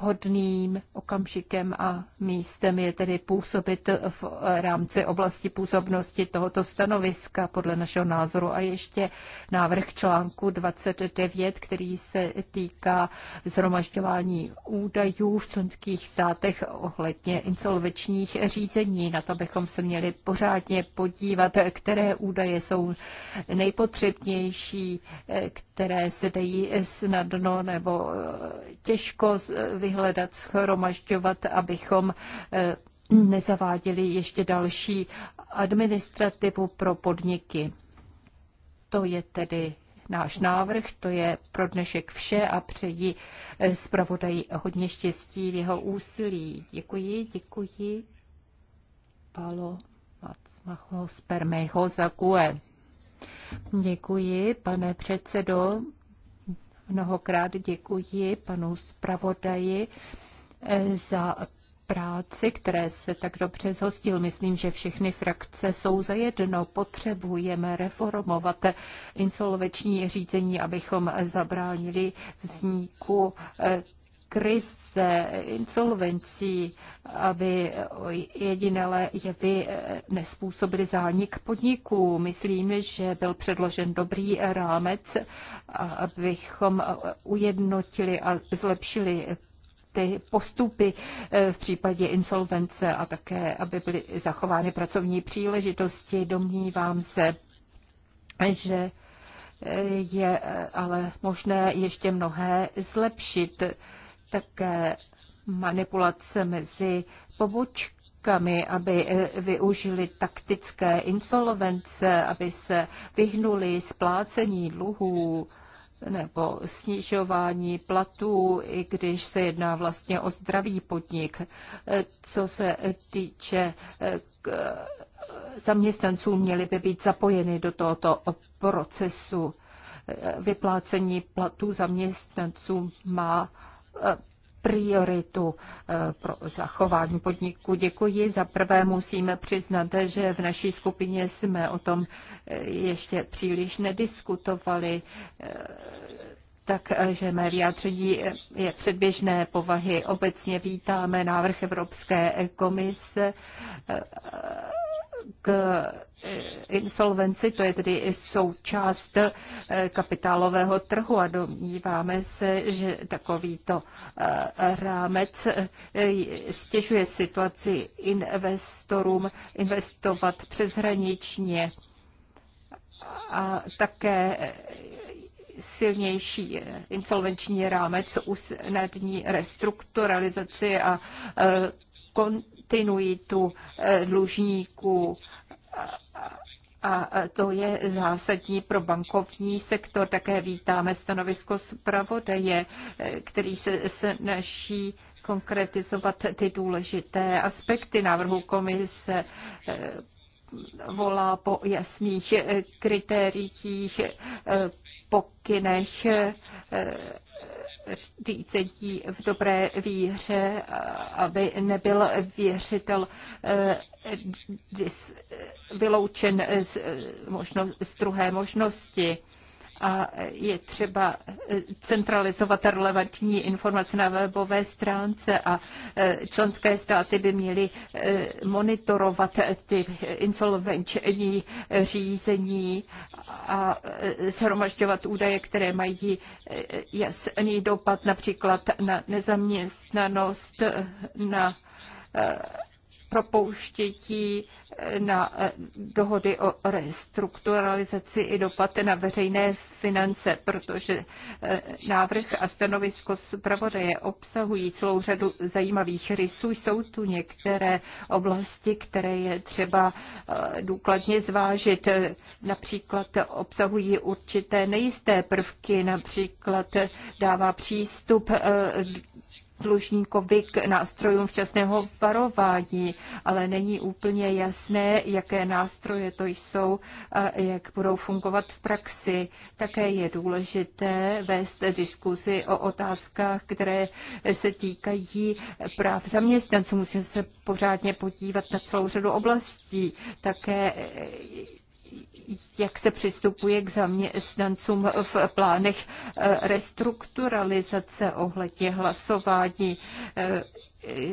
vhodným okamžikem a místem je tedy působit v rámci oblasti působnosti tohoto stanoviska podle našeho názoru. A ještě návrh článku 29, který se týká zhromažďování údajů v členských státech ohledně insolvečních řízení. Na to bychom se měli pořádně podívat, které údaje jsou nejpotřebnější, které se dají snadno nebo těžko vyhledat, schromažďovat, abychom eh, nezaváděli ještě další administrativu pro podniky. To je tedy náš návrh, to je pro dnešek vše a přeji eh, zpravodaji hodně štěstí v jeho úsilí. Děkuji, děkuji. Palo Macmacho Spermeho za e. Děkuji, pane předsedo. Mnohokrát děkuji panu zpravodaji eh, za práci, které se tak dobře zhostil. Myslím, že všechny frakce jsou za jedno. Potřebujeme reformovat insolveční řízení, abychom zabránili vzniku eh, krize, insolvencí, aby jedinele jevy eh, nespůsobili zánik podniků. Myslím, že byl předložen dobrý rámec, abychom eh, ujednotili a zlepšili ty postupy eh, v případě insolvence a také, aby byly zachovány pracovní příležitosti. Domnívám se, že je ale možné ještě mnohé zlepšit také manipulace mezi pobočkami, aby eh, využili taktické insolvence, aby se vyhnuli splácení dluhů nebo snižování platů, i když se jedná vlastně o zdravý podnik. Eh, co se týče eh, zaměstnanců, měli by být zapojeny do tohoto procesu. Vyplácení platů zaměstnanců má prioritu eh, pro zachování podniku. Děkuji. Za prvé musíme přiznat, že v naší skupině jsme o tom eh, ještě příliš nediskutovali eh, takže mé vyjádření je předběžné povahy. Obecně vítáme návrh Evropské komise k Eh, insolvenci, to je tedy součást eh, kapitálového trhu a domníváme se, že takovýto eh, rámec stěžuje situaci investorům investovat přeshraničně a také silnější insolvenční rámec usnadní restrukturalizaci a kontinuitu dlužníků a to je zásadní pro bankovní sektor. Také vítáme stanovisko zpravodaje, eh, který se snaží konkretizovat ty důležité aspekty návrhu komise eh, volá po jasných eh, kritériích, pokynech řícení v dobré víře, aby nebyl věřitel eh, vyloučen z, eh, možno, z druhé možnosti a je třeba eh, centralizovat relevantní informace na webové stránce a eh, členské státy by měly eh, monitorovat ty insolvenční řízení a shromažďovat údaje, které mají jasný dopad například na nezaměstnanost, na propouštětí eh, na eh, dohody o restrukturalizaci i dopad na veřejné finance, protože eh, návrh a stanovisko zpravodaje obsahují celou řadu zajímavých rysů. Jsou tu některé oblasti, které je třeba důkladně zvážit. Například obsahují určité nejisté prvky, například dává přístup dlužníkovi k nástrojům včasného varování, ale není úplně jasné, jaké nástroje to jsou a jak budou fungovat v praxi. Také je důležité vést diskuzi o otázkách, které se týkají práv zaměstnanců. Musíme se pořádně podívat na celou řadu oblastí. Také jak se přistupuje k zaměstnancům v plánech eh, restrukturalizace ohledně hlasování eh,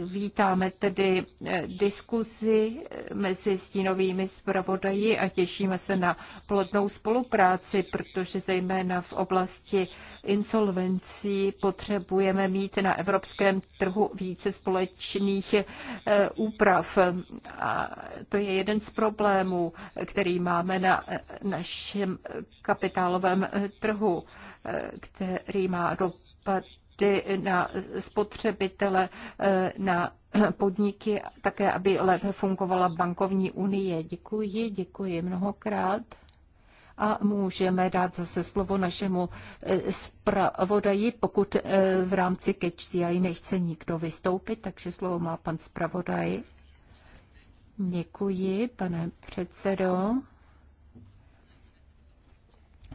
Vítáme tedy eh, diskuzi eh, mezi stínovými zpravodaji a těšíme se na plodnou spolupráci, protože zejména v oblasti insolvencí potřebujeme mít na evropském trhu více společných eh, úprav. A to je jeden z problémů, který máme na našem kapitálovém trhu, který má dopad dopady na spotřebitele, eh, na podniky, také aby lépe fungovala bankovní unie. Děkuji, děkuji mnohokrát. A můžeme dát zase slovo našemu eh, zpravodaji, pokud eh, v rámci KCI nechce nikdo vystoupit, takže slovo má pan zpravodaj. Děkuji, pane předsedo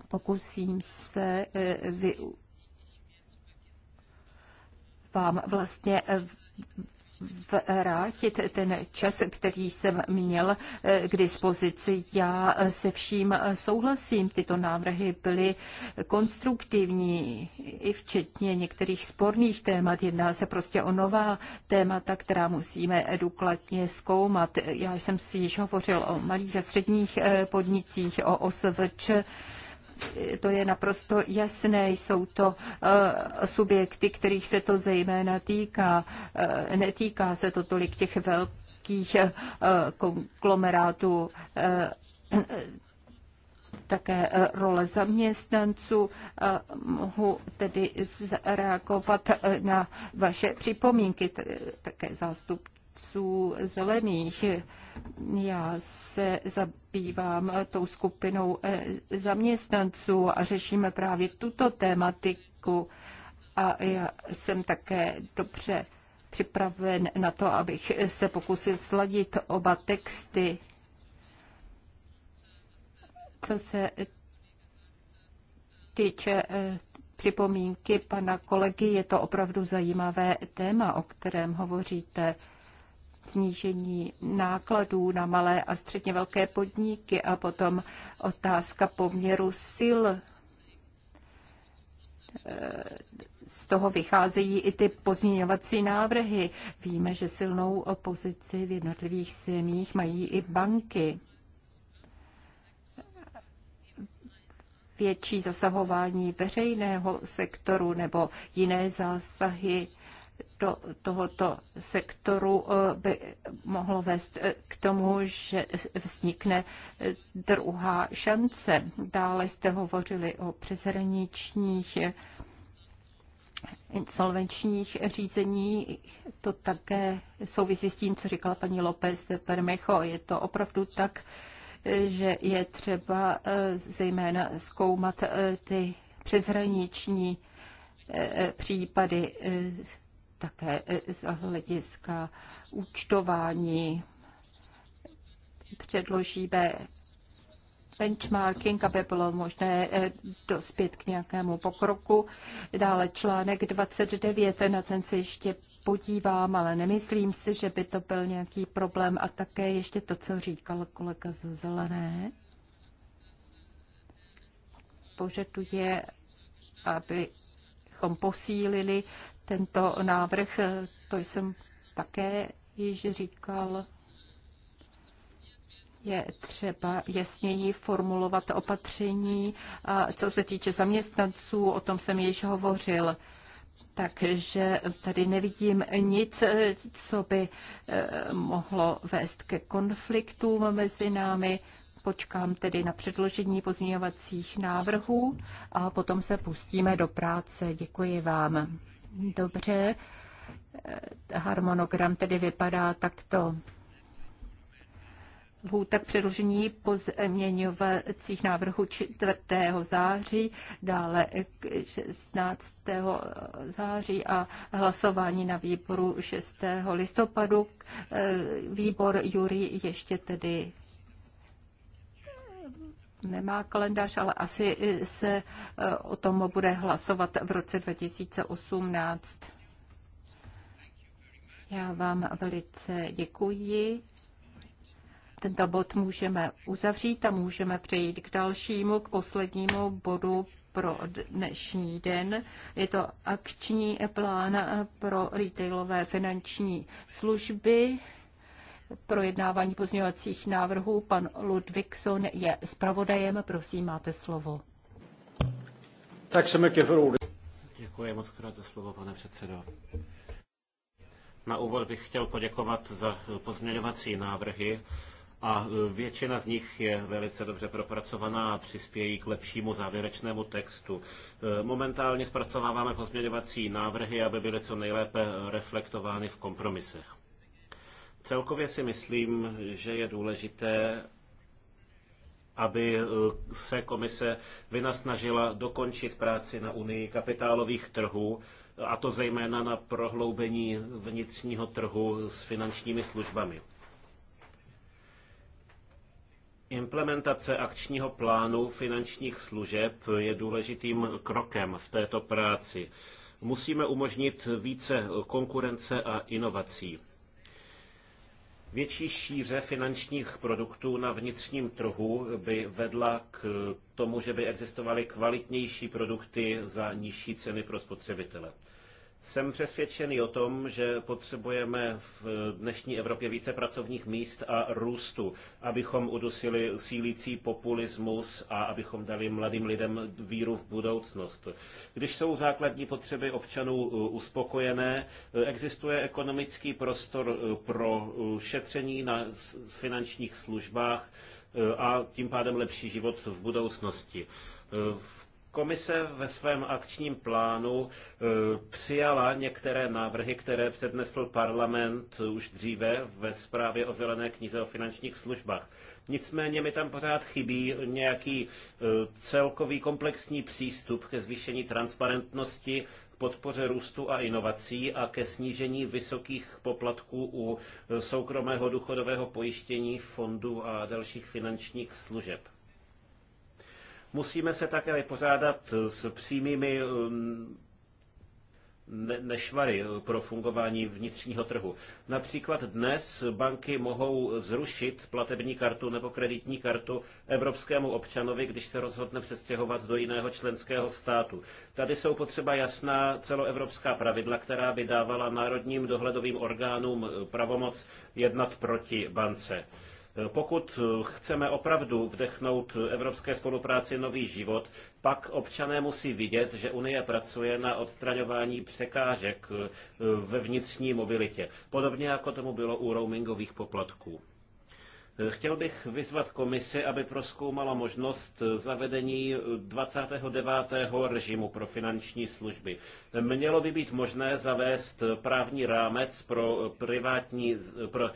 pokusím se vám vlastně eh, vrátit ten čas, který jsem měl eh, k dispozici. Já eh, se vším souhlasím. Tyto návrhy byly konstruktivní, i včetně některých sporných témat. Jedná se prostě o nová témata, která musíme důkladně zkoumat. Já jsem si již hovořil o malých a středních podnicích, o OSVČ to je naprosto jasné. Jsou to eh, subjekty, kterých se to zejména týká. Eh, netýká se to tolik těch velkých eh, konglomerátů také role zaměstnanců. Mohu tedy reagovat na vaše připomínky, také zástupky poslanců zelených. Já se zabývám tou skupinou eh, zaměstnanců a řešíme právě tuto tématiku. A já jsem také dobře připraven na to, abych se pokusil sladit oba texty. Co se týče eh, připomínky pana kolegy, je to opravdu zajímavé téma, o kterém hovoříte snížení nákladů na malé a středně velké podniky a potom otázka poměru sil. Eh, z toho vycházejí i ty pozměňovací návrhy. Víme, že silnou opozici v jednotlivých zemích mají i banky. větší zasahování veřejného sektoru nebo jiné zásahy do tohoto sektoru eh, by mohlo vést eh, k tomu, že vznikne eh, druhá šance. Dále jste hovořili o přeshraničních insolvenčních řízení. To také souvisí s tím, co říkala paní López de Permecho. Je to opravdu tak, že je třeba zejména zkoumat ty přeshraniční případy také e, z hlediska účtování. Předložíme benchmarking, aby bylo možné e, dospět k nějakému pokroku. Dále článek 29, na ten se ještě podívám, ale nemyslím si, že by to byl nějaký problém. A také ještě to, co říkal kolega ze Zelené, požaduje, abychom posílili tento návrh, to jsem také již říkal, je třeba jasněji formulovat opatření. A co se týče zaměstnanců, o tom jsem již hovořil. Takže tady nevidím nic, co by e, mohlo vést ke konfliktům mezi námi. Počkám tedy na předložení pozměňovacích návrhů a potom se pustíme do práce. Děkuji vám. Dobře, eh, harmonogram tedy vypadá takto. Lhůta k předložení pozměňovacích návrhů 4. září, dále 16. září a hlasování na výboru 6. listopadu. Eh, výbor Jury ještě tedy nemá kalendář, ale asi se e, o tom bude hlasovat v roce 2018. Já vám velice děkuji. Tento bod můžeme uzavřít a můžeme přejít k dalšímu, k poslednímu bodu pro dnešní den. Je to akční plán pro retailové finanční služby projednávání pozměňovacích návrhů. Pan Ludvíkson je zpravodajem, prosím, máte slovo. Tak se mě Děkuji moc krát za slovo, pane předsedo. Na úvod bych chtěl poděkovat za pozměňovací návrhy a většina z nich je velice dobře propracovaná a přispějí k lepšímu závěrečnému textu. Momentálně zpracováváme pozměňovací návrhy, aby byly co nejlépe reflektovány v kompromisech. Celkově si myslím, že je důležité, aby eh, se komise vynasnažila dokončit práci na Unii kapitálových trhů, a to zejména na prohloubení vnitřního trhu s finančními službami. Implementace akčního plánu finančních služeb je důležitým krokem v této práci. Musíme umožnit více konkurence a inovací. Větší šíře finančních produktů na vnitřním trhu by vedla k tomu, že by existovaly kvalitnější produkty za nižší ceny pro spotřebitele. Jsem přesvědčený o tom, že potřebujeme v dnešní Evropě více pracovních míst a růstu, abychom udusili sílící populismus a abychom dali mladým lidem víru v budoucnost. Když jsou základní potřeby občanů uh, uspokojené, uh, existuje ekonomický prostor uh, pro šetření na finančních službách a tím pádem lepší život v budoucnosti. V Komise ve svém akčním plánu e, přijala některé návrhy, které přednesl parlament už dříve ve zprávě o zelené knize o finančních službách. Nicméně mi tam pořád chybí nějaký e, celkový komplexní přístup ke zvýšení transparentnosti, podpoře růstu a inovací a ke snížení vysokých poplatků u e, soukromého důchodového pojištění, fondů a dalších finančních služeb. Musíme se také vypořádat s přímými um, nešvary pro fungování vnitřního trhu. Například dnes banky mohou zrušit platební kartu nebo kreditní kartu evropskému občanovi, když se rozhodne přestěhovat do jiného členského státu. Tady jsou potřeba jasná celoevropská pravidla, která by dávala národním dohledovým orgánům pravomoc jednat proti bance. Pokud eh, chceme opravdu vdechnout evropské spolupráci nový život, pak občané musí vidět, že Unie pracuje na odstraňování překážek eh, ve vnitřní mobilitě, podobně jako tomu bylo u roamingových poplatků. Eh, chtěl bych vyzvat komisi, aby prozkoumala možnost zavedení 29. režimu pro finanční služby. Mělo by být možné zavést právní rámec pro privátní, pro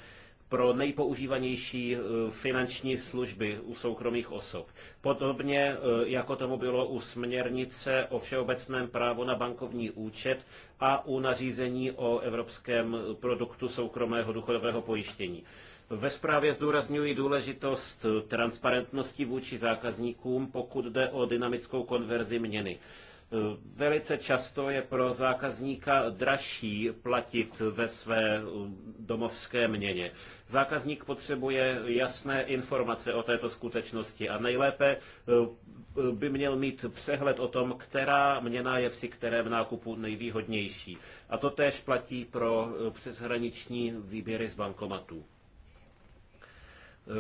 pro nejpoužívanější eh, finanční služby u soukromých osob. Podobně eh, jako tomu bylo u směrnice o všeobecném právu na bankovní účet a u nařízení o evropském eh, produktu soukromého důchodového pojištění. Ve zprávě zdůrazňuji důležitost transparentnosti vůči zákazníkům, pokud jde o dynamickou konverzi měny. Eh, velice často je pro zákazníka dražší platit ve své eh, domovské měně. Zákazník potřebuje jasné informace o této skutečnosti a nejlépe eh, by měl mít přehled o tom, která měna je při kterém nákupu nejvýhodnější. A to též platí pro přeshraniční výběry z bankomatů. Eh,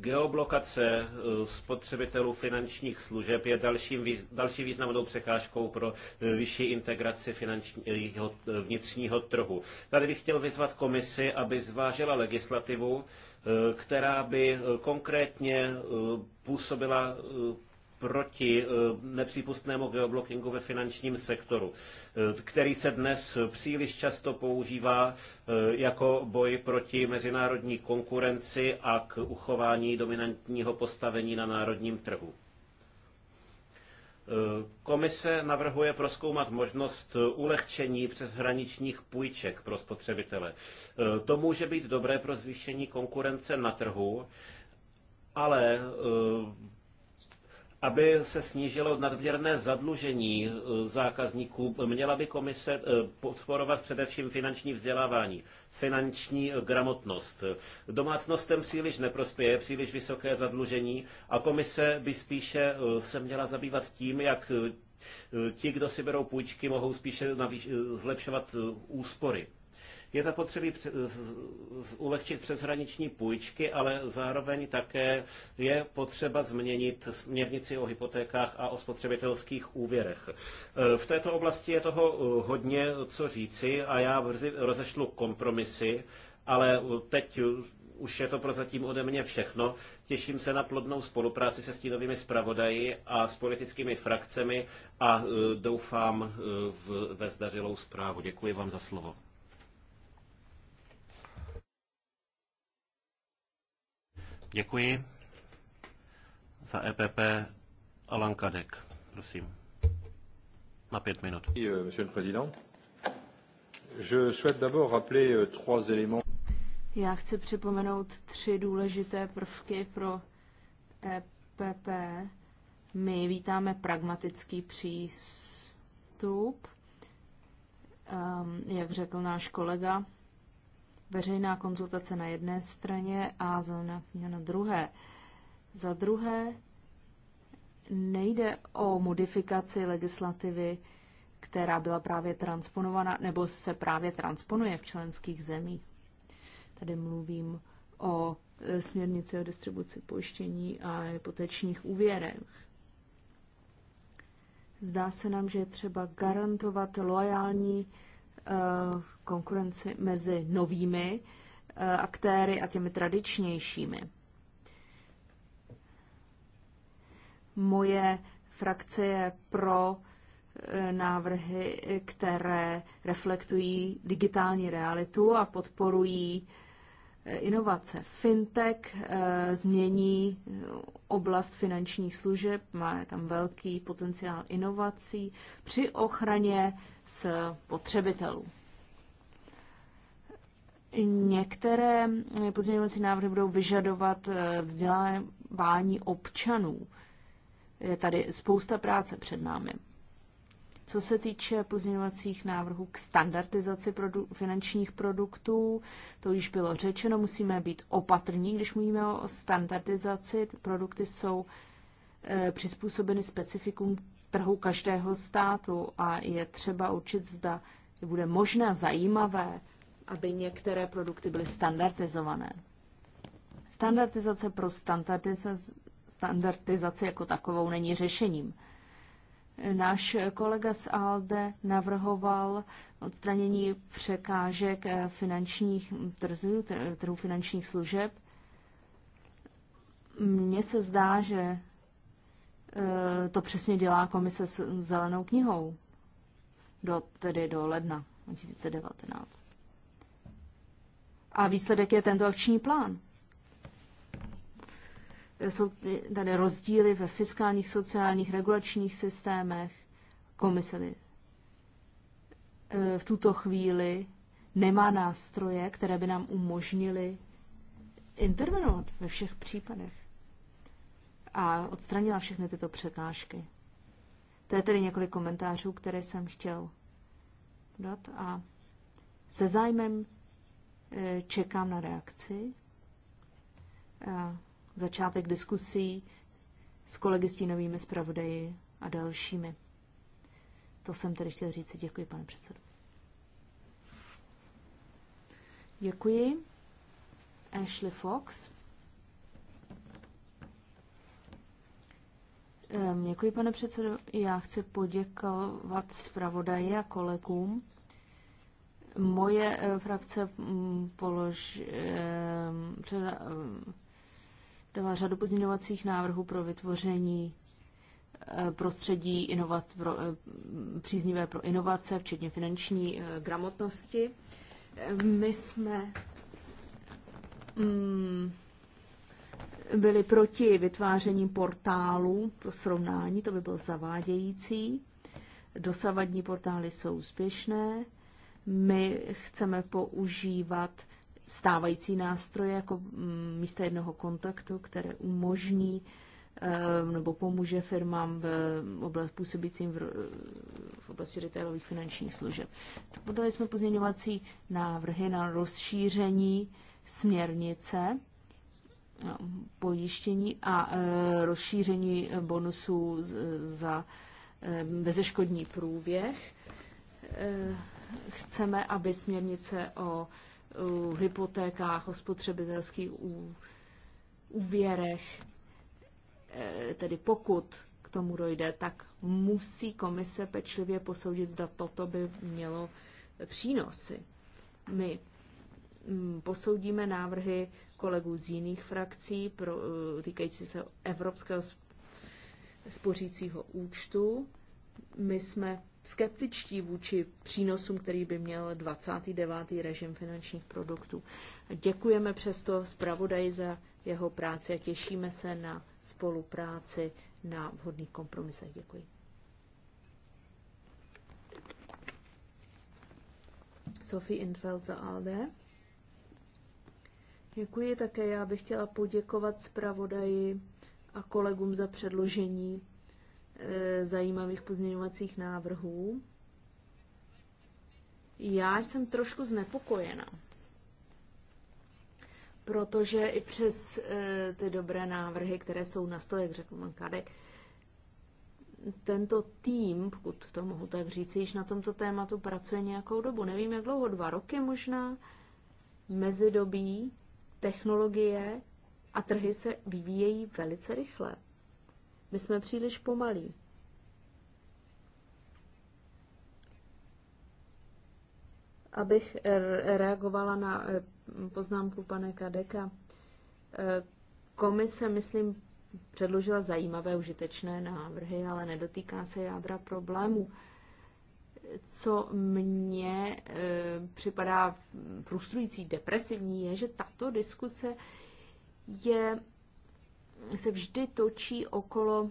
geoblokace eh, spotřebitelů finančních služeb je dalším, další významnou překážkou pro eh, vyšší integraci finančního vnitřního trhu. Tady bych chtěl vyzvat komisi, aby zvážila legislativu, která by konkrétně působila proti eh, nepřípustnému geoblockingu ve finančním sektoru, eh, který se dnes příliš často používá eh, jako boj proti mezinárodní konkurenci a k uchování dominantního postavení na národním trhu. Komise navrhuje prozkoumat možnost ulehčení přeshraničních půjček pro spotřebitele. To může být dobré pro zvýšení konkurence na trhu, ale aby se snížilo nadměrné zadlužení e, zákazníků, měla by komise e, podporovat především finanční vzdělávání, finanční e, gramotnost. Domácnostem příliš neprospěje příliš vysoké zadlužení a komise by spíše se měla zabývat tím, jak ti, kdo si berou půjčky, mohou spíše zlepšovat úspory. Je zapotřebí ulehčit přeshraniční půjčky, ale zároveň také je potřeba změnit směrnici o hypotékách a o spotřebitelských úvěrech. E, v této oblasti je toho e, hodně co říci a já brzy rozešlu kompromisy, ale teď už je to prozatím ode mě všechno. Těším se na plodnou spolupráci se stínovými zpravodaji a s politickými frakcemi a e, doufám v, ve zdařilou zprávu. Děkuji vám za slovo. Děkuji. Za EPP Alan Kadek, prosím. Na pět minut. Euh, euh, Já chci připomenout tři důležité prvky pro EPP. My vítáme pragmatický přístup, ehm, jak řekl náš kolega, veřejná konzultace na jedné straně a zelená kniha na druhé. Za druhé, nejde o modifikaci legislativy, která byla právě transponovaná nebo se právě transponuje v členských zemích. Tady mluvím o e, směrnici o distribuci pojištění a hypotečních úvěrech. Zdá se nám, že je třeba garantovat loajální e, konkurenci mezi novými eh, aktéry a těmi tradičnějšími. Moje frakce je pro eh, návrhy, které reflektují digitální realitu a podporují eh, inovace. Fintech změní oblast finančních služeb, má tam velký potenciál inovací při ochraně spotřebitelů. Některé eh, pozměňovací návrhy budou vyžadovat eh, vzdělávání občanů. Je tady spousta práce před námi. Co se týče pozměňovacích návrhů k standardizaci produ- finančních produktů, to již bylo řečeno, musíme být opatrní, když mluvíme o standardizaci. Produkty jsou e, přizpůsobeny specifikům trhu každého státu a je třeba určit, zda bude možné zajímavé aby některé produkty byly standardizované. Standardizace pro standardizace, standardizace jako takovou není řešením. Náš kolega z ALDE navrhoval odstranění překážek eh, finančních trzů, trhů finančních služeb. Mně se zdá, že eh, to přesně dělá komise s zelenou knihou, do, tedy do ledna 2019. A výsledek je tento akční plán. Jsou tady rozdíly ve fiskálních, sociálních, regulačních systémech. Komise e, v tuto chvíli nemá nástroje, které by nám umožnily intervenovat ve všech případech a odstranila všechny tyto překážky. To je tedy několik komentářů, které jsem chtěl dát a se zájmem čekám na reakci. Začátek diskusí s kolegy novými zpravodaji a dalšími. To jsem tedy chtěl říct. Děkuji, pane předsedo. Děkuji. Ashley Fox. Ehm, děkuji, pane předsedo. Já chci poděkovat zpravodaji a kolegům Moje eh, frakce mm, polož, eh, eh, dala řadu pozměňovacích návrhů pro vytvoření prostředí inovat, pro, příznivé pro inovace, včetně finanční gramotnosti. My jsme mm, byli proti vytváření portálu pro srovnání, to by bylo zavádějící. Dosavadní portály jsou úspěšné my chceme používat stávající nástroje jako mm, místo jednoho kontaktu, které umožní eh, nebo pomůže firmám v oblast působícím eh, v oblasti retailových finančních služeb. Podali jsme pozměňovací návrhy na rozšíření směrnice eh, pojištění a rozšíření bonusů za bezeškodní průběh Chceme, aby směrnice o hypotékách, o spotřebitelských úvěrech, e, tedy pokud k tomu dojde, tak musí komise pečlivě posoudit, zda toto by mělo přínosy. My mm, posoudíme návrhy kolegů z jiných frakcí pro, e, týkající se Evropského spořícího účtu. My jsme skeptičtí vůči přínosům, který by měl 29. režim finančních produktů. Děkujeme přesto zpravodaji za jeho práci a těšíme se na spolupráci na vhodných kompromisech. Děkuji. Sophie Intveld za ALD. Děkuji také. Já bych chtěla poděkovat zpravodaji a kolegům za předložení Eh, zajímavých pozměňovacích návrhů. Já jsem trošku znepokojena, protože i přes eh, ty dobré návrhy, které jsou na stole, jak řekl pan Kadek, tento tým, pokud to mohu tak říct, již na tomto tématu pracuje nějakou dobu. Nevím, jak dlouho, dva roky možná, mezidobí, technologie a trhy se vyvíjejí velice rychle. My jsme příliš pomalí. Abych reagovala na e, poznámku pane Kadeka, e, komise, myslím, předložila zajímavé, užitečné návrhy, ale nedotýká se jádra problému. Co mně e, připadá frustrující, depresivní, je, že tato diskuse je se vždy točí okolo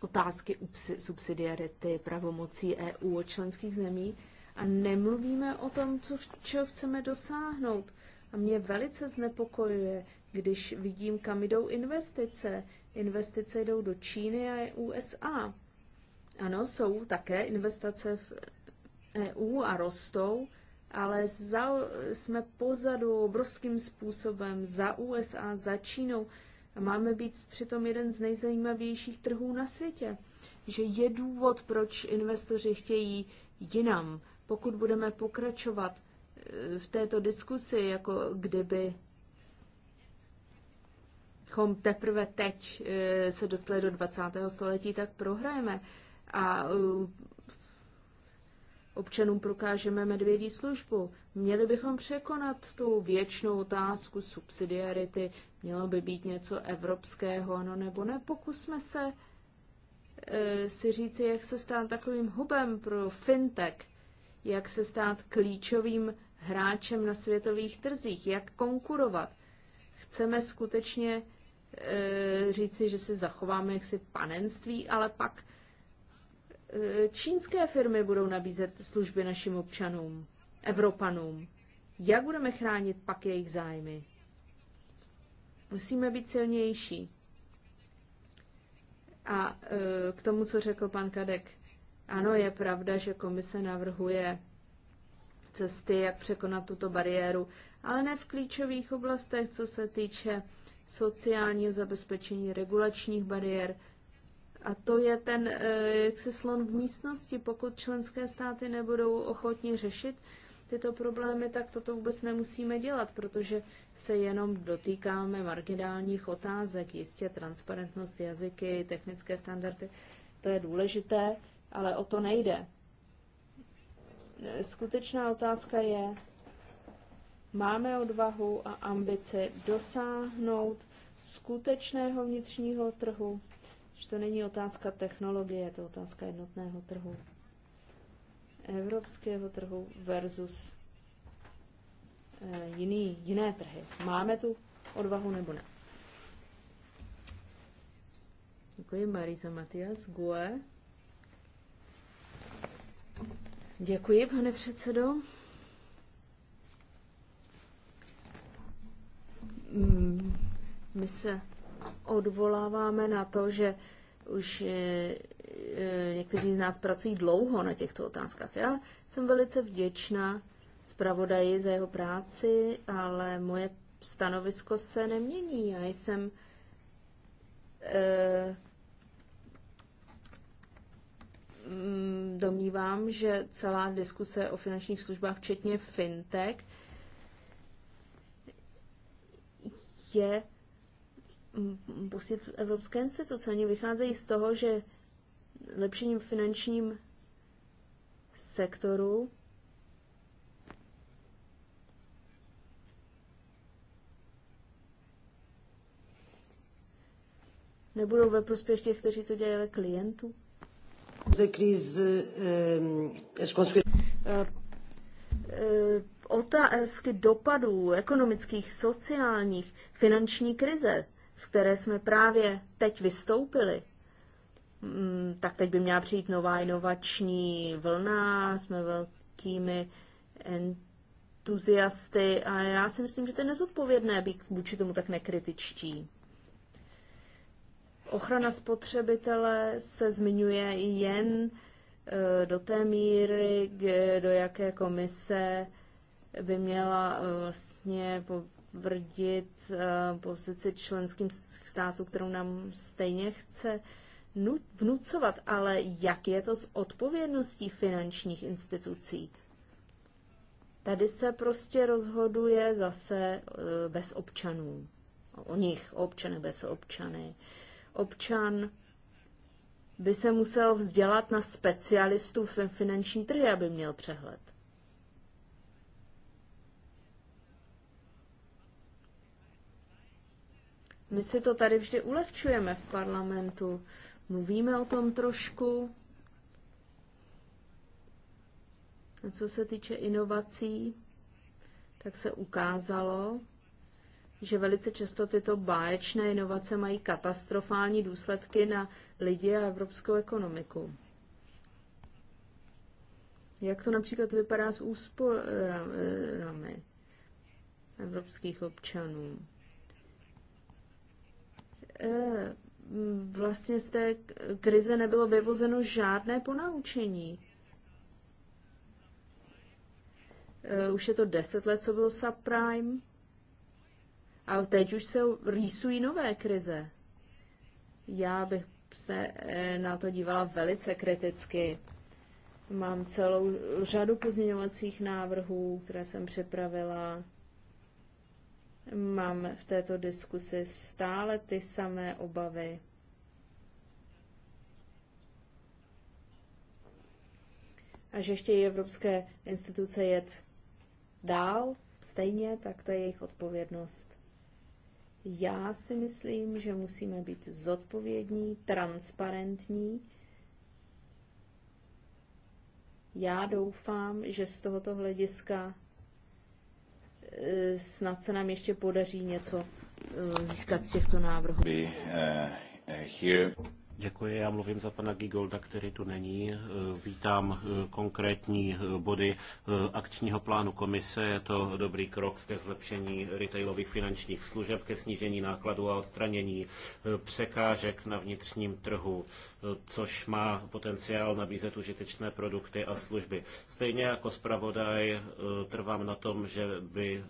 otázky subsidiarity, pravomocí EU od členských zemí a nemluvíme o tom, co, čeho chceme dosáhnout. A mě velice znepokojuje, když vidím, kam jdou investice. Investice jdou do Číny a USA. Ano, jsou také investice v EU a rostou, ale za, jsme pozadu obrovským způsobem za USA, za Čínou. A máme být přitom jeden z nejzajímavějších trhů na světě. Že je důvod, proč investoři chtějí jinam. Pokud budeme pokračovat eh, v této diskusi, jako kdyby chom teprve teď eh, se dostali do 20. století, tak prohrajeme. A eh, občanům prokážeme medvědí službu. Měli bychom překonat tu věčnou otázku subsidiarity, mělo by být něco evropského, ano nebo ne. Pokusme se e, si říci, jak se stát takovým hubem pro fintech, jak se stát klíčovým hráčem na světových trzích, jak konkurovat. Chceme skutečně e, říci, že si zachováme jaksi panenství, ale pak Eh, čínské firmy budou nabízet služby našim občanům, Evropanům? Jak budeme chránit pak jejich zájmy? Musíme být silnější. A eh, k tomu, co řekl pan Kadek, ano, je pravda, že komise navrhuje cesty, jak překonat tuto bariéru, ale ne v klíčových oblastech, co se týče sociálního zabezpečení regulačních bariér, a to je ten eh, jaksi slon v místnosti. Pokud členské státy nebudou ochotně řešit tyto problémy, tak toto vůbec nemusíme dělat, protože se jenom dotýkáme marginálních otázek. Jistě transparentnost, jazyky, technické standardy, to je důležité, ale o to nejde. Skutečná otázka je, máme odvahu a ambici dosáhnout skutečného vnitřního trhu že to není otázka technologie, je to otázka jednotného trhu. Evropského trhu versus eh, jiný, jiné trhy. Máme tu odvahu nebo ne? Děkuji Marisa Matias, GUE. Děkuji, pane předsedo. Mm, my se odvoláváme na to, že už eh, eh, někteří z nás pracují dlouho na těchto otázkách. Já jsem velice vděčná zpravodaji za jeho práci, ale moje stanovisko se nemění. Já jsem eh, mm, domnívám, že celá diskuse o finančních službách, včetně fintech, je vlastně evropské instituce. Oni vycházejí z toho, že lepšením finančním sektoru nebudou ve prospěch těch, kteří to dělají, ale klientů? Euh, eh, eh, otázky dopadů ekonomických, sociálních, finanční krize z které jsme právě teď vystoupili, mm, tak teď by měla přijít nová inovační vlna, jsme velkými entuziasty a já si myslím, že to je nezodpovědné být vůči tomu tak nekritičtí. Ochrana spotřebitele se zmiňuje jen eh, do té míry, do jaké komise by měla eh, vlastně tvrdit eh, pozici členským států, kterou nám stejně chce vnucovat, ale jak je to s odpovědností finančních institucí? Tady se prostě rozhoduje zase eh, bez občanů. O nich, o občany bez občany. Občan by se musel vzdělat na specialistů finanční trhy, aby měl přehled. My si to tady vždy ulehčujeme v parlamentu. Mluvíme o tom trošku. A co se týče inovací, tak se ukázalo, že velice často tyto báječné inovace mají katastrofální důsledky na lidi a evropskou ekonomiku. Jak to například vypadá s úsporami evropských občanů? E, vlastně z té krize nebylo vyvozeno žádné ponaučení. E, už je to deset let, co bylo subprime. A teď už se rýsují nové krize. Já bych se e, na to dívala velice kriticky. Mám celou řadu pozměňovacích návrhů, které jsem připravila. Mám v této diskusi stále ty samé obavy. A že chtějí evropské instituce jet dál stejně, tak to je jejich odpovědnost. Já si myslím, že musíme být zodpovědní, transparentní. Já doufám, že z tohoto hlediska Eh, snad se nám ještě podaří něco eh, získat z těchto návrhů. Be, uh, Děkuji, já mluvím za pana Gigolda, který tu není. E, vítám e, konkrétní e, body akčního plánu komise. Je to dobrý krok ke zlepšení retailových finančních služeb, ke snížení nákladů a odstranění překážek na vnitřním trhu, což má potenciál nabízet užitečné produkty a služby. Stejně jako zpravodaj trvám na tom, že by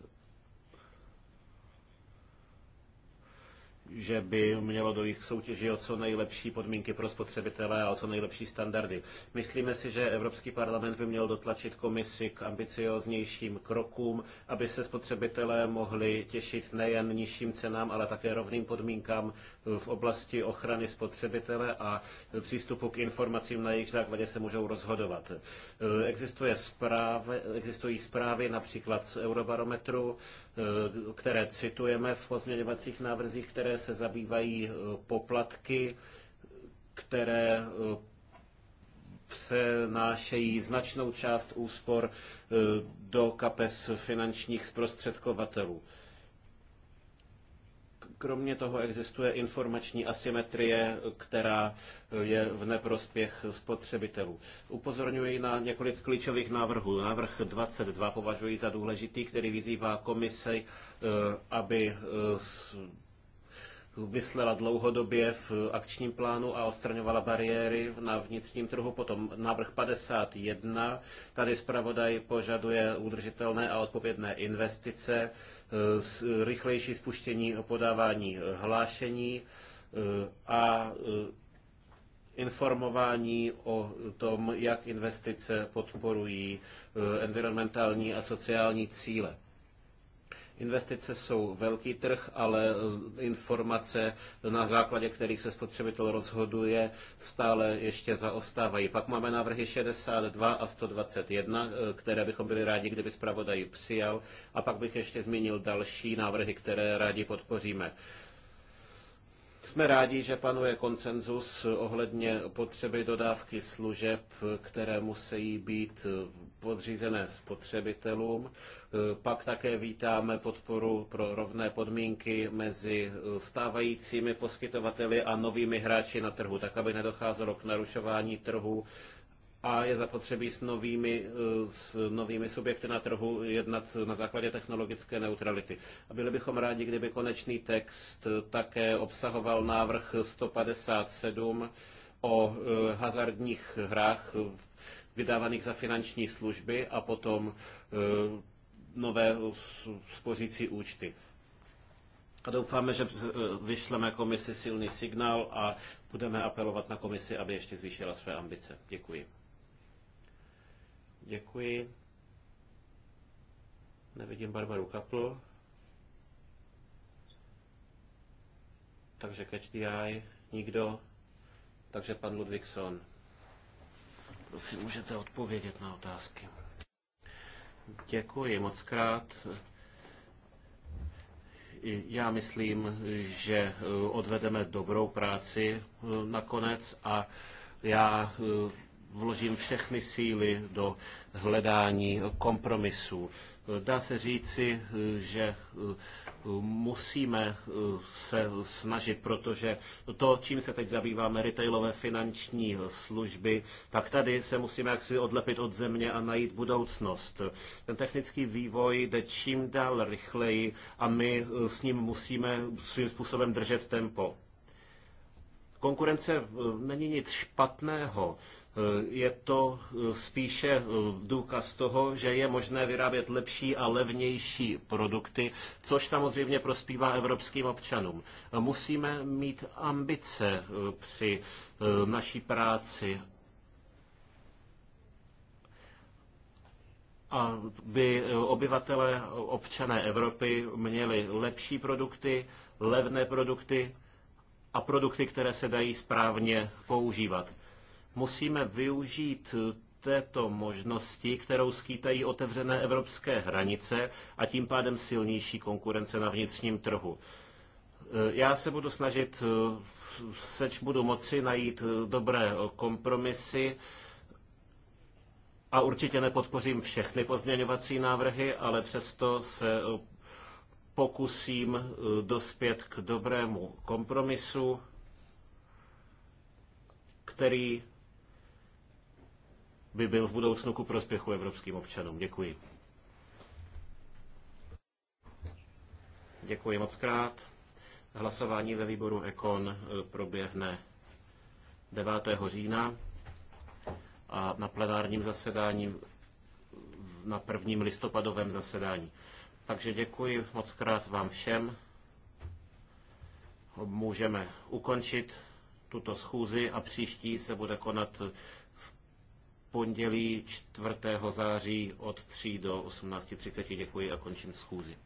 že by mělo dojít k soutěži o co nejlepší podmínky pro spotřebitele a o co nejlepší standardy. Myslíme si, že Evropský parlament by měl dotlačit komisi k ambicioznějším krokům, aby se spotřebitelé mohli těšit nejen nižším cenám, ale také rovným podmínkám v oblasti ochrany spotřebitele a přístupu k informacím, na jejich základě se můžou rozhodovat. Existuje zpráv, existují zprávy například z Eurobarometru, které citujeme v pozměňovacích návrzích, které se zabývají eh, poplatky, které přenášejí eh, značnou část úspor eh, do kapes finančních zprostředkovatelů. Kromě toho existuje informační asymetrie, která je v neprospěch spotřebitelů. Upozorňuji na několik klíčových návrhů. Návrh 22 považuji za důležitý, který vyzývá komisi, aby myslela dlouhodobě v akčním plánu a odstraňovala bariéry na vnitřním trhu. Potom návrh 51, tady zpravodaj požaduje udržitelné a odpovědné investice, e, rychlejší spuštění podávání hlášení e, a e, informování o tom, jak investice podporují environmentální a sociální cíle. Investice jsou velký trh, ale e, informace, na základě kterých se spotřebitel rozhoduje, stále ještě zaostávají. Pak máme návrhy 62 a 121, e, které bychom byli rádi, kdyby zpravodaj přijal. A pak bych ještě zmínil další návrhy, které rádi podpoříme. Jsme rádi, že panuje konsenzus ohledně potřeby dodávky služeb, které musí být podřízené spotřebitelům. Pak také vítáme podporu pro rovné podmínky mezi stávajícími poskytovateli a novými hráči na trhu, tak aby nedocházelo k narušování trhu a je zapotřebí s novými, eh, s novými subjekty na trhu jednat na základě technologické neutrality. A byli bychom rádi, kdyby konečný text také obsahoval návrh 157 o eh, hazardních hrách vydávaných za finanční služby a potom eh, nové spořící účty. A doufáme, že vyšleme komisi silný signál a budeme apelovat na komisi, aby ještě zvýšila své ambice. Děkuji. Děkuji. Nevidím Barbaru Kaplu. Takže catch the eye. Nikdo. Takže pan Ludvíkson. Prosím, můžete odpovědět na otázky. Děkuji moc krát. Já myslím, že eh, odvedeme dobrou práci eh, nakonec a já eh, vložím všechny síly do hledání kompromisů. Dá se říci, že eh, musíme eh, se snažit, protože to, čím se teď zabýváme, retailové finanční služby, tak tady se musíme jaksi odlepit od země a najít budoucnost. Ten technický vývoj jde čím dál rychleji a my eh, s ním musíme svým způsobem držet tempo. Konkurence není nic špatného je to eh, spíše eh, důkaz toho, že je možné vyrábět lepší a levnější produkty, což samozřejmě prospívá evropským občanům. Musíme mít ambice eh, při naší práci aby obyvatelé, občané Evropy měli lepší produkty, levné produkty a produkty, které se dají správně používat musíme využít této možnosti, kterou skýtají otevřené evropské hranice a tím pádem silnější konkurence na vnitřním trhu. Já se budu snažit, seč budu moci najít dobré kompromisy a určitě nepodpořím všechny pozměňovací návrhy, ale přesto se pokusím dospět k dobrému kompromisu, který by byl v budoucnu ku prospěchu evropským občanům. Děkuji. Děkuji moc krát. Hlasování ve výboru Ekon eh, proběhne 9. října a na plenárním zasedání na prvním listopadovém zasedání. Takže děkuji moc krát vám všem. Můžeme ukončit tuto schůzi a příští se bude konat pondělí 4. září od 3 do 18.30. Děkuji a končím schůzi.